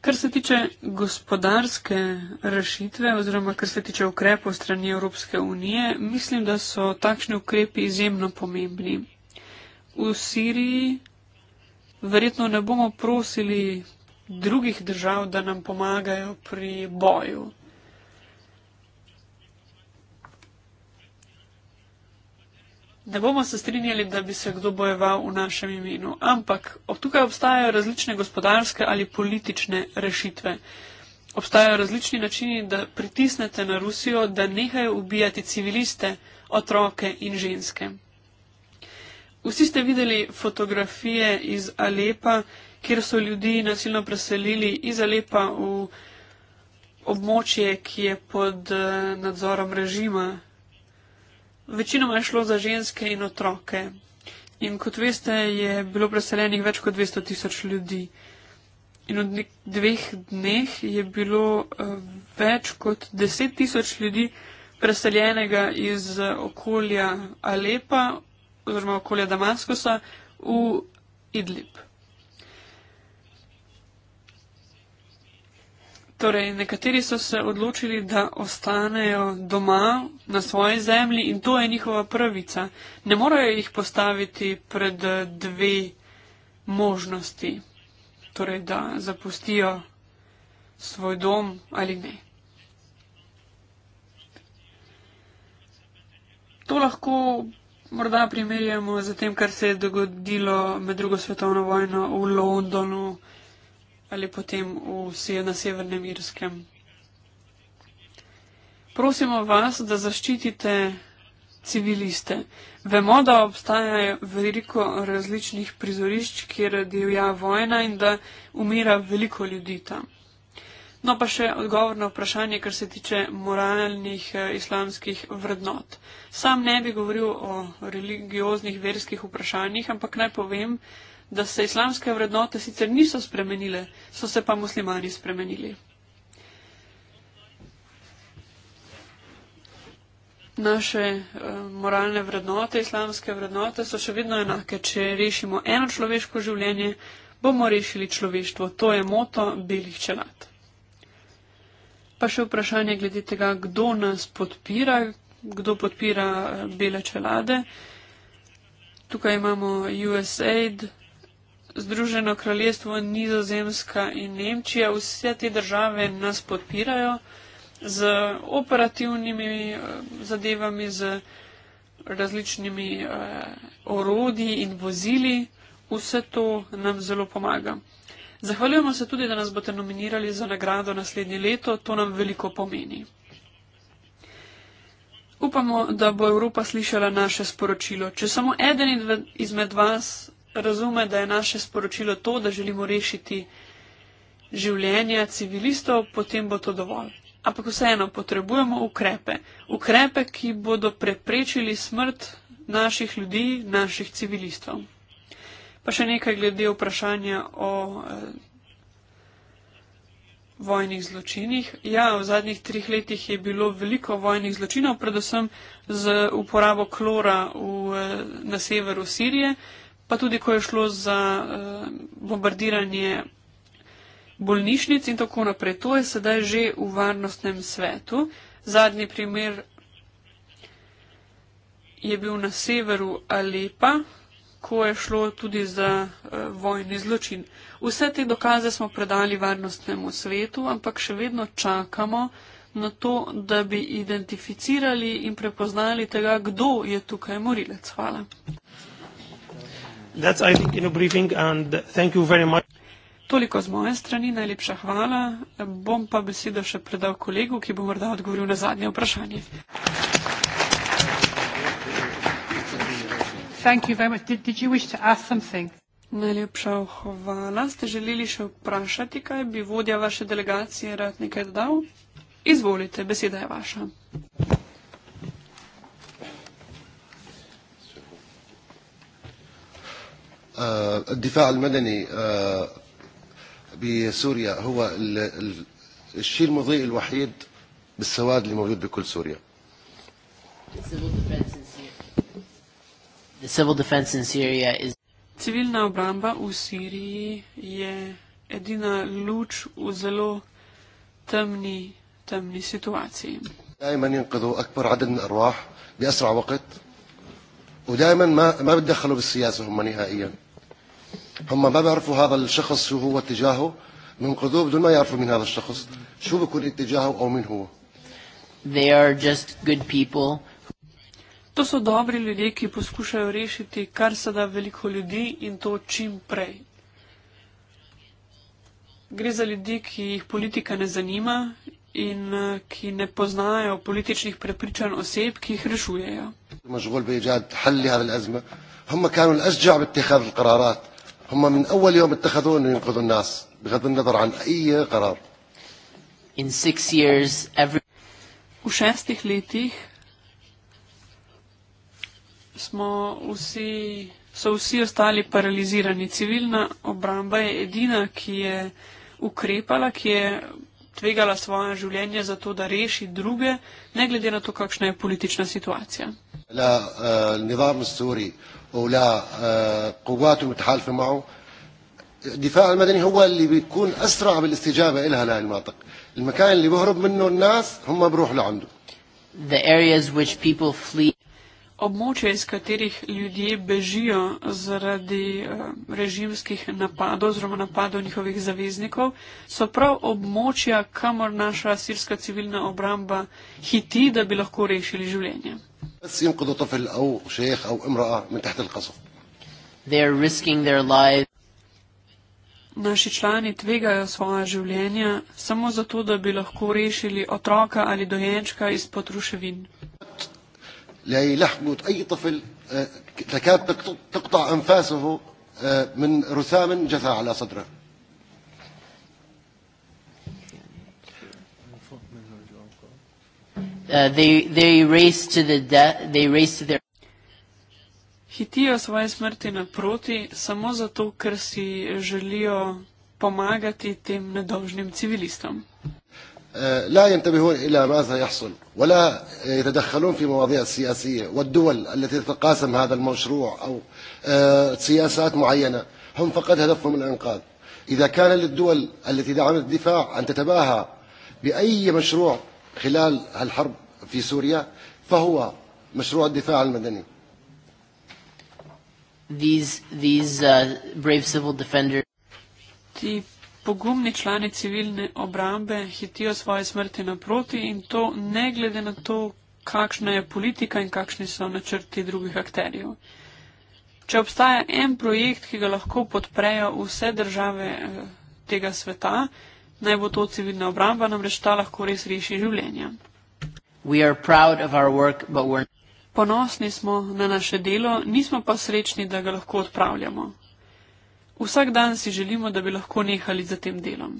Kar se tiče gospodarske rešitve oziroma kar se tiče ukrepov strani Evropske unije, mislim, da so takšni ukrepi izjemno pomembni. V Siriji verjetno ne bomo prosili drugih držav, da nam pomagajo pri boju, ne bomo se strinjali, da bi se kdo bojeval v našem imenu, ampak tukaj obstajajo različne gospodarske ali politične rešitve. Obstajajo različni načini, da pritisnete na Rusijo, da nehajo ubijati civiliste, otroke in ženske. Vsi ste videli fotografije iz Alepa, kjer so ljudi nasilno preselili iz Alepa v območje, ki je pod eh, nadzorom režima, Večinoma je šlo za ženske in otroke. In kot veste, je bilo preseljenih več kot 200 tisoč ljudi. In v dveh dneh je bilo eh, več kot 10 tisoč ljudi preseljenega iz eh, okolja Alepa oziroma okolja Damaskusa v Idlib. Torej, nekateri so se odločili, da ostanejo doma na svoji zemlji in to je njihova pravica. Ne morejo jih postaviti pred dve možnosti, torej, da zapustijo svoj dom ali ne. To lahko morda primerjamo z tem, kar se je dogodilo med drugo svetovno vojno v Londonu ali potem v, na Severnem Irskem. Prosimo vas, da zaščitite civiliste. Vemo, da obstaja veliko različnih prizorišč, kjer divja vojna in da umira veliko ljudi tam. No pa še odgovor na vprašanje, kar se tiče moralnih eh, islamskih vrednot. Sam ne bi govoril o religioznih verskih vprašanjih, ampak naj povem, da se islamske vrednote sicer niso spremenile, so se pa muslimani spremenili. Naše uh, moralne vrednote, islamske vrednote so še vedno enake. Če rešimo eno človeško življenje, bomo rešili človeštvo. To je moto belih čelad. Pa še vprašanje glede tega, kdo nas podpira, kdo podpira eh, bele čelade. Tukaj imamo USAID, Združeno kraljestvo, Nizozemska in Nemčija, vse te države nas podpirajo z operativnimi eh, zadevami, z različnimi eh, orodji in vozili. Vse to nam zelo pomaga. Zahvaljujemo se tudi, da nas boste nominirali za nagrado naslednje leto, to nam veliko pomeni. Upamo, da bo Evropa slišala naše sporočilo. Če samo eden izmed vas razume, da je naše sporočilo to, da želimo rešiti življenja civilistov, potem bo to dovolj. Ampak vseeno potrebujemo ukrepe. Ukrepe, ki bodo preprečili smrt naših ljudi, naših civilistov. Pa še nekaj glede vprašanja o eh, vojnih zločinih. Ja, v zadnjih trih letih je bilo veliko vojnih zločinov, predvsem z uporabo klora v, eh, na severu Sirije. Eh, pa tudi ko je šlo za uh, bombardiranje bolnišnic in tako naprej. To je sedaj že v varnostnem svetu. Zadnji primer je bil na severu Alepa, ko je šlo tudi za uh, vojni zločin. Vse te dokaze smo predali varnostnemu svetu, ampak še vedno čakamo na to, da bi identificirali in prepoznali tega, kdo je tukaj morilec. Hvala. That's, I think, in a briefing, and thank you very much. Toliko z moje strani, najlepša hvala. Bom pa besedo še predal kolegu, ki bo morda odgovoril na zadnje vprašanje. Najlepša hvala. Ste želeli še vprašati kaj? Bi vodja vaše delegacije rad nekaj dodal? Izvolite, beseda je vaša. الدفاع المدني بسوريا هو الشيء المضيء الوحيد بالسواد اللي موجود بكل سوريا The civil defense in Syria is... Civilna obramba v Siriji je edina luč v zelo temni, temni situaciji. دائما ينقذوا اكبر عدد من الارواح باسرع وقت ودائما ما ما بتدخلوا بالسياسه هم نهائيا هم ما بيعرفوا هذا الشخص شو هو اتجاهه من قدوة بدون ما يعرفوا من هذا الشخص شو بيكون اتجاهه أو من هو They are just good people. To so dobri ljudje, ki poskušajo rešiti kar se da veliko ljudi in to čim prej. Gre za ljudi, ki jih politika ne zanima in eh, ki ne poznajo političnih prepričanj oseb, ki jih rešujejo. هم من أول يوم اتخذوا أن ينقذوا الناس بغض النظر عن أي قرار In six years, every... V šestih letih smo vsi, so vsi ostali paralizirani. Civilna obramba je edina, ki je ukrepala, ki je tvegala svoje življenje za to, da reši druge, ne glede na to, kakšna je politična situacija. La, uh, ولا قواته متحالفة معه الدفاع المدني هو اللي بيكون أسرع بالاستجابة إلها للمناطق المكان اللي بهرب منه الناس هم بروح لعنده The areas which people flee Območje, iz katerih ljudje bežijo zaradi eh, režimskih napadov oziroma napadov njihovih zaveznikov, so prav območja, kamor naša sirska civilna obramba hiti, da bi lahko rešili življenje. Naši člani tvegajo svoja življenja samo zato, da bi lahko rešili otroka ali dojenčka iz potruševin. لأي لحم موت أي طفل تكاد تقطع أنفاسه من رسام جثى على صدره uh, Hitijo svoje smrti naproti samo zato, ker si želijo pomagati tem nedolžnim civilistom. لا ينتبهون إلى ماذا يحصل ولا يتدخلون في مواضيع سياسية والدول التي تقاسم هذا المشروع أو سياسات معينة هم فقط هدفهم الإنقاذ إذا كان للدول التي دعمت الدفاع أن تتباهى بأي مشروع خلال الحرب في سوريا فهو مشروع الدفاع المدني these these uh, brave civil defenders pogumni člani civilne obrambe hitijo svoje smrti naproti in to ne glede na to, kakšna je politika in kakšni so načrti drugih akterjev. Če obstaja en projekt, ki ga lahko podprejo vse države eh, tega sveta, naj bo to civilna obramba, namreč ta lahko res reši življenja. Work, Ponosni smo na naše delo, nismo pa srečni, da ga lahko odpravljamo. Vsak dan si želimo, da bi lahko nehali za tem delom.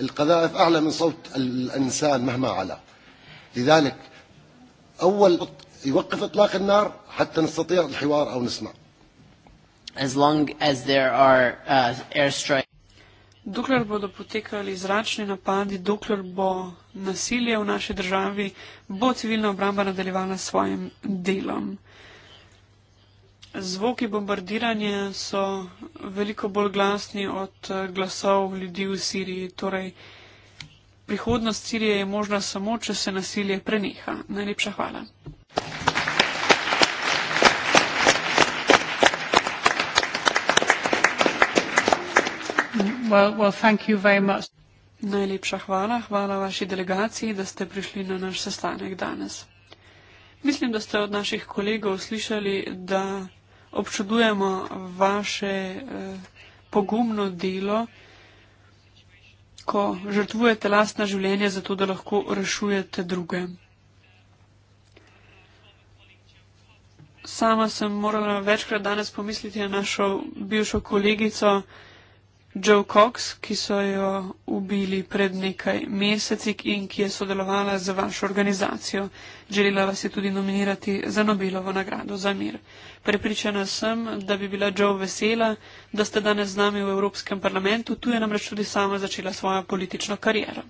القذائف أعلى من صوت الإنسان مهما علا لذلك أول يوقف إطلاق النار حتى نستطيع الحوار أو نسمع as long as there are uh, airstrikes Dokler bodo potekali zračni napadi, dokler bo nasilje v naši državi, bo civilna obramba nadaljevala s svojim delom. Zvoki bombardiranja so veliko bolj glasni od eh, glasov ljudi v Siriji. Torej, prihodnost Sirije je možna samo, če se nasilje preneha. Najlepša hvala. Well, well, thank you very much. Najlepša hvala, hvala vaši delegaciji, da ste prišli na naš sestanek danes. Mislim, da ste od naših kolegov slišali, da občudujemo vaše eh, pogumno delo, ko žrtvujete lastna življenja, zato da lahko rešujete druge. Sama sem morala večkrat danes pomisliti na našo bivšo kolegico, Joe Cox, ki so jo ubili pred nekaj meseci in ki je sodelovala z vašo organizacijo. Želela vas je tudi nominirati za Nobelovo nagrado za mir. Prepričana sem, da bi bila Joe vesela, da ste danes z nami v Evropskem parlamentu, tu je namreč tudi sama začela svojo politično kariero.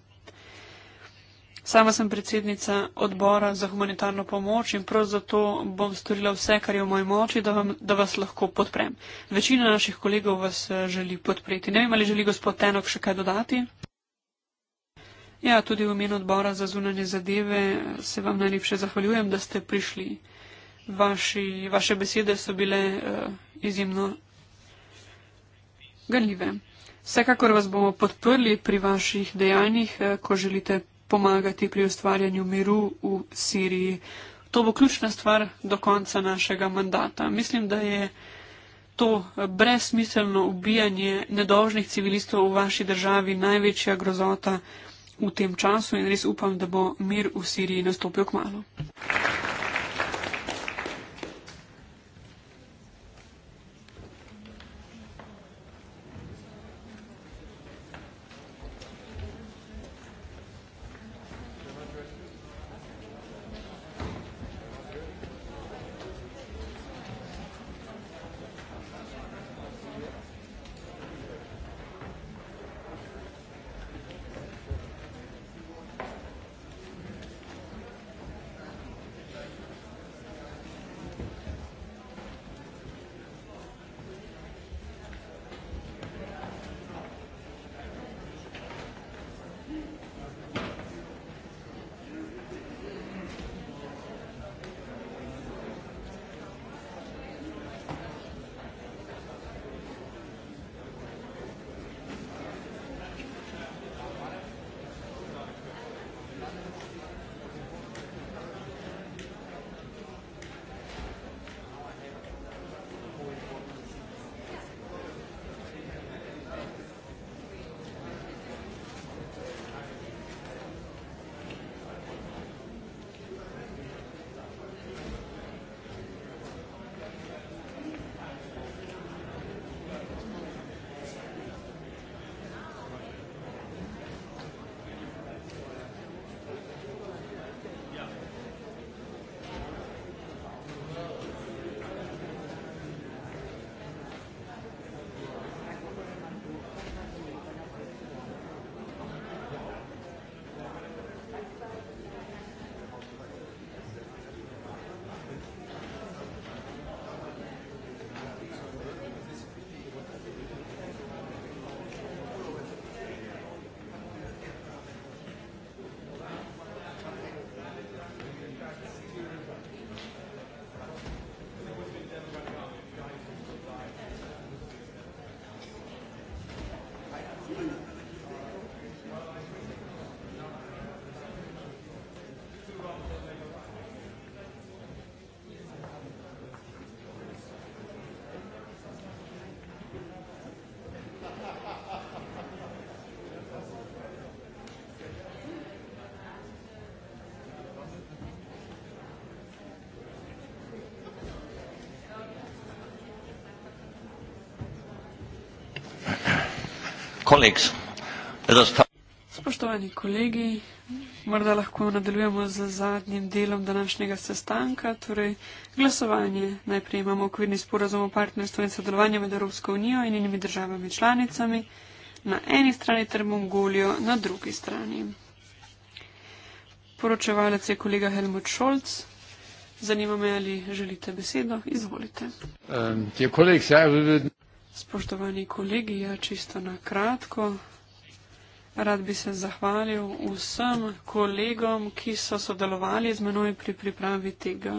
Sama sem predsednica odbora za humanitarno pomoč in prav zato bom storila vse, kar je v moji moči, da, vam, da vas lahko podprem. Večina naših kolegov vas želi podpreti. Ne vem, ali želi gospod Tenok še kaj dodati. Ja, tudi v imenu odbora za zunanje zadeve se vam najlepše zahvaljujem, da ste prišli. Vaši, vaše besede so bile uh, izjemno ganljive. Vsekakor vas bomo podprli pri vaših dejanjih, uh, ko želite pomagati pri ustvarjanju miru v Siriji. To bo ključna stvar do konca našega mandata. Mislim, da je to brezsmiselno ubijanje nedolžnih civilistov v vaši državi največja grozota v tem času in res upam, da bo mir v Siriji nastopil k malu. Spoštovani kolegi, morda lahko nadaljujemo z zadnjim delom današnjega sestanka, torej glasovanje. Najprej imamo okvirni sporozum o partnerstvu in sodelovanju med Evropsko unijo in njenimi državami članicami na eni strani ter Mongolijo na drugi strani. Poročevalec je kolega Helmut Scholz. Zanima me, ali želite besedo. Izvolite. Um, Spoštovani kolegi, ja čisto na kratko. Rad bi se zahvalil vsem kolegom, ki so sodelovali z menoj pri pripravi tega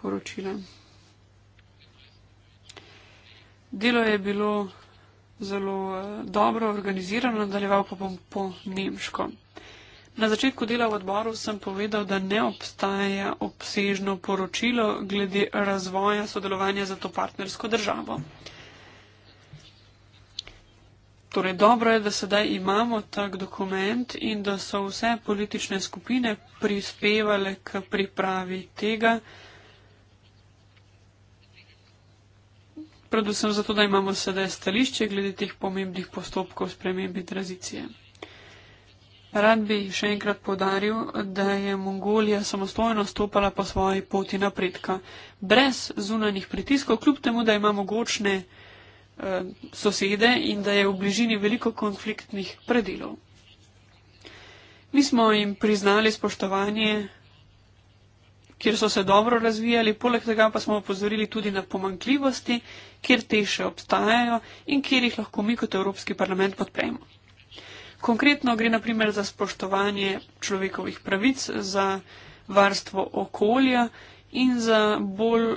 poročila. Delo je bilo zelo eh, dobro organizirano, nadaljeval pa bom po nemško. Na začetku dela v odboru sem povedal, da ne obstaja obsežno poročilo glede razvoja sodelovanja za to partnersko državo. Torej, dobro je, da sedaj imamo tak dokument in da so vse politične skupine prispevale k pripravi tega. Predvsem zato, da imamo sedaj stališče glede teh pomembnih postopkov spremembi tranzicije. Rad bi še enkrat podaril, da je Mongolija samostojno stopala po svoji poti napredka. Brez zunanih pritiskov, kljub temu, da ima mogočne. Eh, sosede in da je v bližini veliko konfliktnih predelov. Mi smo jim priznali spoštovanje, kjer so se dobro razvijali, poleg tega pa smo opozorili tudi na pomankljivosti, kjer te še obstajajo in kjer jih lahko mi kot Evropski parlament podpremo. Konkretno gre naprimer za spoštovanje človekovih pravic, za varstvo okolja in za bolj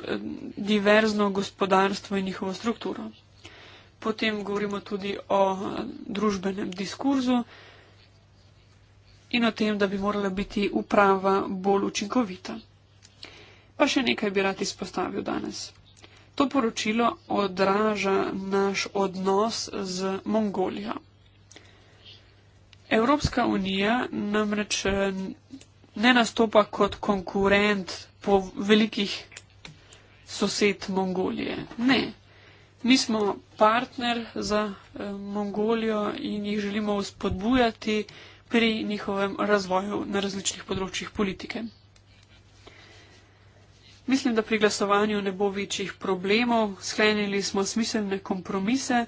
diverzno gospodarstvo in njihovo strukturo potem govorimo tudi o eh, družbenem diskurzu in o tem, da bi morala biti uprava bolj učinkovita. Pa še nekaj bi rad izpostavil danes. To poročilo odraža naš odnos z Mongolijo. Evropska unija namreč eh, ne nastopa kot konkurent po velikih sosed Mongolije. Ne, Mi smo partner za eh, Mongolijo in jih želimo spodbujati pri njihovem razvoju na različnih področjih politike. Mislim, da pri glasovanju ne bo večjih problemov. Sklenili smo smiselne kompromise,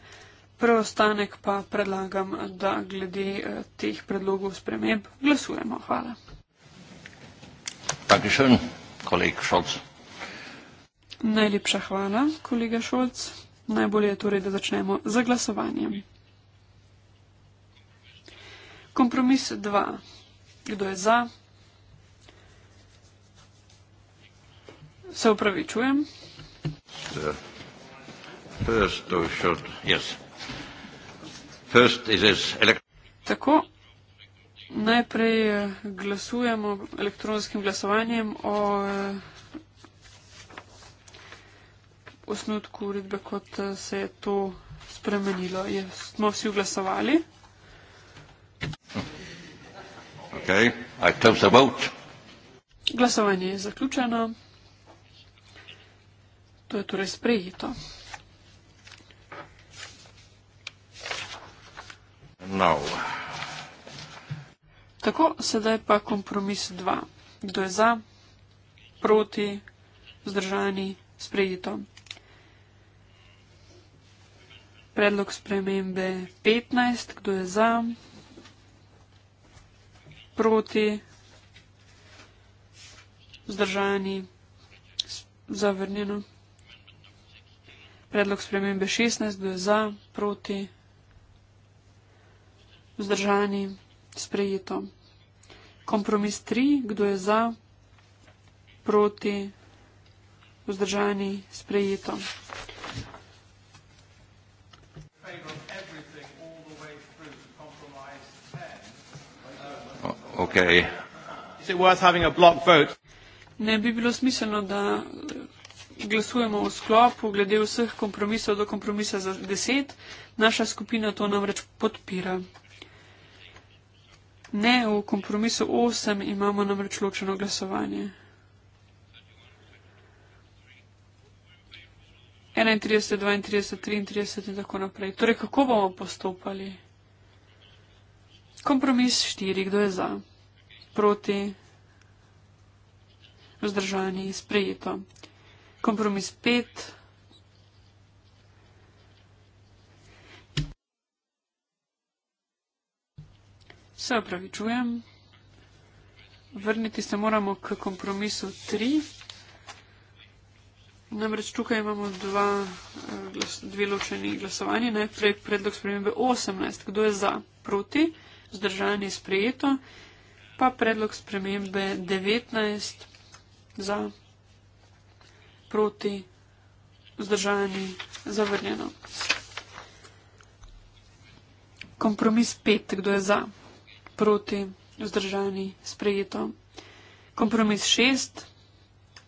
preostanek pa predlagam, da glede eh, teh predlogov sprememb glasujemo. Hvala. Najlepša hvala, kolega Šolc. Najbolje je torej, da začnemo z glasovanjem. Kompromis 2. Kdo je za? Se upravičujem. Tako, najprej eh, glasujemo elektronskim glasovanjem o eh, osnutku uredbe, kot eh, se je to spremenilo. Je, smo vsi glasovali? Okay. Glasovanje je zaključeno. To je torej sprejeto. No. Tako, sedaj pa kompromis 2. Kdo je za, proti, vzdržani, sprejeto predlog spremembe 15, kdo je za, proti, zdržani, zavrnjeno. Predlog spremembe 16, kdo je za, proti, vzdržani, sprejeto. Kompromis 3, kdo je za, proti, vzdržani, sprejeto. Ne bi bilo smiselno, da eh, glasujemo v sklopu glede vseh kompromisov do kompromisa za deset. Naša skupina to namreč podpira. Ne, v kompromisu osem imamo namreč ločeno glasovanje. 31, 32, 33 in tako naprej. Torej, kako bomo postopali? Kompromis 4, kdo je za? Proti? Vzdržani? Sprejeto. Kompromis 5. Se opravičujem. Vrniti se moramo k kompromisu 3. Namreč tukaj imamo dva, eh, glas, dve ločeni glasovanji. Najprej predlog spremembe 18, kdo je za, proti, zdržanje je sprejeto, pa predlog spremembe 19, za, proti, zdržanje je zavrnjeno. Kompromis 5, kdo je za, proti, zdržanje je sprejeto. Kompromis 6,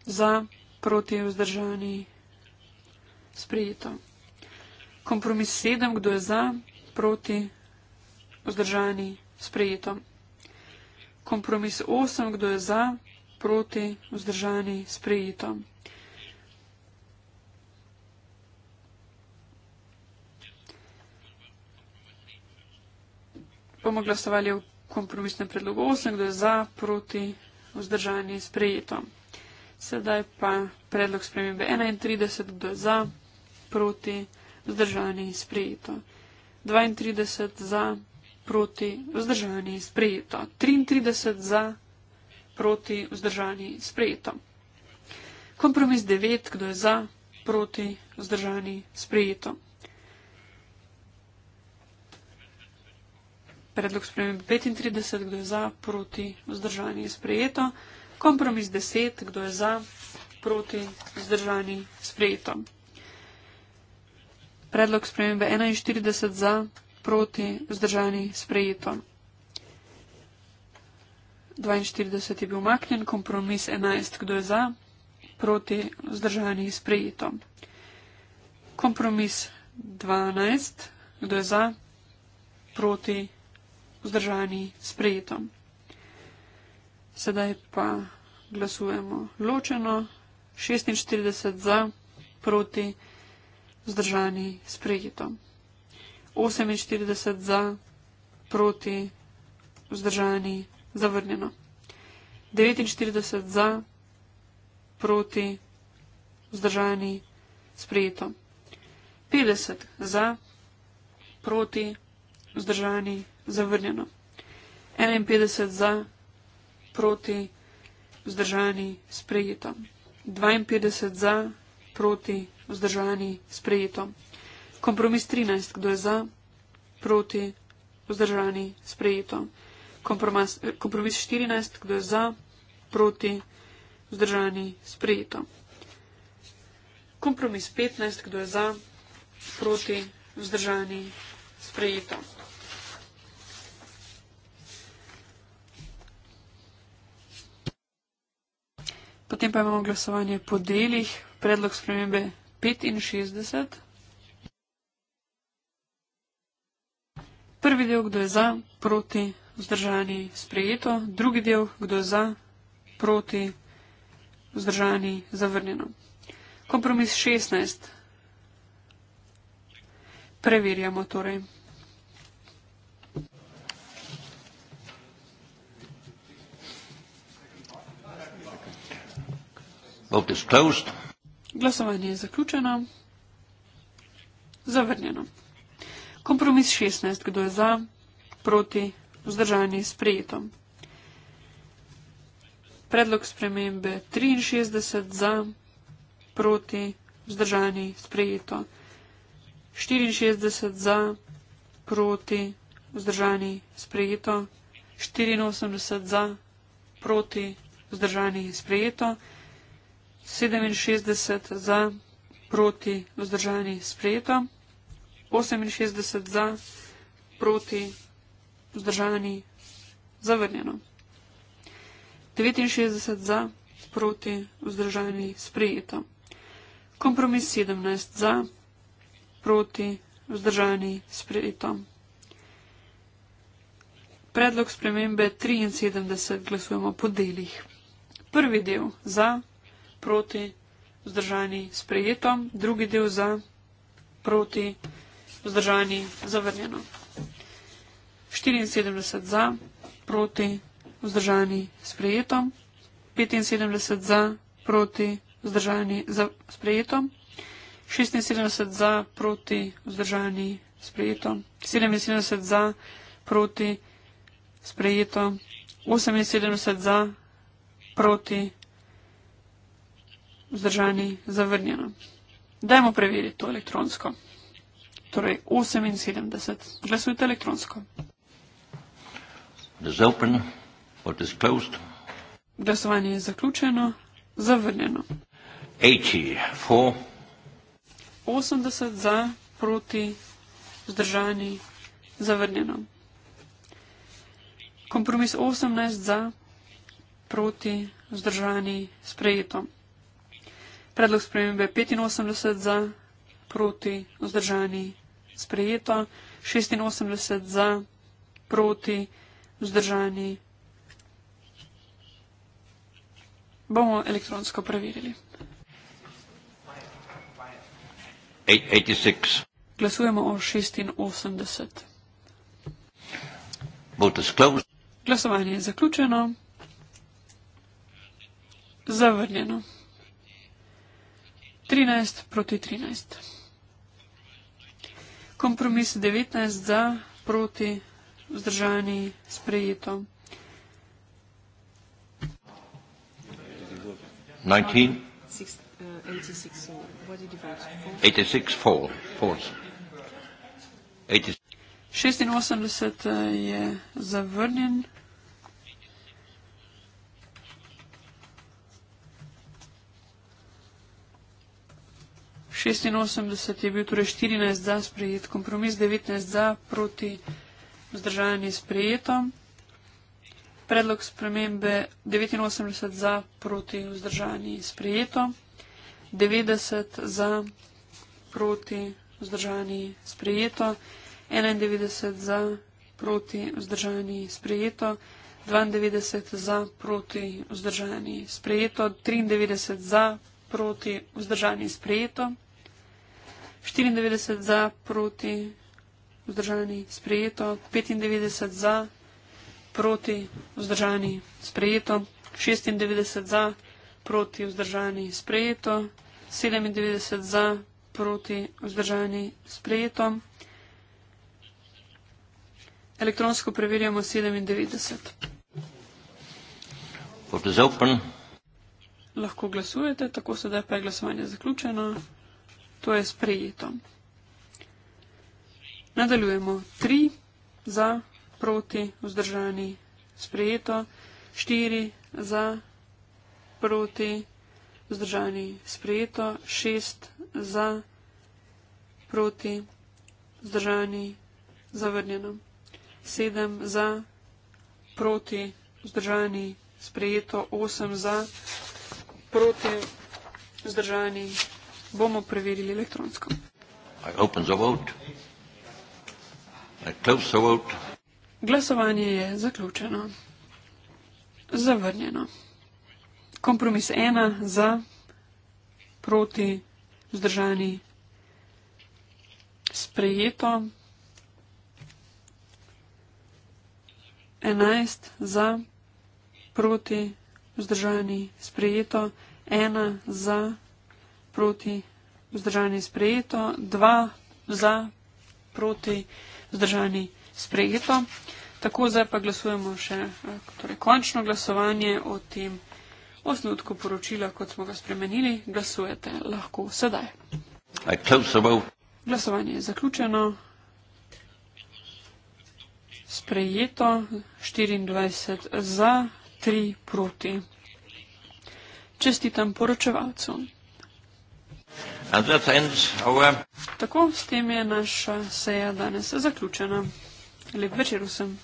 za, proti proti vzdržani sprejeto. Kompromis sedem, kdo je za, proti vzdržani sprejeto. Kompromis osem, kdo je za, proti vzdržani sprejeto. Bomo glasovali v kompromisnem predlogu 8, kdo je za, proti, vzdržani, sprejeto. Sedaj pa predlog spremembe 31 kdo za, proti, vzdržani, sprejeto. 32 za, proti, vzdržani, sprejeto. 33 za, proti, vzdržani, sprejeto. Kompromis 9, kdo je za, proti, vzdržani, sprejeto. Predlog spremembe 35, kdo je za, proti, vzdržani, sprejeto kompromis deset, kdo je za, proti, zdržani, sprejeto. Predlog spremembe 41 za, proti, zdržani, sprejeto. 42 je bil maknjen, kompromis 11, kdo je za, proti, zdržani, sprejeto. Kompromis 12, kdo je za, proti, vzdržani, sprejetom. Sedaj pa glasujemo ločeno. 46 za, proti, vzdržani, sprejeto. 48 za, proti, vzdržani, zavrnjeno. 49 za, proti, vzdržani, sprejeto. 50 za, proti, vzdržani, zavrnjeno. 51 za, proti, vzdržani, sprejeto proti, vzdržani, sprejeto. 52 za, proti, vzdržani, sprejeto. Kompromis 13, eh, kdo je za, proti, vzdržani, sprejeto. Kompromis, kompromis 14, kdo je za, proti, vzdržani, sprejeto. Kompromis 15, kdo je za, proti, vzdržani, sprejeto. Potem pa imamo glasovanje po delih, predlog spremembe 65. Prvi del, kdo je za, proti, vzdržani, sprejeto. Drugi del, kdo je za, proti, vzdržani, zavrnjeno. Kompromis 16. Preverjamo torej. Vote is closed. Glasovanje je zaključeno. Zavrnjeno. Kompromis 16. Kdo je za? Proti? Vzdržanje je sprejeto. Predlog spremembe 63 za, proti, vzdržani, sprejeto. 64 za, proti, vzdržani, sprejeto. 84 za, proti, vzdržani, sprejeto. 67 za, proti, vzdržani, sprejeto. 68 za, proti, vzdržani, zavrnjeno. 69 za, proti, vzdržani, sprejeto. Kompromis 17 za, proti, vzdržani, sprejeto. Predlog spremembe 73 glasujemo po delih. Prvi del za, proti, vzdržani, sprejeto, drugi del za, proti, vzdržani, zavrnjeno. 74 za, proti, vzdržani, sprejeto, 75 za, proti, vzdržani, za, sprejeto, 76 za, proti, vzdržani, sprejeto, 77 za, proti, sprejeto, 78 za, proti, vzdržani, zavrnjeno. Dajmo preveriti to elektronsko. Torej 78. Glasujte elektronsko. Glasovanje je zaključeno, zavrnjeno. 80 za, proti, vzdržani, zavrnjeno. Kompromis 18 za, proti, vzdržani, sprejeto. Predlog spremembe 85 za, proti, vzdržani, sprejeto. 86 za, proti, vzdržani. Bomo elektronsko preverili. 86. Glasujemo o 86. Glasovanje je zaključeno. Zavrnjeno. 13 proti 13. Kompromis 19 za, proti, vzdržani, sprejeto. 86 uh, uh, je zavrnjen. 86 je bil torej 14 za sprejet, kompromis 19 za proti vzdržanje sprejeto, predlog spremembe 89 za proti vzdržanje sprejeto, 90 za proti vzdržanje sprejeto, 91 za proti vzdržanje sprejeto, 92 za proti vzdržanje sprejeto, 93 za proti vzdržanje sprejeto. 94 za, proti, vzdržani, sprejeto, 95 za, proti, vzdržani, sprejeto, 96 za, proti, vzdržani, sprejeto, 97 za, proti, vzdržani, sprejeto. Elektronsko preverjamo 97. Lahko glasujete, tako sedaj pa je glasovanje zaključeno. To je sprejeto. Nadaljujemo. Tri za, proti, vzdržani, sprejeto. Štiri za, proti, vzdržani, sprejeto. Šest za, proti, vzdržani, zavrnjeno. Sedem za, proti, vzdržani, sprejeto. Osem za, proti, vzdržani, sprejeto bomo preverili elektronsko. Glasovanje je zaključeno. Zavrnjeno. Kompromis ena za, proti, vzdržani, sprejeto. 11 za, proti, vzdržani, sprejeto, 1 za, proti, vzdržani sprejeto, dva za, proti, vzdržani sprejeto. Tako zdaj pa glasujemo še, eh, torej končno glasovanje o tem osnutku poročila, kot smo ga spremenili, glasujete lahko sedaj. Glasovanje je zaključeno. Sprejeto 24 za, 3 proti. Čestitam poročevalcu. Tako, s tem je naša seja danes zaključena. Lep večer vsem.